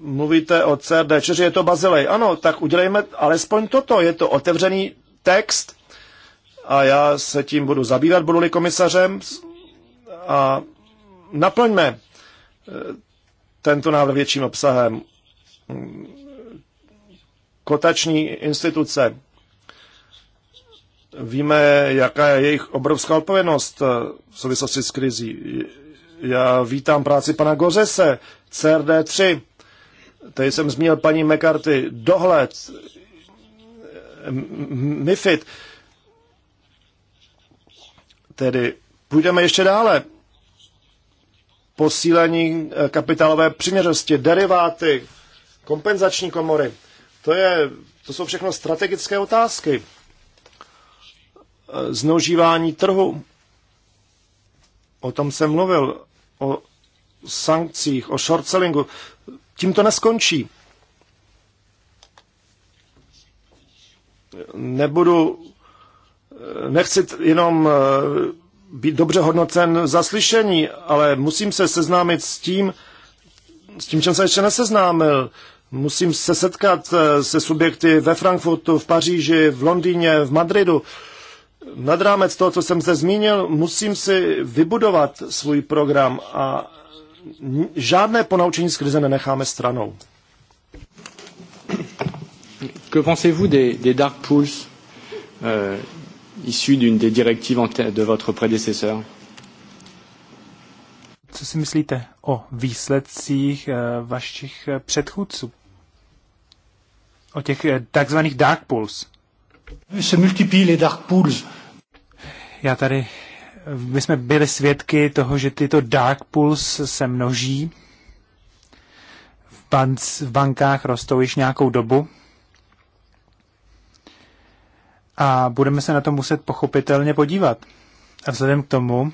Speaker 3: Mluvíte o crd čiže je to Bazilej. Ano, tak udělejme alespoň toto. Je to otevřený text a já se tím budu zabývat, budu-li komisařem a naplňme eh, tento návrh větším obsahem. Kotační instituce. Víme, jaká je jejich obrovská odpovědnost eh, v souvislosti s krizí. Já vítám práci pana Gozese, CRD3. Tady jsem zmínil paní McCarthy, dohled, eh, MIFID. Tedy půjdeme ještě dále. Posílení eh, kapitálové přiměřosti, deriváty, kompenzační komory. To, je, to jsou všechno strategické otázky zneužívání trhu. O tom jsem mluvil, o sankcích, o short sellingu. Tím to neskončí. Nebudu, nechci jenom eh, být dobře hodnocen za slyšení, ale musím se seznámit s tím, s tím, čem se ještě neseznámil. Musím se setkat eh, se subjekty ve Frankfurtu, v Paříži, v Londýně, v Madridu. Uh, nad rámec toho, co jsem se zmínil, musím si vybudovat svůj program a žádné ponaučení z krize nenecháme stranou. Que
Speaker 4: pensez-vous des, des dark pools euh, issus d'une des directives de votre prédécesseur
Speaker 1: Co si myslíte o výsledcích eh, vašich eh, předchůdců? O těch eh, takzvaných dark pools? Já tady, my jsme byli svědky toho, že tyto dark pools se množí. V, banc, v bankách rostou již nějakou dobu. A budeme se na to muset pochopitelně podívat. A vzhledem k tomu,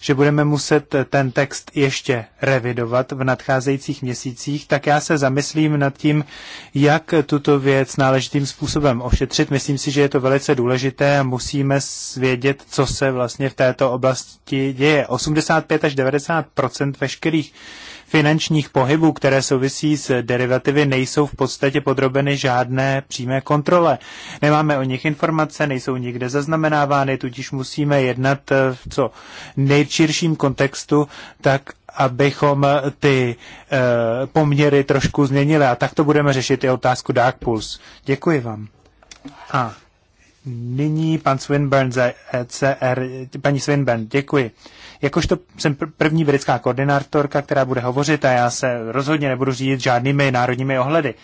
Speaker 1: že budeme muset ten text ještě revidovat v nadcházejících měsících, tak já se zamyslím nad tím, jak tuto věc náležitým způsobem ošetřit. Myslím si, že je to velice důležité a musíme svědět, co se vlastně v této oblasti děje. 85 až 90 veškerých finančních pohybů, které souvisí s derivativy, nejsou v podstatě podrobeny žádné přímé kontrole. Nemáme o nich informace, nejsou nikde zaznamenávány, tudíž musíme jednat eh, v co nejčirším kontextu, tak abychom eh, ty e, poměry trošku změnili. A tak to budeme řešit i otázku Dark Pulse. Děkuji vám. A Nyní pan Swinburne za ECR. Paní Swinburne, děkuji. Jakožto jsem první britská koordinátorka, která bude hovořit a já se rozhodně nebudu řídit žádnými národními ohledy.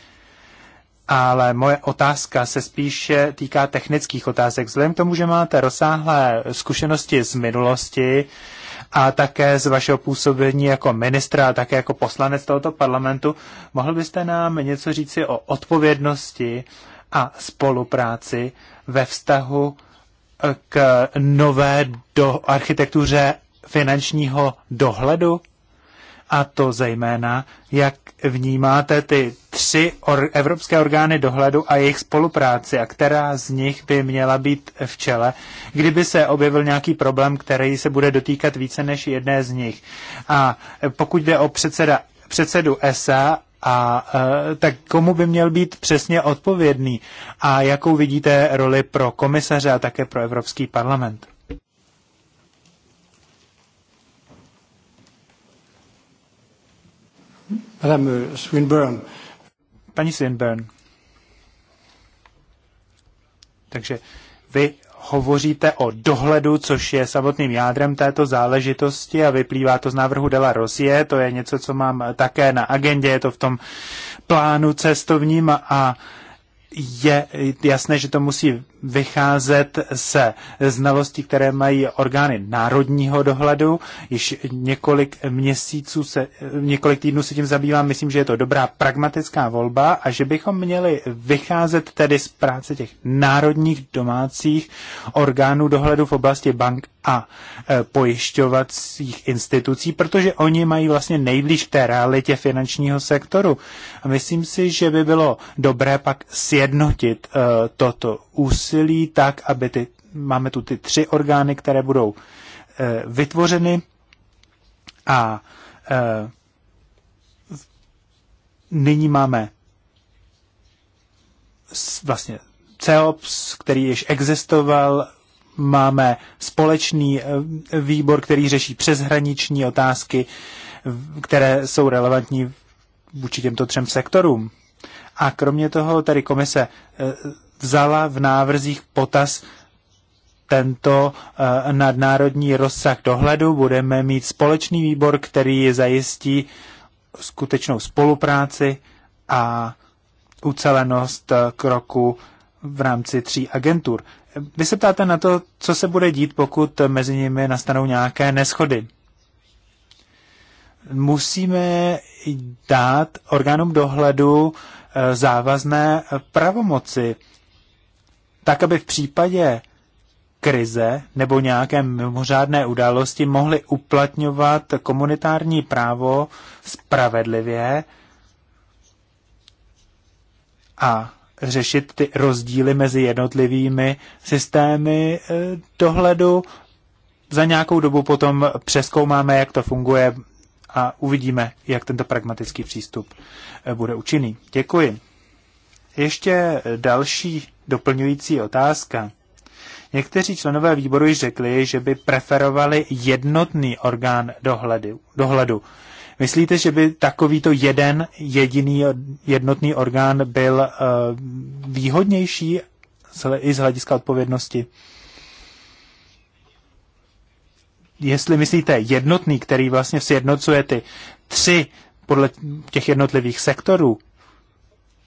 Speaker 1: Ale moje otázka se spíše týká technických otázek. Vzhledem k tomu, že máte rozsáhlé zkušenosti z minulosti a také z vašeho působení jako ministra a také jako poslanec tohoto parlamentu, mohl byste nám něco říci o odpovědnosti a spolupráci ve vztahu eh, k nové do architektuře finančního dohledu? A to zejména, jak vnímáte ty tři or- evropské orgány dohledu a jejich spolupráci a která z nich by měla být v čele, kdyby se objevil nějaký problém, který se bude dotýkat více než jedné z nich. A pokud jde o předseda, předsedu ESA a e, tak komu by měl být přesně odpovědný a jakou vidíte roli pro komisaře a také pro Evropský parlament?
Speaker 4: Madame Swinburne. Paní Swinburne.
Speaker 1: Takže vy hovoříte o dohledu, což je samotným jádrem této záležitosti a vyplývá to z návrhu Dela Rosie. To je něco, co mám také na agendě, je to v tom plánu cestovním a je jasné, že to musí vycházet se znalostí, které mají orgány národního dohledu. Již několik měsíců se, několik týdnů se tím zabývám. Myslím, že je to dobrá pragmatická volba a že bychom měli vycházet tedy z práce těch národních domácích orgánů dohledu v oblasti bank a e, pojišťovacích institucí, protože oni mají vlastně nejblíž k té realitě finančního sektoru. A myslím si, že by bylo dobré pak sjednotit e, toto úsilí úsilí tak, aby ty, máme tu ty tři orgány, které budou e, vytvořeny a e, nyní máme vlastně CEOPS, který již existoval, máme společný eh, výbor, který řeší přeshraniční otázky, které jsou relevantní vůči těmto třem sektorům. A kromě toho tady komise vzala v návrzích potaz tento eh, nadnárodní rozsah dohledu. Budeme mít společný výbor, který zajistí skutečnou spolupráci a ucelenost eh, kroku v rámci tří agentur. Vy se ptáte na to, co se bude dít, pokud mezi nimi nastanou nějaké neschody. Musíme dát orgánům dohledu eh, závazné pravomoci tak aby v případě krize nebo nějaké mimořádné události mohli uplatňovat komunitární právo spravedlivě a řešit ty rozdíly mezi jednotlivými systémy eh, dohledu. Za nějakou dobu potom přeskoumáme, jak to funguje a uvidíme, jak tento pragmatický přístup eh, bude účinný. Děkuji. Ještě další doplňující otázka. Někteří členové výboru již řekli, že by preferovali jednotný orgán dohledu. dohledu. Myslíte, že by takovýto jeden jediný jednotný orgán byl uh, výhodnější i z hlediska odpovědnosti? Jestli myslíte jednotný, který vlastně sjednocuje ty tři podle těch jednotlivých sektorů,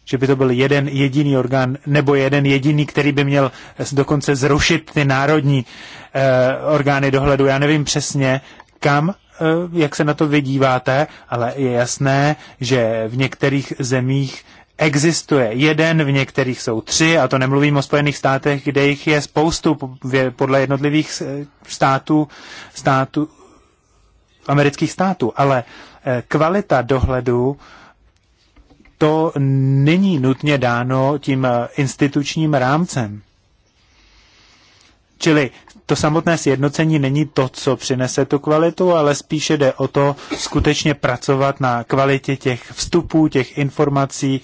Speaker 1: že by to byl jeden jediný orgán, nebo jeden jediný, který by měl dokonce zrušit ty národní eh, orgány dohledu. Já nevím přesně, kam, eh, jak se na to vydíváte, ale je jasné, že v některých zemích existuje jeden, v některých jsou tři, a to nemluvím o Spojených státech, kde jich je spoustu podle jednotlivých eh, států, států amerických států, ale eh, kvalita dohledu eh, to není nutně dáno tím eh, institučním rámcem. Čili to samotné sjednocení není to, co přinese tu kvalitu, ale spíše jde o to skutečně pracovat na kvalitě těch vstupů, těch informací.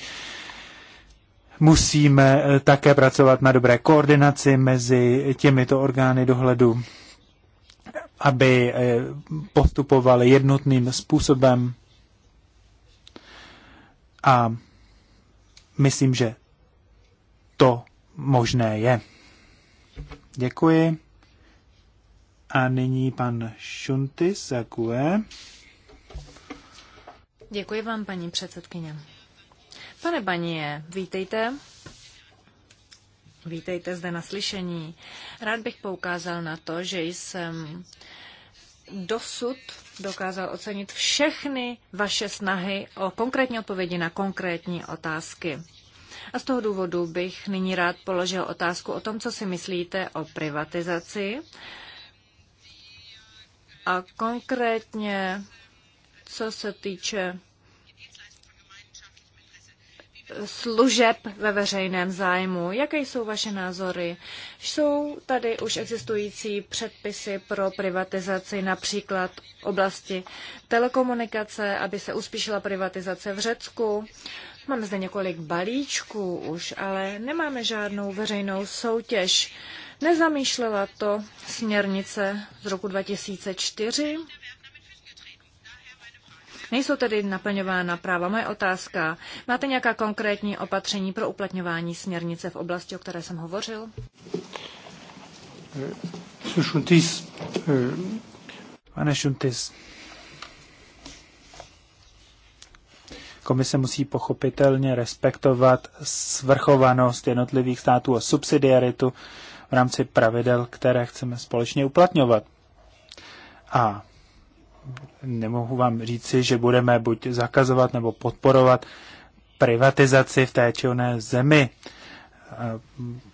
Speaker 1: Musíme eh, také pracovat na dobré koordinaci mezi těmito orgány dohledu, aby eh, postupovali jednotným způsobem. A myslím, že to možné je. Děkuji. A nyní pan Šuntis Zakue.
Speaker 2: Děkuji vám, paní předsedkyně. Pane Banie, vítejte. Vítejte zde na slyšení. Rád bych poukázal na to, že jsem dosud dokázal ocenit všechny vaše snahy o konkrétní odpovědi na konkrétní otázky. A z toho důvodu bych nyní rád položil otázku o tom, co si myslíte o privatizaci a konkrétně co se týče služeb ve veřejném zájmu. Jaké jsou vaše názory? Jsou tady už existující předpisy pro privatizaci například oblasti telekomunikace, aby se uspíšila privatizace v Řecku? Máme zde několik balíčků už, ale nemáme žádnou veřejnou soutěž. Nezamýšlela to směrnice z roku 2004? Nejsou tedy naplňována práva. Moje otázka, máte nějaká konkrétní opatření pro uplatňování směrnice v oblasti, o které jsem hovořil?
Speaker 4: Euh, Pane Šuntis,
Speaker 1: Komise musí pochopitelně respektovat svrchovanost jednotlivých států a subsidiaritu v rámci pravidel, které chceme společně uplatňovat. A nemohu vám říci, že budeme buď zakazovat nebo podporovat privatizaci v té či oné zemi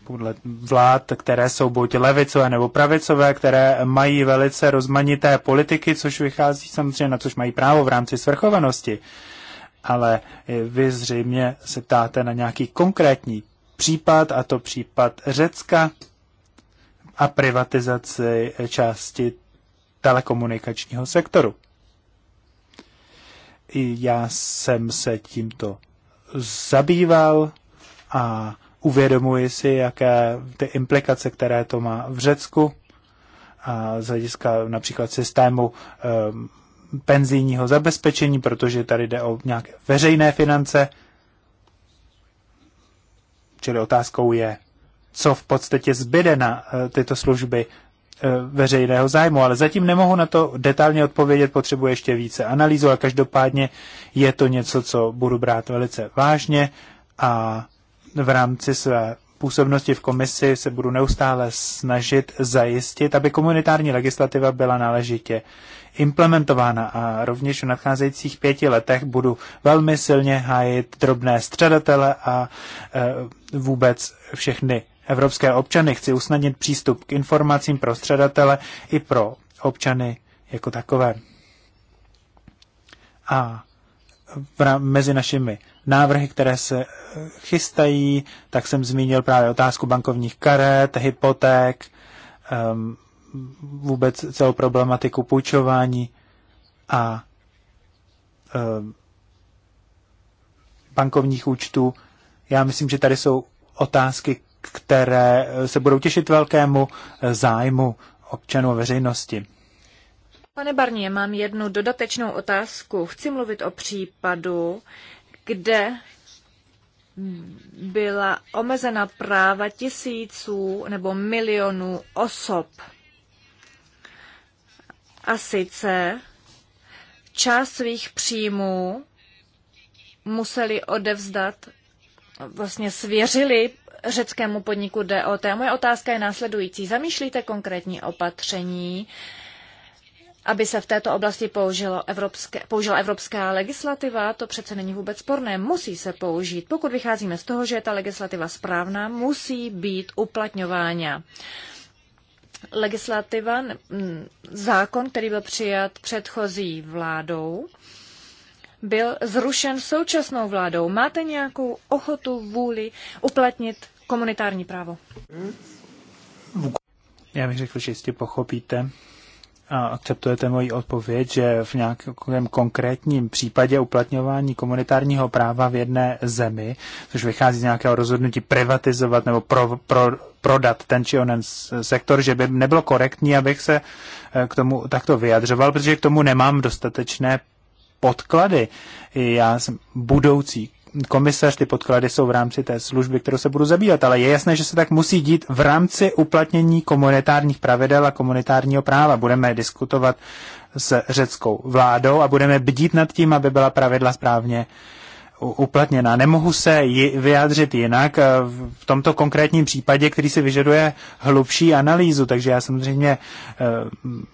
Speaker 1: podle vlád, které jsou buď levicové nebo pravicové, které mají velice rozmanité politiky, což vychází samozřejmě, na což mají právo v rámci svrchovanosti. Ale vy zřejmě se ptáte na nějaký konkrétní případ, a to případ Řecka a privatizaci části telekomunikačního sektoru. Já jsem se tímto zabýval a uvědomuji si, jaké ty implikace, které to má v Řecku, a z hlediska například systému ehm, penzijního zabezpečení, protože tady jde o nějaké veřejné finance. Čili otázkou je, co v podstatě zbyde na e, tyto služby Eh, veřejného zájmu, ale zatím nemohu na to detailně odpovědět, potřebuji ještě více analýzu, ale každopádně je to něco, co budu brát velice vážně a v rámci své působnosti v komisi se budu neustále snažit zajistit, aby komunitární legislativa byla náležitě implementována a rovněž v nadcházejících pěti letech budu velmi silně hájit drobné středatele a e, vůbec všechny evropské občany. Chci usnadnit přístup k informacím pro středatele i pro občany jako takové. A mezi našimi návrhy, které se eh, chystají, tak jsem zmínil právě otázku bankovních karet, hypoték, ehm, vůbec celou problematiku půjčování a ehm, bankovních účtů. Já myslím, že tady jsou otázky, které se budou těšit velkému zájmu občanů veřejnosti.
Speaker 2: Pane Barnie, mám jednu dodatečnou otázku. Chci mluvit o případu, kde byla omezena práva tisíců nebo milionů osob. A sice část svých příjmů museli odevzdat, vlastně svěřili řeckému podniku DOT. Moje otázka je následující. Zamýšlíte konkrétní opatření, aby se v této oblasti použilo evropské, použila evropská legislativa, to přece není vůbec sporné, musí se použít. Pokud vycházíme z toho, že je ta legislativa správná, musí být uplatňována. Legislativa, zákon, který byl přijat předchozí vládou, byl zrušen současnou vládou. Máte nějakou ochotu, vůli uplatnit komunitární právo?
Speaker 1: Já bych řekl, že jistě pochopíte a akceptujete moji odpověď, že v nějakém konkrétním případě uplatňování komunitárního práva v jedné zemi, což vychází z nějakého rozhodnutí privatizovat nebo pro, pro, prodat ten či onen sektor, že by nebylo korektní, abych se eh, k tomu takto vyjadřoval, protože k tomu nemám dostatečné podklady. Já jsem budoucí komisař, ty podklady jsou v rámci té služby, kterou se budu zabývat, ale je jasné, že se tak musí dít v rámci uplatnění komunitárních pravidel a komunitárního práva. Budeme diskutovat s řeckou vládou a budeme bdít nad tím, aby byla pravidla správně uplatněna. Nemohu se ji vyjádřit jinak eh, v tomto konkrétním případě, který si vyžaduje hlubší analýzu, takže já samozřejmě eh,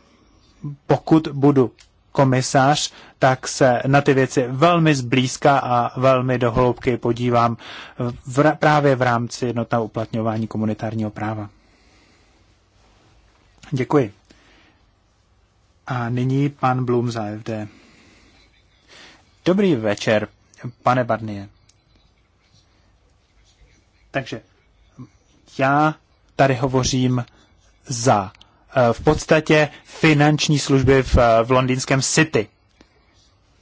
Speaker 1: pokud budu komisař, tak se na ty věci velmi zblízka a velmi dohloubky podívám v, právě v rámci jednotného uplatňování komunitárního práva. Děkuji. A nyní pan Blum za FD. Dobrý večer, pane Barnie. Takže já tady hovořím za Eh, v podstatě finanční služby v, eh, v londýnském City.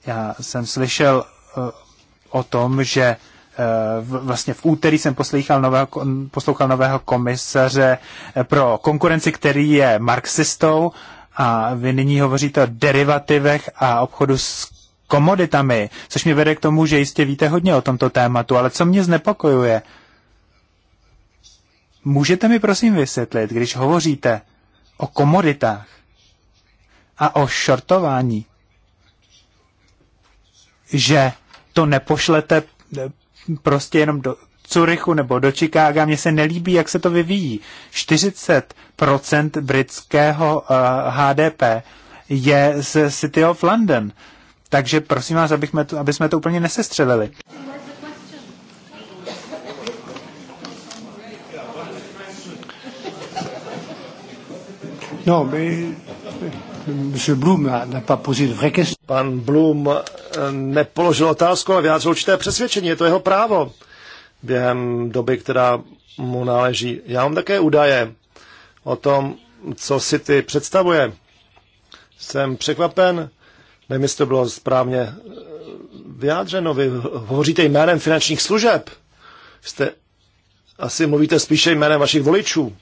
Speaker 1: Já jsem slyšel eh, o tom, že vlastně v úterý jsem poslouchal nového, poslouchal nového komisaře pro konkurenci, který je marxistou a vy nyní hovoříte o derivativech a obchodu s komoditami, což mě vede k tomu, že jistě víte hodně o tomto tématu, ale co mě znepokojuje, můžete mi prosím vysvětlit, když hovoříte o komoditách a o šortování, že to nepošlete eh, prostě jenom do Curychu nebo do Chicaga. Mně se nelíbí, jak se to vyvíjí. 40% britského uh, eh, HDP je z City of London. Takže prosím vás, abychme to, aby jsme to úplně nesestřelili.
Speaker 4: No, my, Monsieur Blum
Speaker 3: n'a Pan Blum eh, nepoložil otázku, ale vyjádřil určité přesvědčení. Je to jeho právo během doby, která mu náleží. Já mám také údaje o tom, co si ty představuje. Jsem překvapen, nevím, jestli to bylo správně eh, vyjádřeno. Vy hovoříte jménem finančních služeb. Jste, asi mluvíte spíše jménem vašich voličů.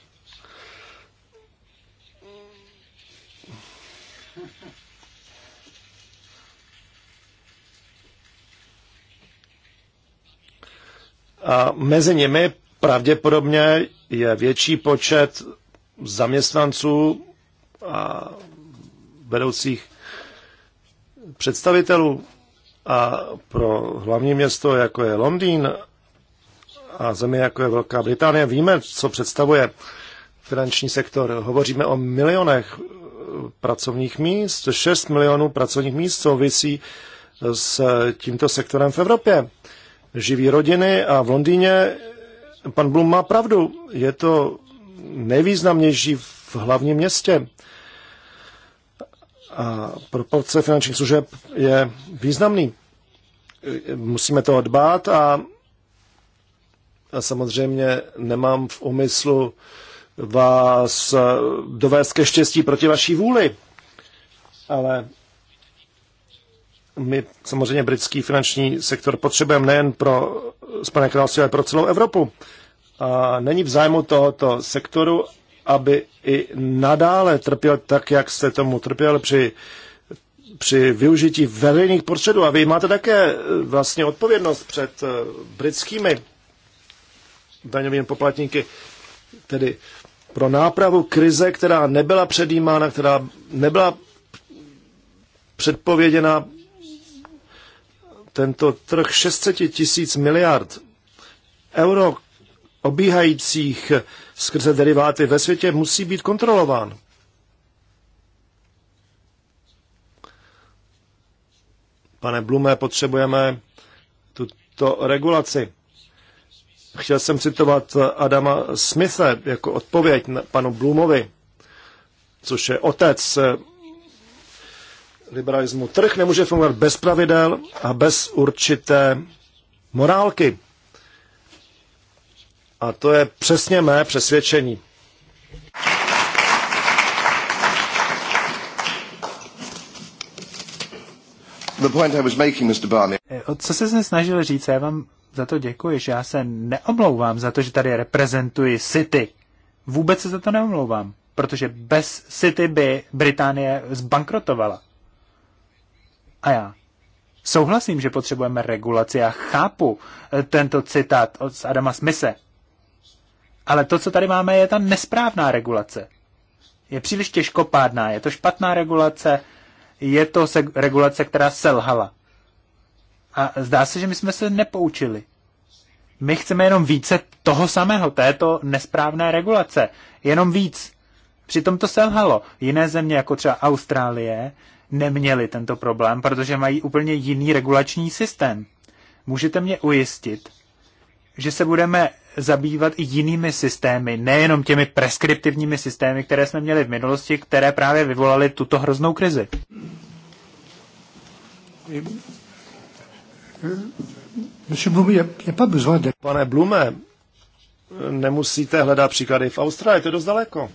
Speaker 3: A mezi nimi pravděpodobně je větší počet zaměstnanců a vedoucích představitelů. A pro hlavní město, jako je Londýn a země, jako je Velká Británie, víme, co představuje finanční sektor. Hovoříme o milionech pracovních míst, 6 milionů pracovních míst souvisí s tímto sektorem v Evropě živí rodiny a v Londýně pan Blum má pravdu. Je to nejvýznamnější v hlavním městě. A proporce finančních služeb je významný. Musíme to dbát a, a samozřejmě nemám v úmyslu vás dovést ke štěstí proti vaší vůli. Ale my samozřejmě britský finanční sektor potřebujeme nejen pro Spojené království, ale pro celou Evropu. A není v zájmu tohoto sektoru, aby i nadále trpěl tak, jak jste tomu trpěl při, při využití veřejných prostředů. A vy máte také eh, vlastně odpovědnost před eh, britskými daňovými poplatníky, tedy pro nápravu krize, která nebyla předjímána, která nebyla předpověděna tento trh 600 tisíc miliard euro obíhajících skrze deriváty ve světě musí být kontrolován. Pane Blume, potřebujeme tuto regulaci. Chtěl jsem citovat Adama Smithe jako odpověď panu Blumovi, což je otec liberalismu. Trh nemůže fungovat bez pravidel a bez určité morálky. A to je přesně mé přesvědčení. The point I was making, Mr. Barney.
Speaker 1: Eh, co jste se snažil říct, já vám za to děkuji, že já se neomlouvám za to, že tady reprezentuji City. Vůbec se za to neomlouvám, protože bez City by Británie zbankrotovala. A já souhlasím, že potřebujeme regulaci a chápu eh, tento citát od Adama Smise. Ale to, co tady máme, je ta nesprávná regulace. Je příliš těžkopádná, je to špatná regulace, je to se- regulace, která selhala. A zdá se, že my jsme se nepoučili. My chceme jenom více toho samého, této nesprávné regulace. Jenom víc. Přitom to selhalo. Jiné země, jako třeba Austrálie, neměli tento problém, protože mají úplně jiný regulační systém. Můžete mě ujistit, že se budeme zabývat i jinými systémy, nejenom těmi preskriptivními systémy, které jsme měli v minulosti, které právě vyvolaly tuto hroznou krizi.
Speaker 3: Pane Blume, nemusíte hledat příklady v Austrálii, to je dost daleko.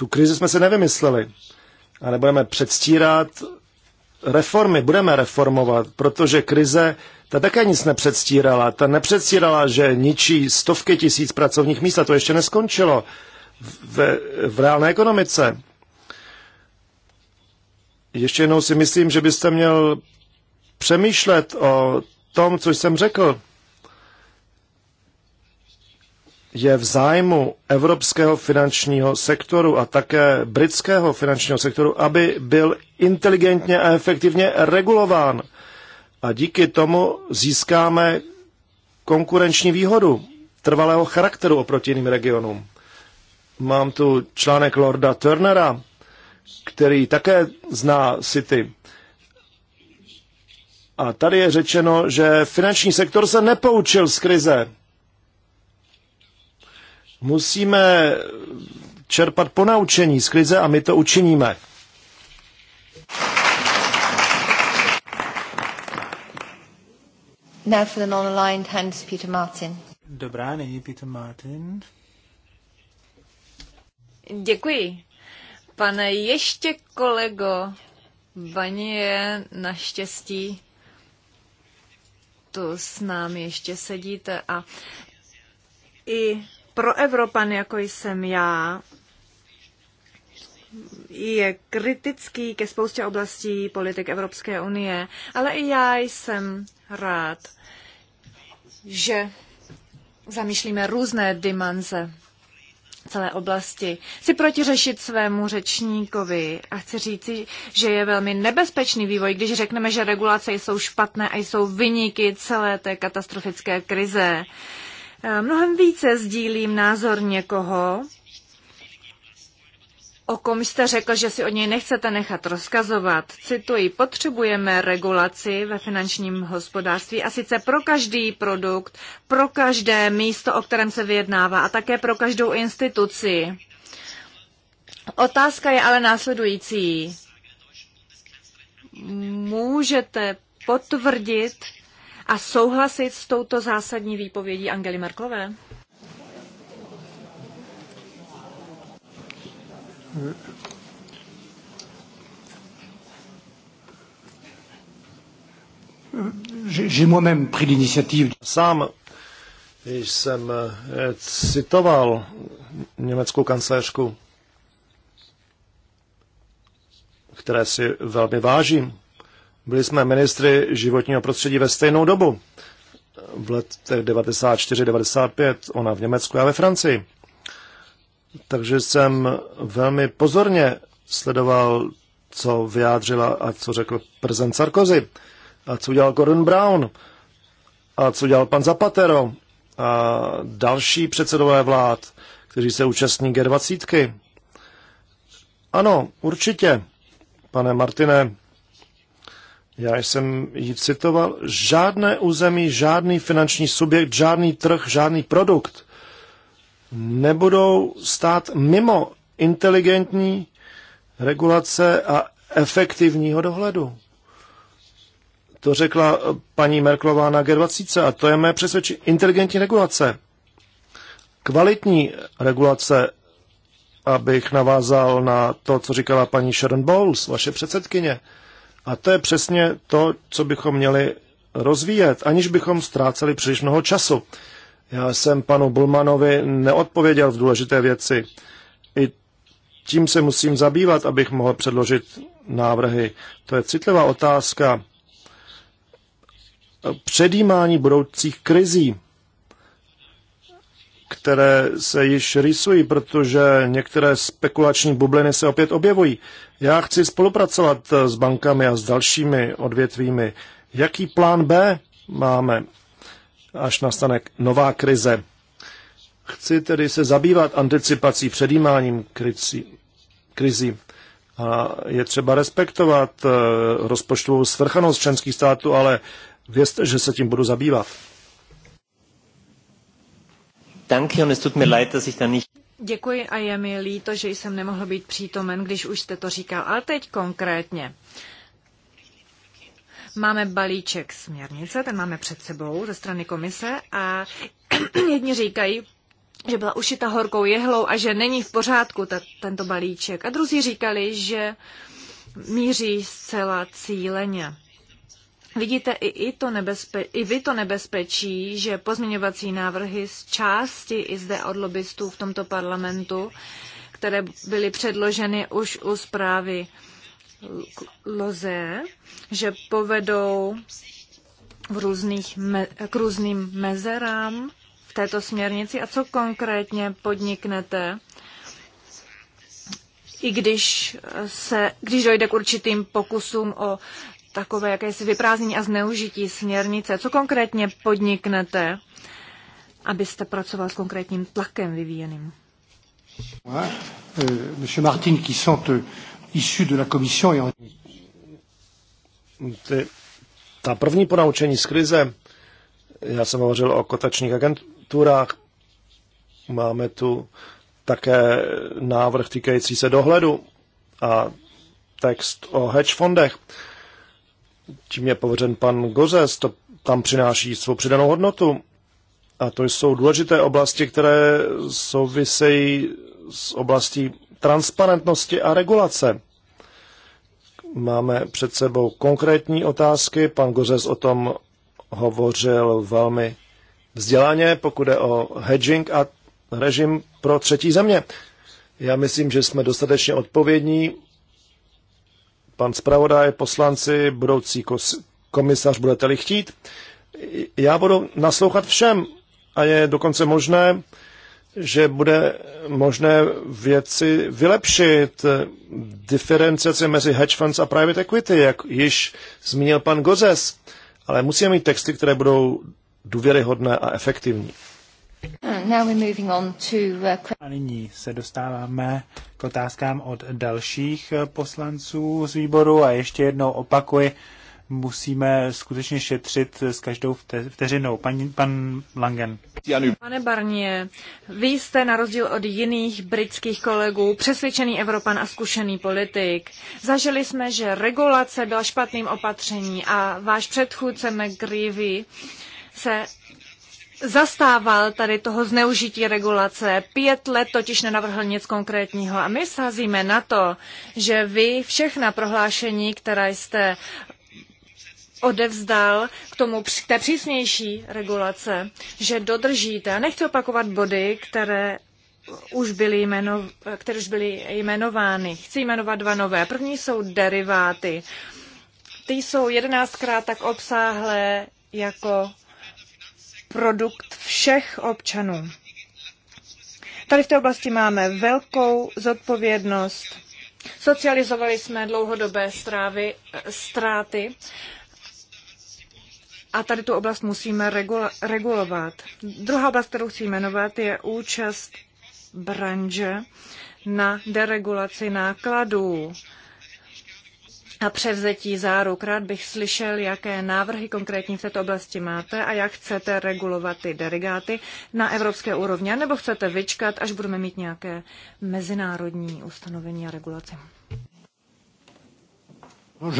Speaker 3: tu krizi jsme si nevymysleli. A nebudeme předstírat reformy, budeme reformovat, protože krize, ta také nic nepředstírala. Ta nepředstírala, že ničí stovky tisíc pracovních míst a to ještě neskončilo v, v reálné ekonomice. Ještě jednou si myslím, že byste měl přemýšlet o tom, co jsem řekl je v zájmu evropského finančního sektoru a také britského finančního sektoru, aby byl inteligentně a efektivně regulován. A díky tomu získáme konkurenční výhodu trvalého charakteru oproti jiným regionům. Mám tu článek Lorda Turnera, který také zná City. A tady je řečeno, že finanční sektor se nepoučil z krize Musíme čerpat ponaučení z krize a my to učiníme.
Speaker 2: Now for the non-aligned hands, Peter Martin.
Speaker 1: Dobrá, nyní Peter Martin.
Speaker 2: Děkuji. Pane ještě kolego, Bani je naštěstí tu s námi ještě sedíte a i pro Evropan, jako jsem já, je kritický ke spoustě oblastí politik Evropské unie, ale i já jsem rád, že zamýšlíme různé dimenze celé oblasti. Chci protiřešit svému řečníkovi a chci říci, že je velmi nebezpečný vývoj, když řekneme, že regulace jsou špatné a jsou vyniky celé té katastrofické krize. Uh, Eh, mnohem více sdílím názor někoho, o kom jste řekl, že si od něj nechcete nechat rozkazovat. Cituji, potřebujeme regulaci ve finančním hospodářství a sice pro každý produkt, pro každé místo, o kterém se vyjednává a také pro každou instituci. Otázka je ale následující. Můžete potvrdit, a souhlasit s touto zásadní výpovědí Angely Merklové?
Speaker 3: Sám jsem eh, citoval německou kancléřku, které si velmi vážím, byli jsme ministry životního prostředí ve stejnou dobu, v letech 94-95, ona v Německu a ve Francii. Takže jsem velmi pozorně sledoval, co vyjádřila a co řekl prezident Sarkozy a co udělal Gordon Brown a co dělal pan Zapatero a další předsedové vlád, kteří se účastní G20. Ano, určitě, pane Martine, já jsem ji citoval. Žádné území, žádný finanční subjekt, žádný trh, žádný produkt nebudou stát mimo inteligentní regulace a efektivního dohledu. To řekla eh, paní Merklová na G20 a to je mé přesvědčení. Inteligentní regulace. Kvalitní regulace, abych navázal na to, co říkala paní Sharon Bowles, vaše předsedkyně. A to je přesně to, co bychom měli rozvíjet, aniž bychom ztráceli příliš mnoho času. Já jsem panu Bulmanovi neodpověděl v důležité věci. I tím se musím zabývat, abych mohl předložit návrhy. To je citlivá otázka. Předjímání budoucích krizí, které se již rysují, protože některé spekulační bubliny se opět objevují. Já chci spolupracovat s bankami a s dalšími odvětvími. Jaký plán B máme, až nastane nová krize? Chci tedy se zabývat anticipací, předjímáním krizi, krizí. A je třeba respektovat eh, rozpočtovou svrchanost členských států, ale vězte, že se tím budu zabývat.
Speaker 2: Děkuji a je mi líto, že jsem nemohl být přítomen, když už jste to říkal, ale teď konkrétně. Máme balíček směrnice, ten máme před sebou ze strany komise a jedni říkají, že byla ušita horkou jehlou a že není v pořádku ta, tento balíček. A druzí říkali, že míří zcela cíleně. Vidíte i, i, to nebezpe- i vy to nebezpečí, že pozměňovací návrhy z části i zde od lobbystů v tomto parlamentu, které byly předloženy už u zprávy Loze, že povedou v různých me- k různým mezerám v této směrnici a co konkrétně podniknete, i když, se, když dojde k určitým pokusům o takové jakési vyprázdnění a zneužití směrnice. Co konkrétně podniknete, abyste pracoval s konkrétním tlakem vyvíjeným?
Speaker 4: Euh, monsieur Martin, qui sont euh, issus de la commission
Speaker 3: ta první ponaučení z krize, já jsem hovořil o kotačních agenturách, máme tu také návrh týkající se dohledu a text o hedge fondech tím je pověřen pan Gozes, to tam přináší svou přidanou hodnotu. A to jsou důležité oblasti, které souvisejí s oblastí transparentnosti a regulace. Máme před sebou konkrétní otázky. Pan Gozes o tom hovořil velmi vzdělaně, pokud je o hedging a režim pro třetí země. Já myslím, že jsme dostatečně odpovědní pan zpravodaj, poslanci, budoucí komisař, budete-li chtít. Já budu naslouchat všem a je dokonce možné, že bude možné věci vylepšit, diferenciaci mezi hedge funds a private equity, jak již zmínil pan Gozes. Ale musíme mít texty, které budou důvěryhodné a efektivní.
Speaker 2: Uh,
Speaker 1: a nyní se dostáváme k otázkám od dalších eh, poslanců z výboru a ještě jednou opakuji, musíme skutečně šetřit s každou vteřinou. Pan, pan Langen.
Speaker 2: Pane Barnie, vy jste na rozdíl od jiných britských kolegů přesvědčený Evropan a zkušený politik. Zažili jsme, že regulace byla špatným opatření a váš předchůdce McGreevy se zastával tady toho zneužití regulace. Pět let totiž nenavrhl nic konkrétního a my sázíme na to, že vy všechna prohlášení, která jste odevzdal k tomu k té přísnější regulace, že dodržíte, a nechci opakovat body, které už byly, jmeno, které už byly jmenovány. Chci jmenovat dva nové. První jsou deriváty. Ty jsou jedenáctkrát tak obsáhlé jako produkt všech občanů. Tady v té oblasti máme velkou zodpovědnost. Socializovali jsme dlouhodobé strávy, ztráty a tady tu oblast musíme regula- regulovat. Druhá oblast, kterou chci jmenovat, je účast branže na deregulaci nákladů a převzetí záruk. Rád bych slyšel, jaké návrhy konkrétní v této oblasti máte a jak chcete regulovat ty derigáty na evropské úrovni, nebo chcete vyčkat, až budeme mít nějaké mezinárodní ustanovení a regulaci.
Speaker 3: No,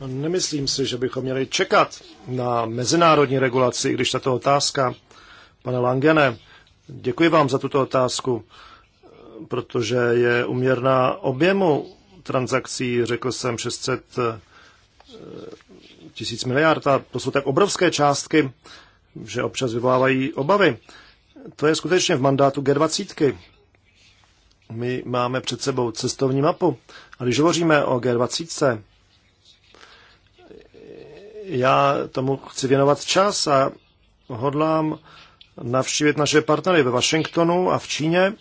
Speaker 3: no, nemyslím si, že bychom měli čekat na mezinárodní regulaci, když tato otázka, pane Langene, děkuji vám za tuto otázku, protože je uměrná objemu transakcí, řekl jsem 600 eh, tisíc miliard a to jsou tak obrovské částky, že občas vyvolávají obavy. To je skutečně v mandátu G20. My máme před sebou cestovní mapu a když hovoříme o G20, já tomu chci věnovat čas a hodlám navštívit naše partnery ve Washingtonu a v Číně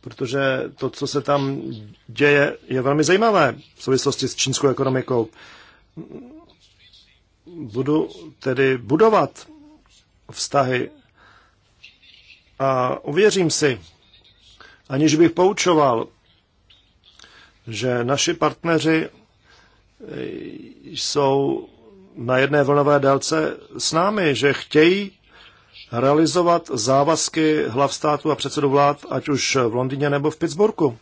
Speaker 3: protože to, co se tam děje, je velmi zajímavé v souvislosti s čínskou ekonomikou. Budu tedy budovat vztahy a uvěřím si, aniž bych poučoval, že naši partneři jsou na jedné vlnové délce s námi, že chtějí realizovat závazky hlav státu a předsedu vlád, ať už v Londýně nebo v Pittsburghu.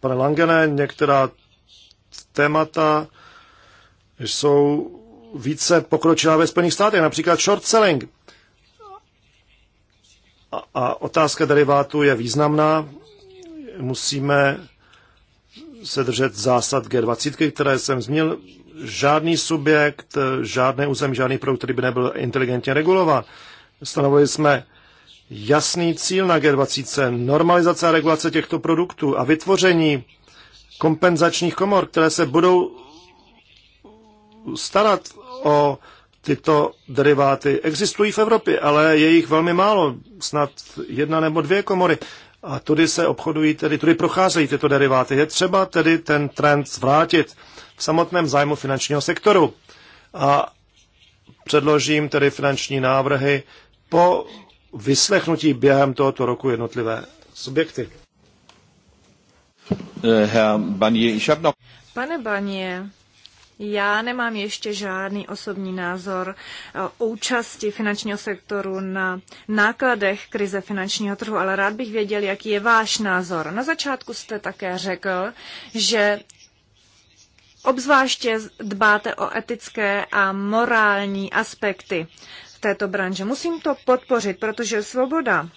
Speaker 3: Pane Langene, některá témata jsou více pokročilá ve Spojených státech, například short selling. A, a otázka derivátů je významná. Musíme se držet zásad G20, které jsem zmínil žádný subjekt, žádné území, žádný produkt, který by nebyl inteligentně regulován. Stanovili jsme jasný cíl na G20, normalizace a regulace těchto produktů a vytvoření kompenzačních komor, které se budou starat o tyto deriváty. Existují v Evropě, ale je jich velmi málo, snad jedna nebo dvě komory. A tudy se obchodují, tedy tudy procházejí tyto deriváty. Je třeba tedy ten trend zvrátit v samotném zájmu finančního sektoru. A předložím tedy finanční návrhy po vyslechnutí během tohoto roku jednotlivé subjekty.
Speaker 2: Eh, Pane Banie, já nemám ještě žádný osobní názor eh, o účasti finančního sektoru na nákladech krize finančního trhu, ale rád bych věděl, jaký je váš názor. Na začátku jste také řekl, že obzvláště dbáte o etické a morální aspekty této branže. Musím to podpořit, protože svoboda,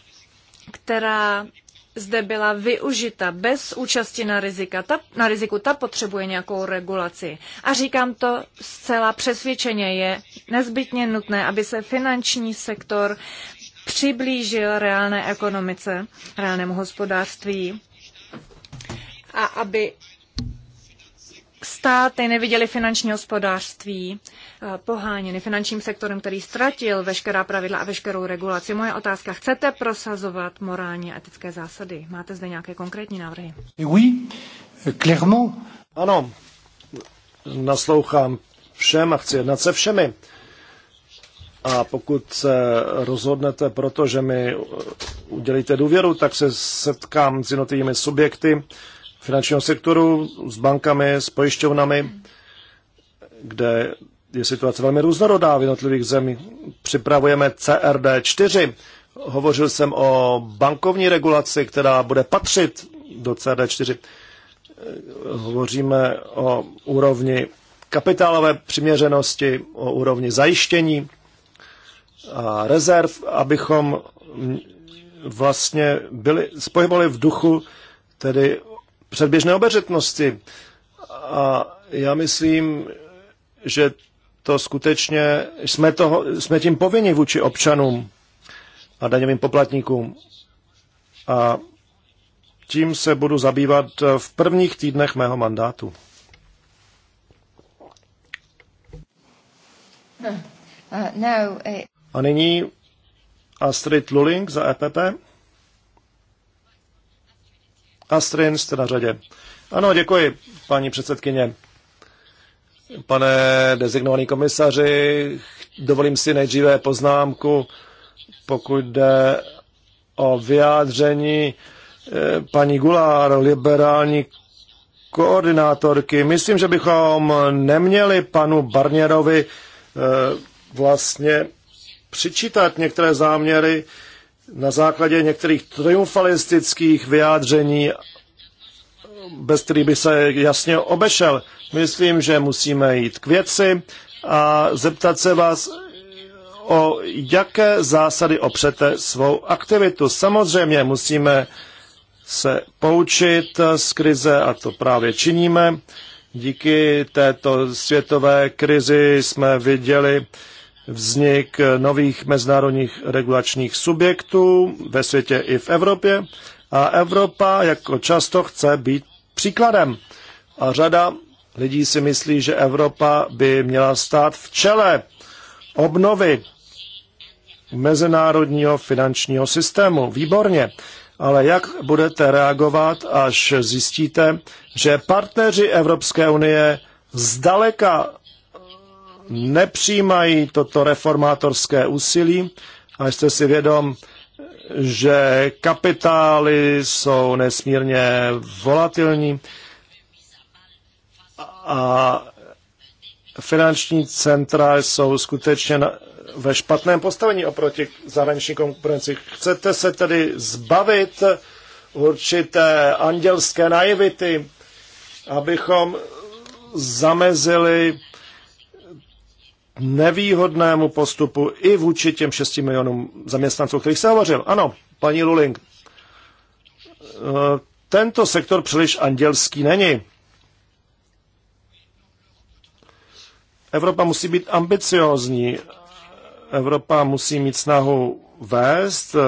Speaker 2: která zde byla využita bez účasti na, rizika, ta, na riziku, ta potřebuje nějakou regulaci. A říkám to zcela přesvědčeně, je nezbytně nutné, aby se finanční sektor přiblížil reálné ekonomice, reálnému hospodářství a aby státy neviděly finanční hospodářství eh, poháněny finančním sektorem, který ztratil veškerá pravidla a veškerou regulaci. Moje otázka, chcete prosazovat morální a etické zásady? Máte zde nějaké konkrétní návrhy?
Speaker 3: Oui, clairement. Ano, naslouchám všem a chci jednat se všemi. A pokud se rozhodnete proto, že mi udělíte důvěru, tak se setkám s jednotlivými subjekty, finančního sektoru s bankami, s pojišťovnami, kde je situace velmi různorodá v jednotlivých zemích. Připravujeme CRD 4. Hovořil jsem o bankovní regulaci, která bude patřit do CRD 4. Hovoříme o úrovni kapitálové přiměřenosti, o úrovni zajištění a rezerv, abychom vlastně byli, spojovali v duchu tedy předběžné obeřetnosti. A já myslím, že to skutečně jsme, toho, jsme tím povinni vůči občanům a daňovým poplatníkům. A tím se budu zabývat v prvních týdnech mého mandátu.
Speaker 2: No, eh, no, eh.
Speaker 3: A nyní Astrid Luling za EPP. Astrin, jste na řadě. Ano, děkuji, paní předsedkyně. Pane dezignovaný komisaři, dovolím si nejdříve poznámku, pokud jde o vyjádření eh, paní Gulár, liberální koordinátorky. Myslím, že bychom neměli panu Barnierovi eh, vlastně přičítat některé záměry, na základě některých triumfalistických vyjádření, bez kterých by se jasně obešel. Myslím, že musíme jít k věci a zeptat se vás, o jaké zásady opřete svou aktivitu. Samozřejmě musíme se poučit z krize a to právě činíme. Díky této světové krizi jsme viděli, vznik nových mezinárodních regulačních subjektů ve světě i v Evropě. A Evropa jako často chce být příkladem. A řada lidí si myslí, že Evropa by měla stát v čele obnovy mezinárodního finančního systému. Výborně. Ale jak budete reagovat, až zjistíte, že partneři Evropské unie zdaleka nepřijímají toto reformátorské úsilí a jste si vědom, že kapitály jsou nesmírně volatilní a finanční centra jsou skutečně ve špatném postavení oproti zahraniční konkurenci. Chcete se tedy zbavit určité andělské naivity, abychom zamezili nevýhodnému postupu i vůči těm 6 milionům zaměstnanců, o kterých se hovořil. Ano, paní Luling, eh, tento sektor příliš andělský není. Evropa musí být ambiciózní. Evropa musí mít snahu vést, eh,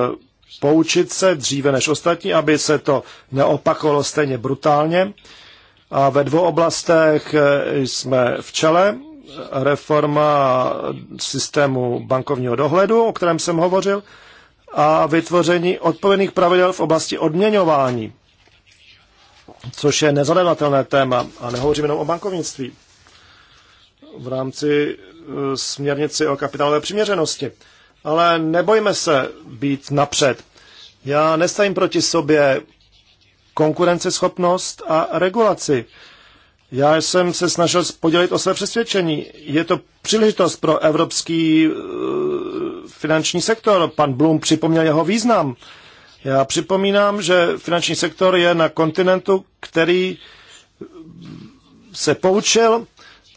Speaker 3: poučit se dříve než ostatní, aby se to neopakovalo stejně brutálně. A ve dvou oblastech eh, jsme v čele reforma systému bankovního dohledu, o kterém jsem hovořil, a vytvoření odpovědných pravidel v oblasti odměňování, což je nezanedbatelné téma a nehovořím jenom o bankovnictví v rámci e, směrnici o kapitálové přiměřenosti. Ale nebojme se být napřed. Já nestavím proti sobě konkurenceschopnost a regulaci. Já jsem se snažil podělit o své přesvědčení. Je to příležitost pro evropský eh, finanční sektor. Pan Blum připomněl jeho význam. Já připomínám, že finanční sektor je na kontinentu, který se poučil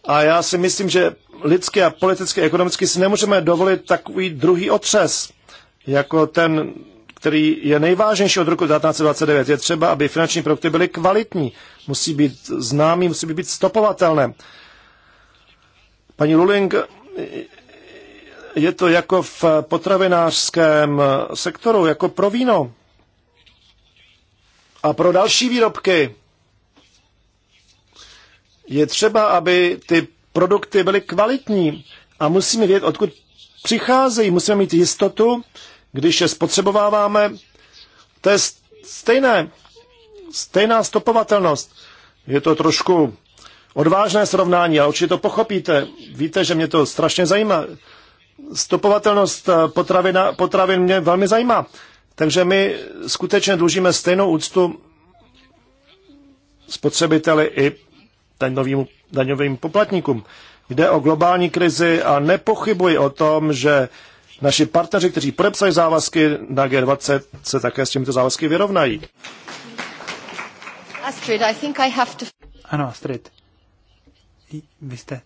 Speaker 3: a já si myslím, že lidsky a politicky a ekonomicky si nemůžeme dovolit takový druhý otřes, jako ten který je nejvážnější od roku 1929. Je třeba, aby finanční produkty byly kvalitní, musí být známý, musí být stopovatelné. Paní Luling, je to jako v potravinářském sektoru, jako pro víno. A pro další výrobky je třeba, aby ty produkty byly kvalitní a musíme vědět, odkud přicházejí. Musíme mít jistotu, když je spotřebováváme, to je stejné, stejná stopovatelnost. Je to trošku odvážné srovnání, ale určitě to pochopíte. Víte, že mě to strašně zajímá. Stopovatelnost eh, potravina, potravin mě velmi zajímá. Takže my skutečně dlužíme stejnou úctu spotřebiteli i daňovým, daňovým poplatníkům. Jde o globální krizi a nepochybuji o tom, že naši partneři, kteří podepsali závazky na G20, se také s těmito závazky vyrovnají.
Speaker 2: Astrid, I think I have to...
Speaker 3: Ano, Astrid,
Speaker 1: vy jste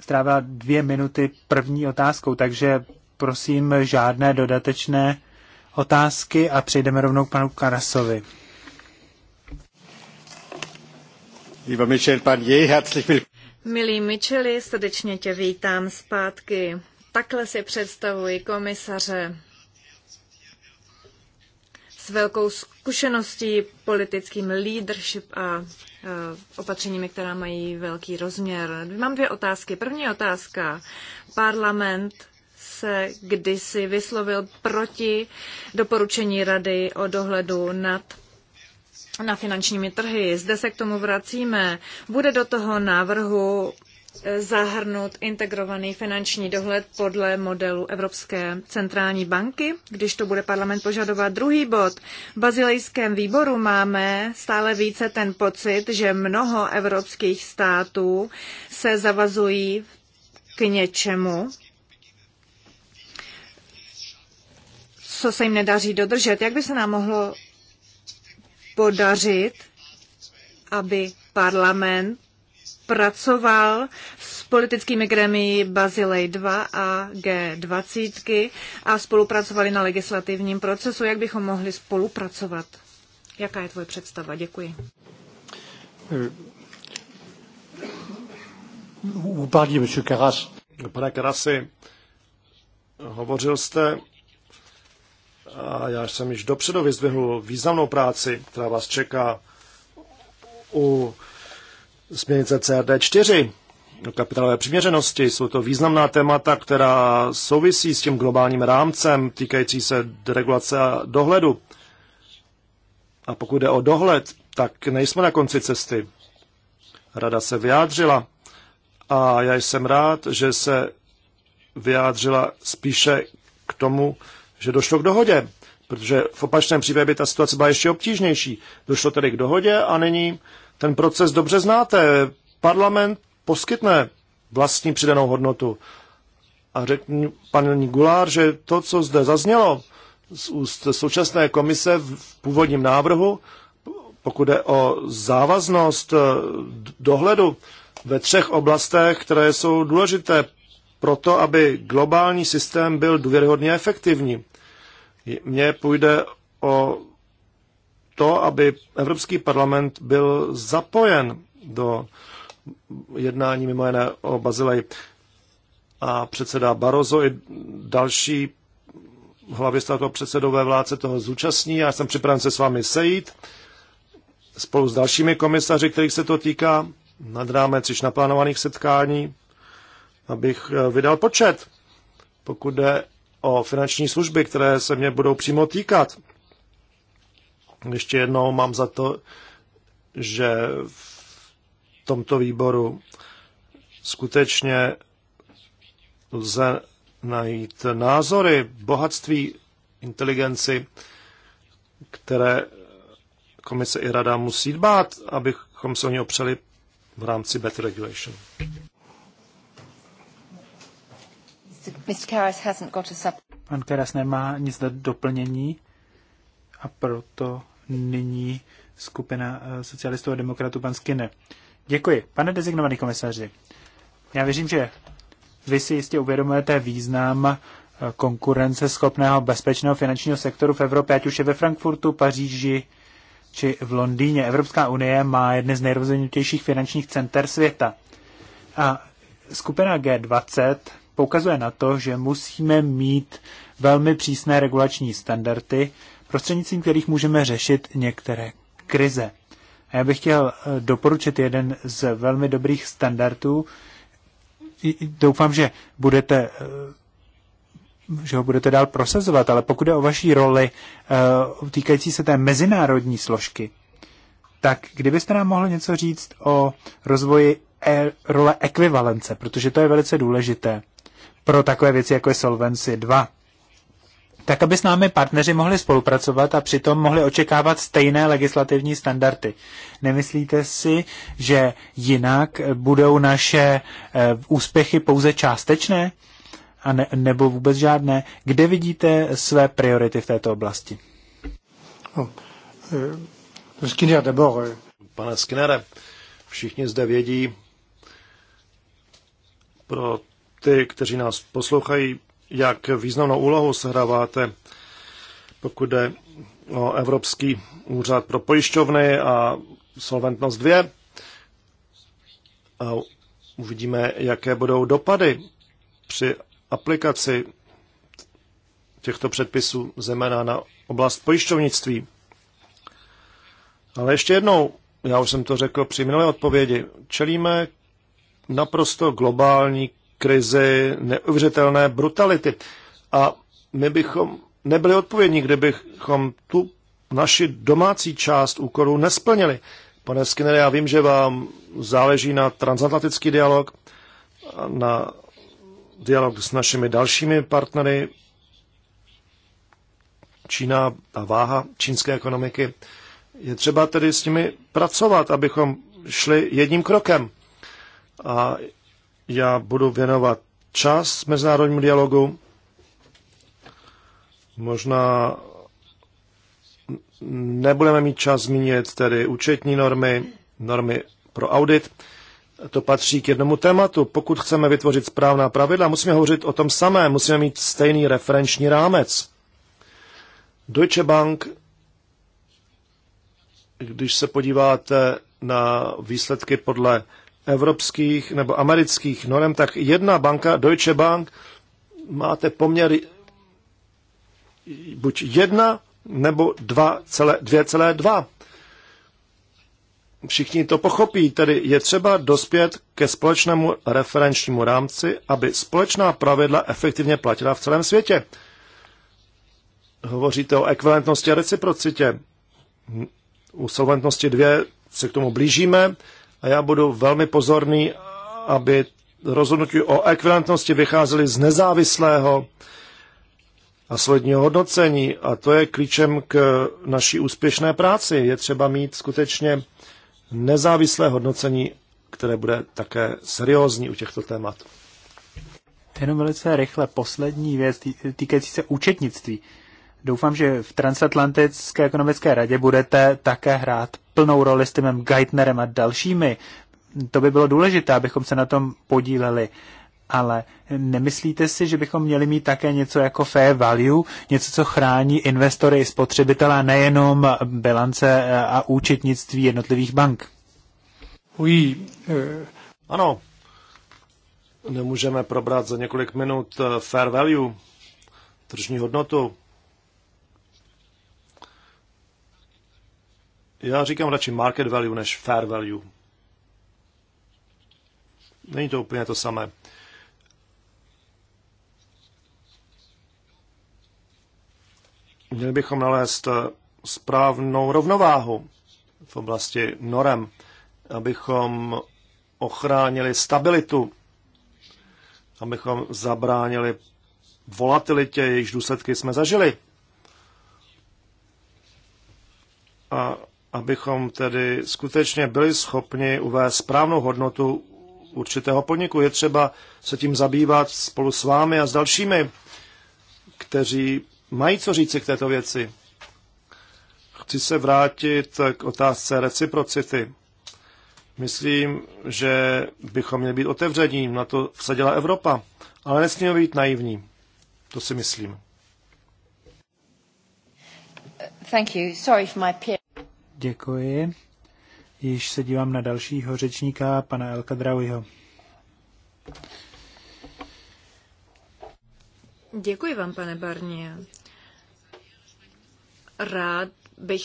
Speaker 1: strávila dvě minuty první otázkou, takže prosím žádné dodatečné otázky a přejdeme rovnou k panu Karasovi.
Speaker 2: Milý Micheli, srdečně tě vítám zpátky takhle si představuji komisaře s velkou zkušeností, politickým leadership a e, opatřeními, která mají velký rozměr. Mám dvě otázky. První otázka. Parlament se kdysi vyslovil proti doporučení rady o dohledu nad na finančními trhy. Zde se k tomu vracíme. Bude do toho návrhu zahrnout integrovaný finanční dohled podle modelu Evropské centrální banky, když to bude parlament požadovat. Druhý bod. V bazilejském výboru máme stále více ten pocit, že mnoho evropských států se zavazují k něčemu, co se jim nedaří dodržet. Jak by se nám mohlo podařit, aby parlament pracoval s politickými gremii Bazilej 2 a G20 a spolupracovali na legislativním procesu. Jak bychom mohli spolupracovat? Jaká je tvoje představa? Děkuji.
Speaker 4: Vous
Speaker 3: parliez, Karas. Pane Karasi, hovořil jste a já jsem již dopředu vyzvihl významnou práci, která vás čeká u směrnice CRD4 kapitálové přiměřenosti. Jsou to významná témata, která souvisí s tím globálním rámcem týkající se deregulace a dohledu. A pokud jde o dohled, tak nejsme na konci cesty. Rada se vyjádřila a já jsem rád, že se vyjádřila spíše k tomu, že došlo k dohodě, protože v opačném případě by ta situace byla ještě obtížnější. Došlo tedy k dohodě a nyní ten proces dobře znáte. Parlament poskytne vlastní přidanou hodnotu. A řekl paní Gulár, že to, co zde zaznělo z úst současné komise v původním návrhu, pokud je o závaznost eh, dohledu ve třech oblastech, které jsou důležité pro to, aby globální systém byl důvěryhodně efektivní. Mně půjde o to, aby Evropský parlament byl zapojen do jednání mimo jiné o Bazileji. A předseda Barozo i další hlavě státu a předsedové vládce toho zúčastní. Já jsem připraven se s vámi sejít spolu s dalšími komisaři, kterých se to týká, nad rámec již naplánovaných setkání, abych eh, vydal počet, pokud jde o finanční služby, které se mě budou přímo týkat. Ještě jednou mám za to, že v tomto výboru skutečně lze najít názory, bohatství, inteligenci, které komise i rada musí dbát, abychom se o ně opřeli v rámci better regulation.
Speaker 1: Pan Keras nemá nic do doplnění, a proto nyní skupina eh, socialistů a demokratů pan Skinner. Děkuji. Pane designovaný komisaři, já věřím, že vy si jistě uvědomujete význam eh, konkurenceschopného bezpečného finančního sektoru v Evropě, ať už je ve Frankfurtu, Paříži či v Londýně. Evropská unie má jedny z nejrozvinutějších finančních center světa. A skupina G20 poukazuje na to, že musíme mít velmi přísné regulační standardy, prostřednictvím kterých můžeme řešit některé krize. A já bych chtěl eh, doporučit jeden z velmi dobrých standardů. Doufám, že budete eh, že ho budete dál prosazovat, ale pokud je o vaší roli eh, týkající se té mezinárodní složky, tak kdybyste nám mohli něco říct o rozvoji e- role ekvivalence, protože to je velice důležité pro takové věci, jako je Solvency 2 tak aby s námi partneři mohli spolupracovat a přitom mohli očekávat stejné legislativní standardy. Nemyslíte si, že jinak budou naše eh, úspěchy pouze částečné? A ne, nebo vůbec žádné? Kde vidíte své priority v této oblasti? No,
Speaker 3: eh, eh, Pane Skinnere, všichni zde vědí, pro ty, kteří nás poslouchají, jak významnou úlohu sehráváte, pokud jde o Evropský úřad pro pojišťovny a Solventnost 2. A uvidíme, jaké budou dopady při aplikaci těchto předpisů, zejména na oblast pojišťovnictví. Ale ještě jednou, já už jsem to řekl při minulé odpovědi, čelíme naprosto globální krizi neuvěřitelné brutality. A my bychom nebyli odpovědní, kdybychom tu naši domácí část úkolů nesplnili. Pane Skinner, já vím, že vám záleží na transatlantický dialog, na dialog s našimi dalšími partnery. Čína a váha čínské ekonomiky. Je třeba tedy s nimi pracovat, abychom šli jedním krokem. A já budu věnovat čas mezinárodnímu dialogu. Možná nebudeme mít čas zmínit tedy účetní normy, normy pro audit. To patří k jednomu tématu. Pokud chceme vytvořit správná pravidla, musíme hovořit o tom samé, musíme mít stejný referenční rámec. Deutsche Bank, když se podíváte na výsledky podle evropských nebo amerických norm, tak jedna banka, Deutsche Bank, máte poměry buď jedna nebo 2,2. Všichni to pochopí, tedy je třeba dospět ke společnému referenčnímu rámci, aby společná pravidla efektivně platila v celém světě. Hovoříte o ekvivalentnosti a reciprocitě. U solventnosti 2 se k tomu blížíme, a já budu velmi pozorný, aby rozhodnutí o ekvivalentnosti vycházely z nezávislého a solidního hodnocení a to je klíčem k naší úspěšné práci. Je třeba mít skutečně nezávislé hodnocení, které bude také seriózní u těchto témat. Jenom velice rychle poslední věc týkající se účetnictví.
Speaker 1: Doufám, že v Transatlantické ekonomické radě budete také hrát plnou roli s týmem Geithnerem a dalšími. To by bylo důležité, abychom se na tom podíleli. Ale nemyslíte si, že bychom měli mít také něco jako fair value, něco, co chrání investory i spotřebitele, nejenom bilance a účetnictví jednotlivých bank?
Speaker 3: Oui. Eh. Ano. Nemůžeme probrat za několik minut eh, fair value, tržní hodnotu Já říkám radši market value než fair value. Není to úplně to samé. Měli bychom nalézt eh, správnou rovnováhu v oblasti norem, abychom ochránili stabilitu, abychom zabránili volatilitě, jejichž důsledky jsme zažili. A abychom tedy skutečně byli schopni uvést správnou hodnotu určitého podniku. Je třeba se tím zabývat spolu s vámi a s dalšími, kteří mají co říci k této věci. Chci se vrátit k otázce reciprocity. Myslím, že bychom měli být otevření, na to vsadila Evropa, ale nesmíme být naivní. To si myslím.
Speaker 2: Thank you. Sorry for my
Speaker 3: Děkuji.
Speaker 1: Již se dívám na dalšího řečníka, pana Elka Drauiho.
Speaker 2: Děkuji vám, pane Barně. Rád bych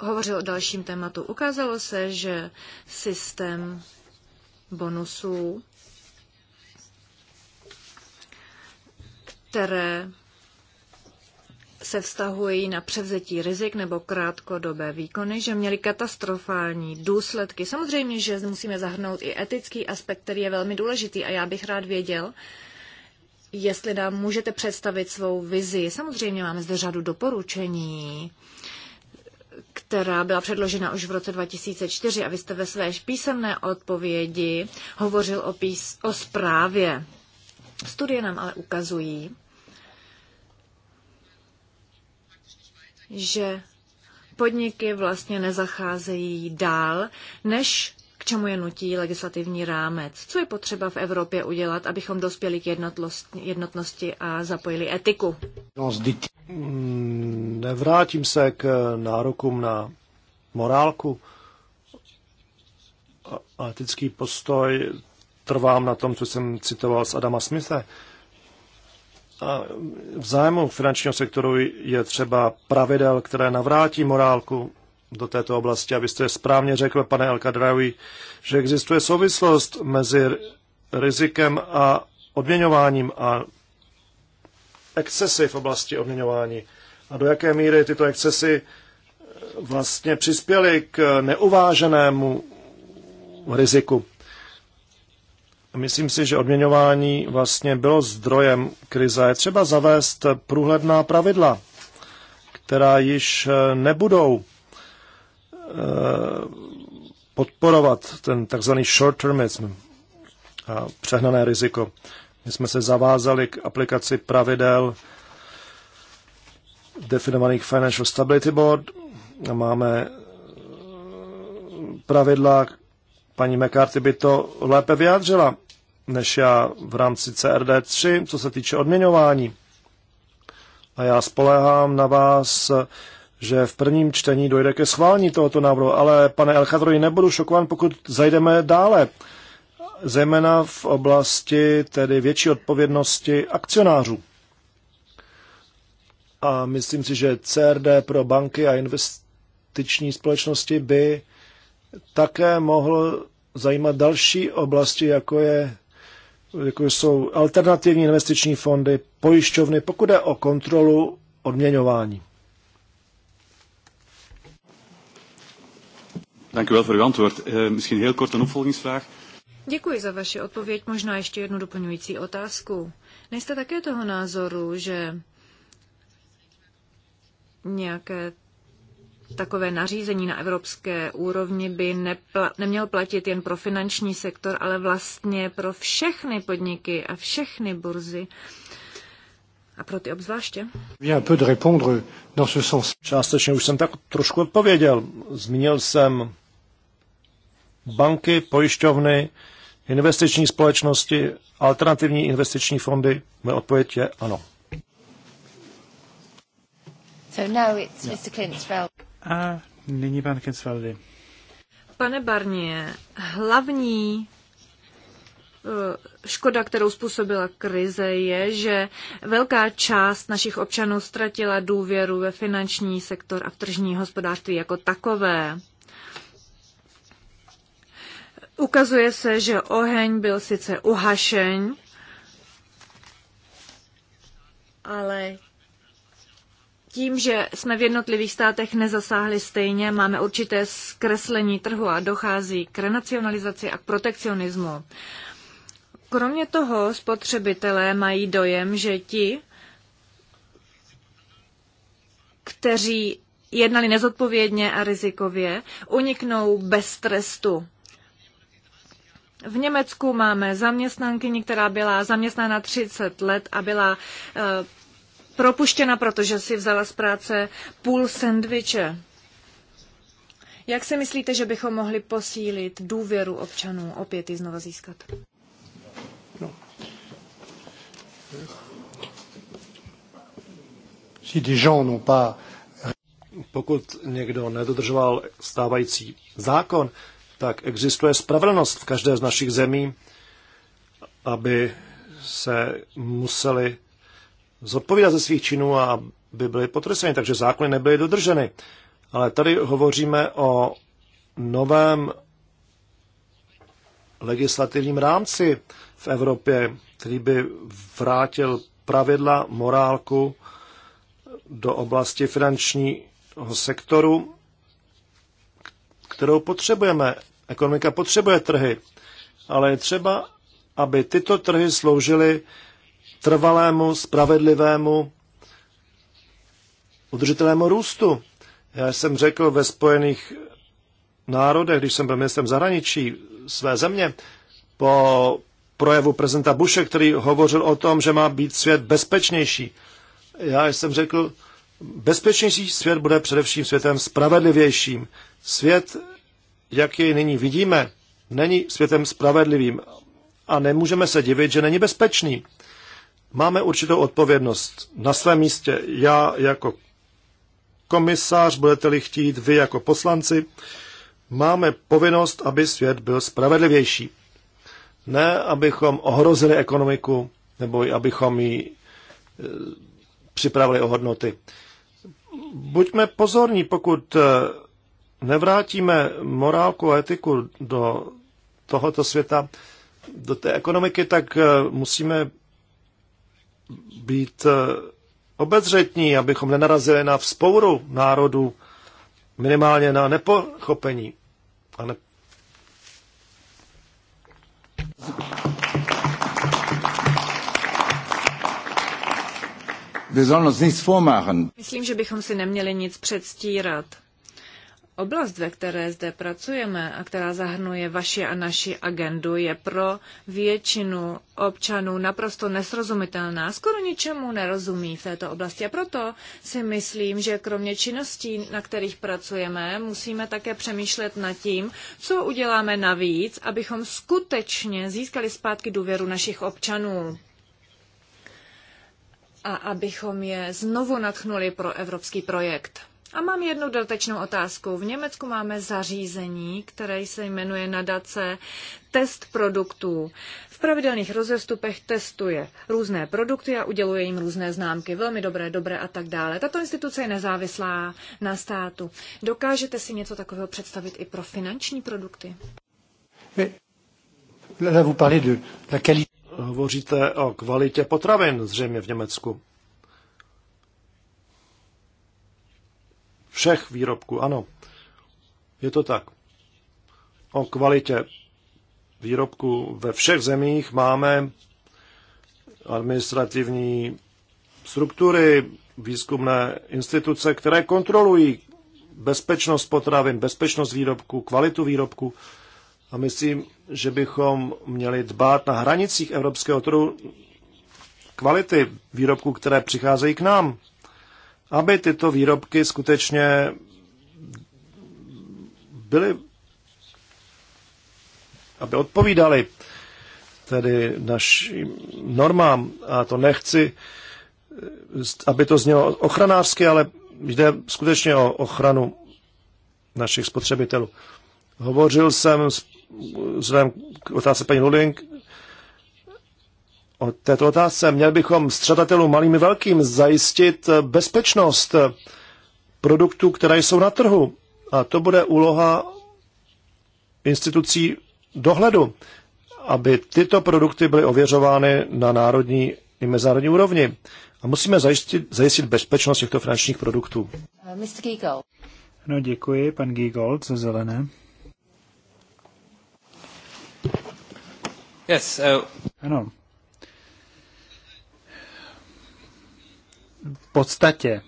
Speaker 2: hovořil o dalším tématu. Ukázalo se, že systém bonusů, které se vztahují na převzetí rizik nebo krátkodobé výkony, že měly katastrofální důsledky. Samozřejmě, že musíme zahrnout i etický aspekt, který je velmi důležitý a já bych rád věděl, jestli nám můžete představit svou vizi. Samozřejmě máme zde řadu doporučení, která byla předložena už v roce 2004 a vy jste ve své písemné odpovědi hovořil o, pís- o zprávě. Studie nám ale ukazují, že podniky vlastně nezacházejí dál, než k čemu je nutí legislativní rámec. Co je potřeba v Evropě udělat, abychom dospěli k jednotnosti a zapojili etiku?
Speaker 3: Mm, nevrátím se k nárokům na morálku a etický postoj. Trvám na tom, co jsem citoval z Adama Smithem. A v zájmu finančního sektoru je třeba pravidel, které navrátí morálku do této oblasti. Abyste správně řekl, pane Elka Kadraoui, že existuje souvislost mezi rizikem a odměňováním a excesy v oblasti odměňování. A do jaké míry tyto excesy eh, vlastně přispěly k neuváženému riziku. Myslím si, že odměňování vlastně bylo zdrojem krize. Je třeba zavést průhledná pravidla, která již eh, nebudou eh, podporovat ten takzvaný short-termism a přehnané riziko. My jsme se zavázali k aplikaci pravidel definovaných Financial Stability Board a máme eh, pravidla, paní McCarthy by to lépe vyjádřila, než já v rámci CRD3, co se týče odměňování. A já spolehám na vás, že v prvním čtení dojde ke schválení tohoto návrhu, ale pane Elchadroji, nebudu šokován, pokud zajdeme dále, zejména v oblasti tedy větší odpovědnosti akcionářů. A myslím si, že CRD pro banky a investiční společnosti by také mohl zajímat další oblasti, jako je jako jsou alternativní investiční fondy, pojišťovny, pokud je o kontrolu odměňování.
Speaker 4: Dank u wel voor uw antwoord. Eh, misschien heel kort een opvolgingsvraag.
Speaker 2: Děkuji za vaši odpověď. Možná ještě jednu doplňující otázku. Nejste také toho názoru, že nějaké takové nařízení na evropské úrovni by nepl- neměl platit jen pro finanční sektor, ale vlastně pro všechny podniky a všechny burzy. A pro ty obzvláště?
Speaker 3: Částečně už jsem tak trošku odpověděl. Zmínil jsem banky, pojišťovny, investiční společnosti, alternativní investiční fondy. Moje odpověď je ano.
Speaker 2: So now it's Mr. Klintzfeld.
Speaker 3: A nyní pan Kinsvaldy.
Speaker 2: Pane Barnie, hlavní eh, škoda, kterou způsobila krize, je, že velká část našich občanů ztratila důvěru ve finanční sektor a v tržní hospodářství jako takové. Ukazuje se, že oheň byl sice uhašen, ale tím, že jsme v jednotlivých státech nezasáhli stejně, máme určité zkreslení trhu a dochází k renacionalizaci a k protekcionismu. Kromě toho spotřebitelé mají dojem, že ti, kteří jednali nezodpovědně a rizikově, uniknou bez trestu. V Německu máme zaměstnankyni, která byla zaměstnána 30 let a byla eh, propuštěna, protože si vzala z práce půl sendviče. Jak si myslíte, že bychom mohli posílit důvěru občanů, opět ji znova získat?
Speaker 4: No.
Speaker 3: Si pokud někdo nedodržoval stávající zákon, tak existuje spravedlnost v každé z našich zemí, aby se museli zodpovídat ze svých činů a by byly potreseny, takže zákony nebyly dodrženy. Ale tady hovoříme o novém legislativním rámci v Evropě, který by vrátil pravidla, morálku do oblasti finančního sektoru, kterou potřebujeme. Ekonomika potřebuje trhy, ale je třeba, aby tyto trhy sloužily trvalému, spravedlivému, udržitelnému růstu. Já jsem řekl ve Spojených národech, když jsem byl ministrem zahraničí své země, po projevu prezidenta Bushe, který hovořil o tom, že má být svět bezpečnější. Já jsem řekl, bezpečnější svět bude především světem spravedlivějším. Svět, jak jej nyní vidíme, není světem spravedlivým a nemůžeme se divit, že není bezpečný. Máme určitou odpovědnost na svém místě. Já jako komisář, budete-li chtít vy jako poslanci, máme povinnost, aby svět byl spravedlivější. Ne, abychom ohrozili ekonomiku, nebo i abychom ji e, připravili o hodnoty. Buďme pozorní, pokud e, nevrátíme morálku a etiku do tohoto světa, do té ekonomiky, tak e, musíme být eh, obezřetní, abychom nenarazili na vzpouru národu, minimálně na nepochopení. A ne...
Speaker 2: Myslím, že bychom si neměli nic předstírat. Oblast, ve které zde pracujeme a která zahrnuje vaši a naši agendu, je pro většinu občanů naprosto nesrozumitelná. Skoro ničemu nerozumí v této oblasti a proto si myslím, že kromě činností, na kterých pracujeme, musíme také přemýšlet nad tím, co uděláme navíc, abychom skutečně získali zpátky důvěru našich občanů a abychom je znovu natchnuli pro evropský projekt. A mám jednu dotečnou otázku. V Německu máme zařízení, které se jmenuje nadace test produktů. V pravidelných rozestupech testuje různé produkty a uděluje jim různé známky, velmi dobré, dobré a tak dále. Tato instituce je nezávislá na státu. Dokážete si něco takového představit i pro finanční produkty?
Speaker 3: Hovoříte o kvalitě potravin zřejmě v Německu. všech výrobků, ano. Je to tak. O kvalitě výrobků ve všech zemích máme administrativní struktury, výzkumné instituce, které kontrolují bezpečnost potravin, bezpečnost výrobků, kvalitu výrobků. A myslím, že bychom měli dbát na hranicích evropského trhu kvality výrobků, které přicházejí k nám aby tyto výrobky skutečně byly, aby odpovídaly tedy našim normám. A to nechci, aby to znělo ochranářsky, ale jde skutečně o ochranu našich spotřebitelů. Hovořil jsem s vzhledem k otázce paní Luling o této otázce. měl bychom střadatelům malým i velkým zajistit bezpečnost produktů, které jsou na trhu. A to bude úloha institucí dohledu, aby tyto produkty byly ověřovány na národní i mezinárodní úrovni. A musíme zajistit, zajistit bezpečnost těchto finančních produktů.
Speaker 2: Uh, Mr. Giegold.
Speaker 3: No děkuji, pan Giegold za zelené.
Speaker 1: Yes, uh... Ano, podstatě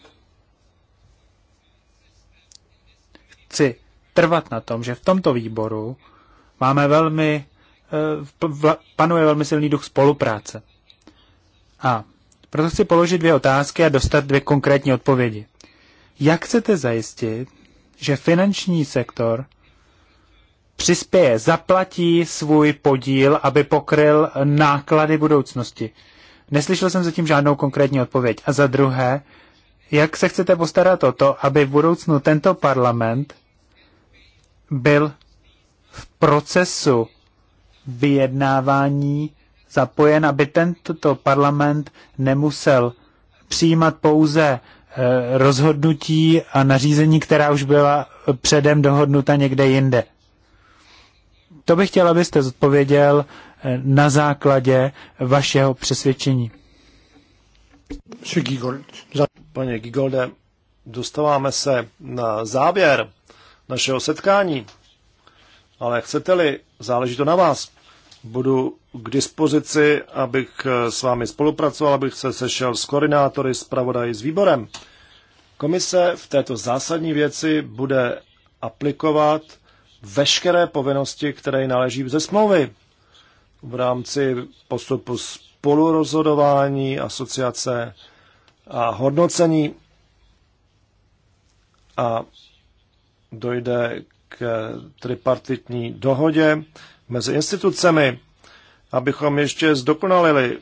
Speaker 1: chci trvat na tom, že v tomto výboru máme velmi, eh, panuje velmi silný duch spolupráce. A proto chci položit dvě otázky a dostat dvě konkrétní odpovědi. Jak chcete zajistit, že finanční sektor přispěje, zaplatí svůj podíl, aby pokryl náklady budoucnosti? Neslyšel jsem zatím žádnou konkrétní odpověď. A za druhé, jak se chcete postarat o to, aby v budoucnu tento parlament byl v procesu vyjednávání zapojen, aby tento parlament nemusel přijímat pouze e, rozhodnutí a nařízení, která už byla předem dohodnuta někde jinde. To bych chtěl, abyste zodpověděl na základě vašeho přesvědčení.
Speaker 3: Pane Gigolde, dostáváme se na závěr našeho setkání, ale chcete-li, záleží to na vás. Budu k dispozici, abych s vámi spolupracoval, abych se sešel s koordinátory, s pravodají, s výborem. Komise v této zásadní věci bude aplikovat veškeré povinnosti, které jí náleží ze smlouvy v rámci postupu spolurozhodování, asociace a hodnocení a dojde k tripartitní dohodě mezi institucemi, abychom ještě zdokonalili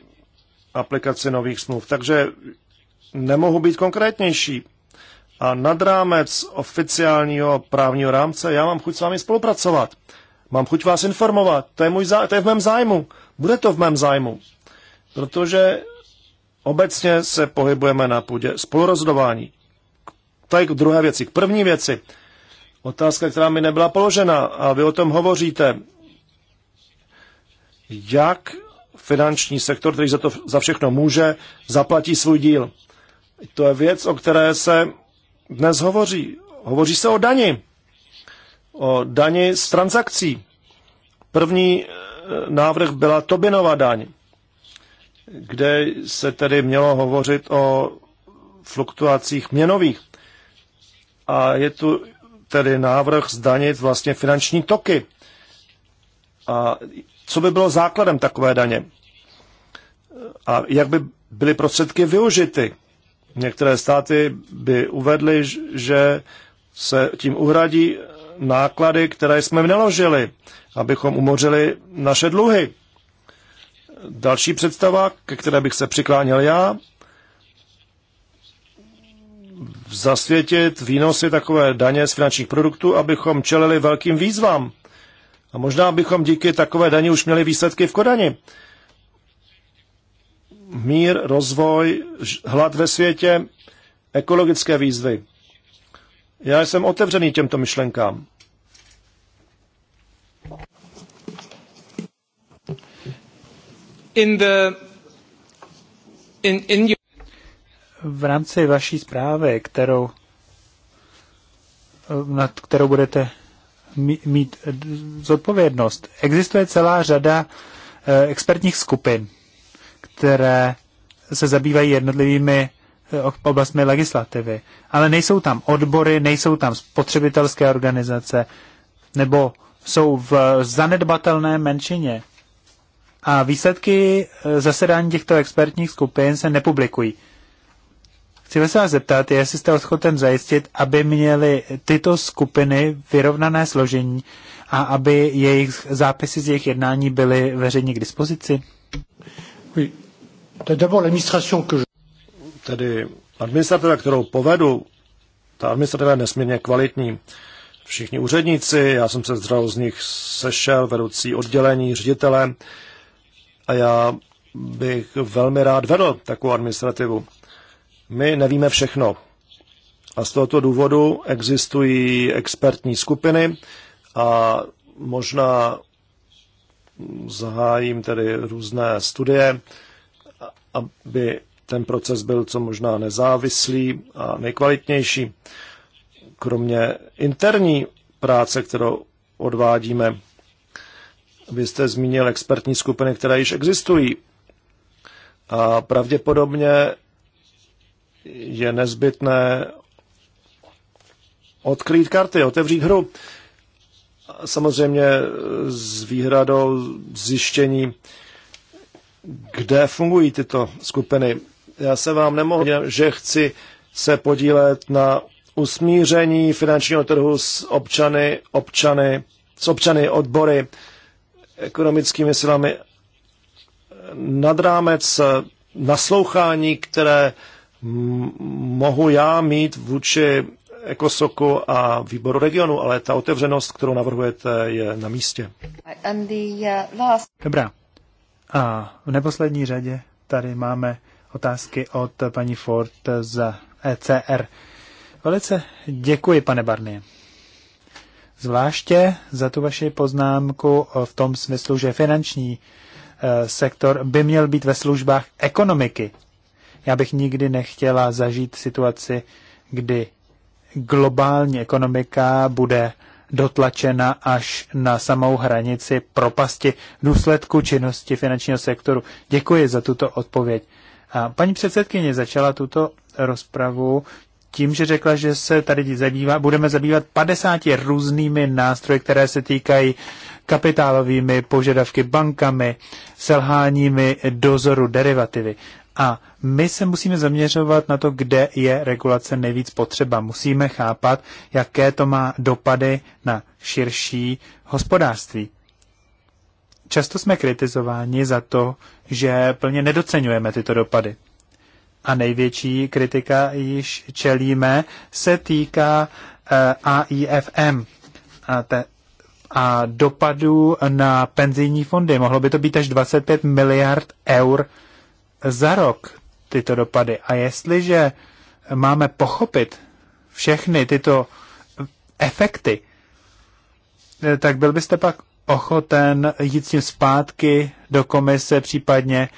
Speaker 3: aplikaci nových smluv. Takže nemohu být konkrétnější. A nad rámec oficiálního právního rámce já mám chuť s vámi spolupracovat. Mám chuť vás informovat. To je, můj zá... to je v mém zájmu. Bude to v mém zájmu. Protože obecně se pohybujeme na půdě spolurozhodování. je k druhé věci. K první věci. Otázka, která mi nebyla položena a vy o tom hovoříte. Jak finanční sektor, který za to za všechno může, zaplatí svůj díl? To je věc, o které se dnes hovoří. Hovoří se o dani o dani z transakcí. První eh, návrh byla Tobinova daň, kde se tedy mělo hovořit o fluktuacích měnových. A je tu tedy návrh zdanit vlastně finanční toky. A co by bylo základem takové daně? A jak by byly prostředky využity? Některé státy by uvedly, že se tím uhradí náklady, které jsme vynaložili, abychom umořili naše dluhy. Další představa, ke které bych se přikláněl já, zasvětit výnosy takové daně z finančních produktů, abychom čelili velkým výzvám. A možná bychom díky takové daně už měli výsledky v Kodani. Mír, rozvoj, hlad ve světě, ekologické výzvy. Já jsem otevřený těmto myšlenkám.
Speaker 2: In the, in, in...
Speaker 1: V rámci vaší zprávy, kterou, nad kterou budete mít zodpovědnost, existuje celá řada eh, expertních skupin, které se zabývají jednotlivými Eh, oblastmi legislativy. Ale nejsou tam odbory, nejsou tam spotřebitelské organizace, nebo jsou v zanedbatelné menšině. A výsledky eh, zasedání těchto expertních skupin se nepublikují. Chci se vás zeptat, jestli jste ochoten zajistit, aby měly tyto skupiny vyrovnané složení a aby jejich zápisy z jejich jednání byly veřejně k dispozici? Oui. D'abord
Speaker 3: l'administration que je tedy administrativa, kterou povedu, ta administrativa je nesmírně kvalitní. Všichni úředníci, já jsem se z nich sešel, vedoucí oddělení, ředitele a já bych velmi rád vedl takovou administrativu. My nevíme všechno. A z tohoto důvodu existují expertní skupiny a možná zahájím tedy různé studie, aby ten proces byl co možná nezávislý a nejkvalitnější. Kromě interní práce, kterou odvádíme, vy jste zmínil expertní skupiny, které již existují. A pravděpodobně je nezbytné odkrýt karty, otevřít hru. Samozřejmě s výhradou zjištění, kde fungují tyto skupiny, já se vám nemohu že chci se podílet na usmíření finančního trhu s občany, občany, s občany, odbory, ekonomickými silami nad rámec naslouchání, které mohu já mít vůči Ekosoku a výboru regionu, ale ta otevřenost, kterou navrhujete, je na místě.
Speaker 1: Uh, Dobrá. A v neposlední řadě tady máme otázky od paní Ford z ECR. Velice děkuji, pane Barnie. Zvláště za tu vaši poznámku v tom smyslu, že finanční eh, sektor by měl být ve službách ekonomiky. Já bych nikdy nechtěla zažít situaci, kdy globální ekonomika bude dotlačena až na samou hranici propasti v důsledku činnosti finančního sektoru. Děkuji za tuto odpověď. A paní předsedkyně začala tuto rozpravu tím, že řekla, že se tady zabývá, budeme zabývat 50 různými nástroji, které se týkají kapitálovými požadavky bankami, selháními dozoru derivativy. A my se musíme zaměřovat na to, kde je regulace nejvíc potřeba. Musíme chápat, jaké to má dopady na širší hospodářství. Často jsme kritizováni za to, že plně nedocenujeme tyto dopady. A největší kritika již čelíme se týká eh, AIFM a, te, a dopadů na penzijní fondy. Mohlo by to být až 25 miliard eur za rok tyto dopady. A jestliže máme pochopit všechny tyto efekty, eh, tak byl byste pak ochoten jít s tím zpátky do komise, případně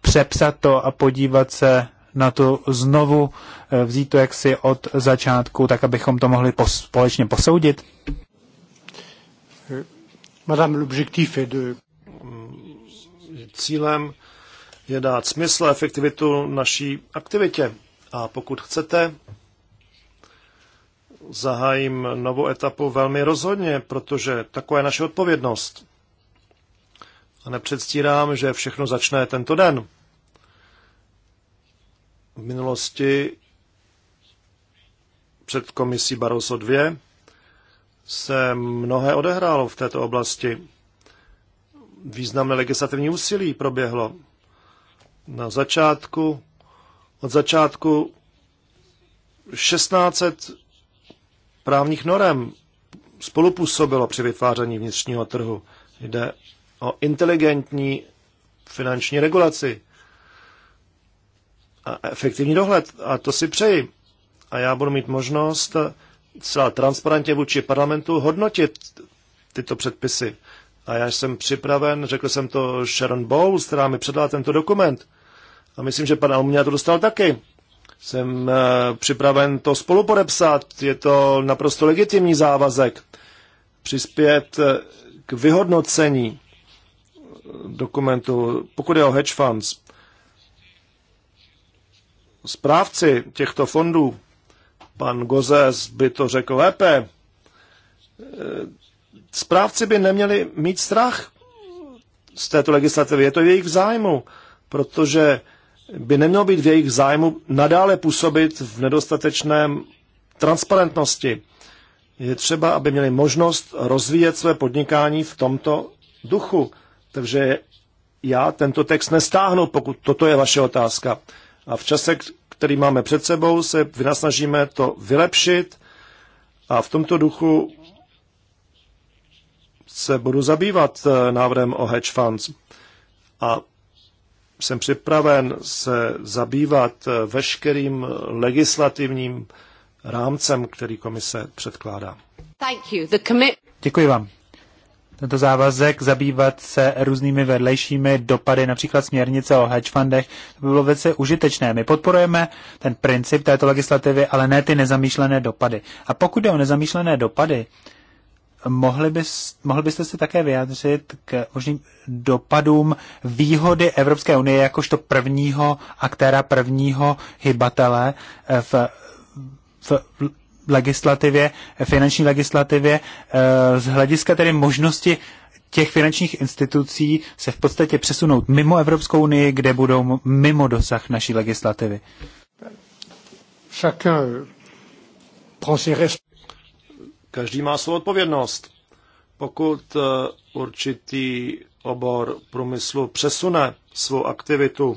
Speaker 1: přepsat to a podívat se na to znovu, eh, vzít to jaksi od začátku, tak abychom to mohli pos- společně posoudit?
Speaker 3: Madame, l'objectif de... Cílem je dát smysl a efektivitu naší aktivitě. A pokud chcete, zahájím novou etapu velmi rozhodně, protože taková je naše odpovědnost. A nepředstírám, že všechno začne tento den. V minulosti před komisí Barroso 2 se mnohé odehrálo v této oblasti. Významné legislativní úsilí proběhlo. Na začátku, od začátku 1600 právních norem spolupůsobilo při vytváření vnitřního trhu. Jde o inteligentní finanční regulaci a efektivní dohled. A to si přeji. A já budu mít možnost celá transparentně vůči parlamentu hodnotit tyto předpisy. A já jsem připraven, řekl jsem to Sharon Bowles, která mi předala tento dokument. A myslím, že pan Almunia to dostal taky jsem eh, připraven to spolupodepsat. Je to naprosto legitimní závazek přispět eh, k vyhodnocení eh, dokumentu, pokud je o hedge funds. Správci těchto fondů, pan Gozes by to řekl lépe, správci by neměli mít strach z této legislativy. Je to jejich zájmu, protože by nemělo být v jejich zájmu nadále působit v nedostatečném transparentnosti. Je třeba, aby měli možnost rozvíjet své podnikání v tomto duchu. Takže já tento text nestáhnu, pokud toto je vaše otázka. A v čase, který máme před sebou, se vynasnažíme to vylepšit a v tomto duchu se budu zabývat eh, návrhem o hedge funds. A jsem připraven se zabývat eh, veškerým legislativním rámcem, který komise předkládá. Děkuji vám. Tento závazek
Speaker 1: zabývat se různými vedlejšími dopady, například směrnice o hedge fundech, by bylo velice užitečné. My podporujeme ten princip této legislativy, ale ne ty nezamýšlené dopady. A pokud jde o nezamýšlené dopady, mohli, bys, mohli byste se také vyjádřit k možným dopadům výhody Evropské unie jakožto prvního aktéra, prvního hybatele eh, v, v legislativě, finanční legislativě, eh, z hlediska tedy možnosti těch finančních institucí se v podstatě přesunout mimo Evropskou unii, kde budou mimo dosah naší
Speaker 4: legislativy. Chacun prend ses
Speaker 3: Každý má svou odpovědnost. Pokud eh, určitý obor průmyslu přesune svou aktivitu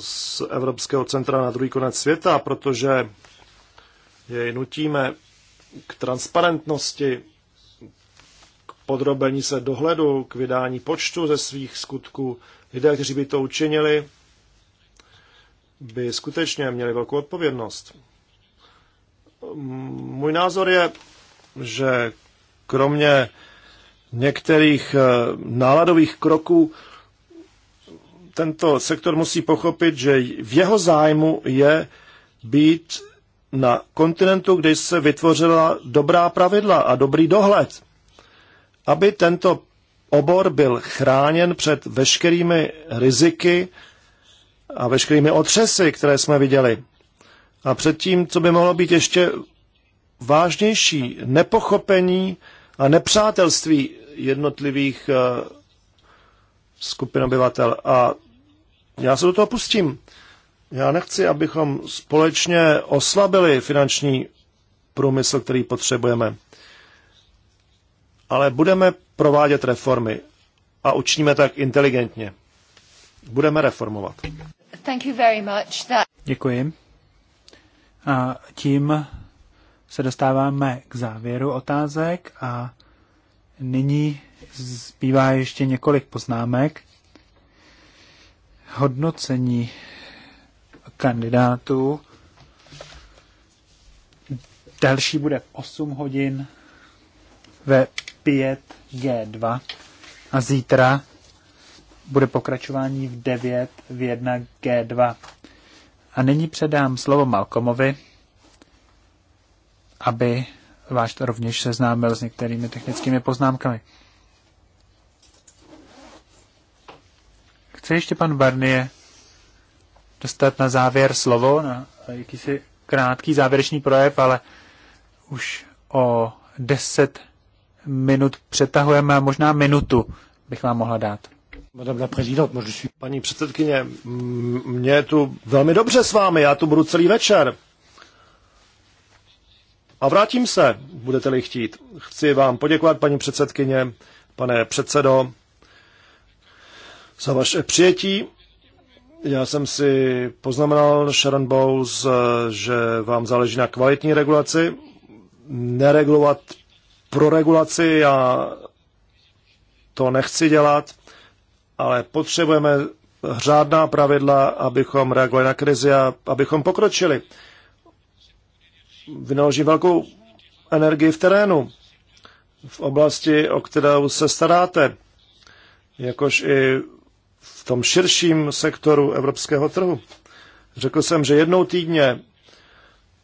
Speaker 3: z Evropského centra na druhý konec světa, protože jej nutíme k transparentnosti, k podrobení se dohledu, k vydání počtu ze svých skutků. Lidé, kteří by to učinili, by skutečně měli velkou odpovědnost. Můj názor je, že kromě některých eh, náladových kroků tento sektor musí pochopit, že v jeho zájmu je být na kontinentu, kde se vytvořila dobrá pravidla a dobrý dohled, aby tento obor byl chráněn před veškerými riziky a veškerými otřesy, které jsme viděli. A před tím, co by mohlo být ještě vážnější nepochopení a nepřátelství jednotlivých eh, skupin obyvatel. A já se do toho pustím. Já nechci, abychom společně oslabili finanční průmysl, který potřebujeme. Ale budeme provádět reformy a učiníme tak inteligentně. Budeme reformovat.
Speaker 2: Thank you very much.
Speaker 3: Děkuji. A tím se
Speaker 1: dostáváme k závěru otázek a nyní zbývá ještě několik poznámek. Hodnocení kandidátů. Další bude v 8 hodin ve 5G2 a zítra bude pokračování v 9 v 1G2. A nyní předám slovo Malkomovi aby váš to rovněž seznámil s některými technickými poznámkami. Chce ještě pan Barnie dostat na závěr slovo, na jakýsi krátký závěrečný projev, ale už o deset minut přetahujeme a možná minutu
Speaker 3: bych vám mohla dát. Paní předsedkyně, mě je tu velmi dobře s vámi, já tu budu celý večer. A vrátím se, budete-li chtít. Chci vám poděkovat, paní předsedkyně, pane předsedo, za vaše přijetí. Já jsem si poznamenal, Sharon Bowes, že vám záleží na kvalitní regulaci, neregulovat pro regulaci, já to nechci dělat, ale potřebujeme řádná pravidla, abychom reagovali na krizi a abychom pokročili vynaloží velkou energii v terénu, v oblasti, o kterou se staráte, jakož i v tom širším sektoru evropského trhu. Řekl jsem, že jednou týdně,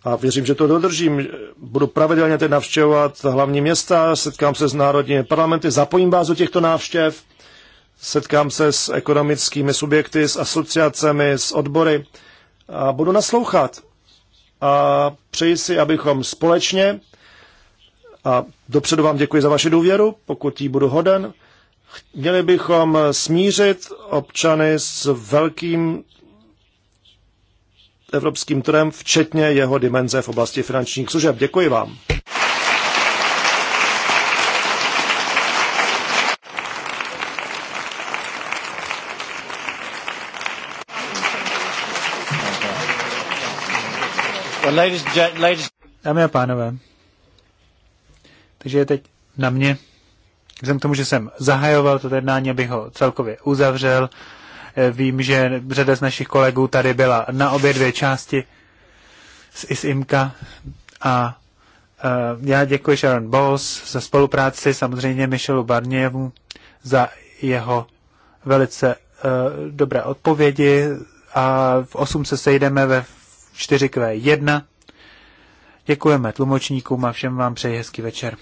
Speaker 3: a věřím, že to dodržím, budu pravidelně teď navštěvovat hlavní města, setkám se s národními parlamenty, zapojím vás do těchto návštěv, setkám se s ekonomickými subjekty, s asociacemi, s odbory a budu naslouchat a přeji si, abychom společně a dopředu vám děkuji za vaši důvěru, pokud jí budu hoden. Měli bychom smířit občany s velkým evropským trhem, včetně jeho dimenze v oblasti finančních služeb. Děkuji vám.
Speaker 1: Dámy a pánové, takže je teď na mě, vzhledem k tomu, že jsem zahajoval toto jednání, abych ho celkově uzavřel. Eh, vím, že řada z našich kolegů tady byla na obě dvě části z ISIMKA a eh, já děkuji Sharon Bowles za spolupráci, samozřejmě Michelu Barnievu za jeho velice eh, dobré odpovědi a v 8 se sejdeme ve 4Q1. Děkujeme tlumočníkům a všem vám přeji hezký večer.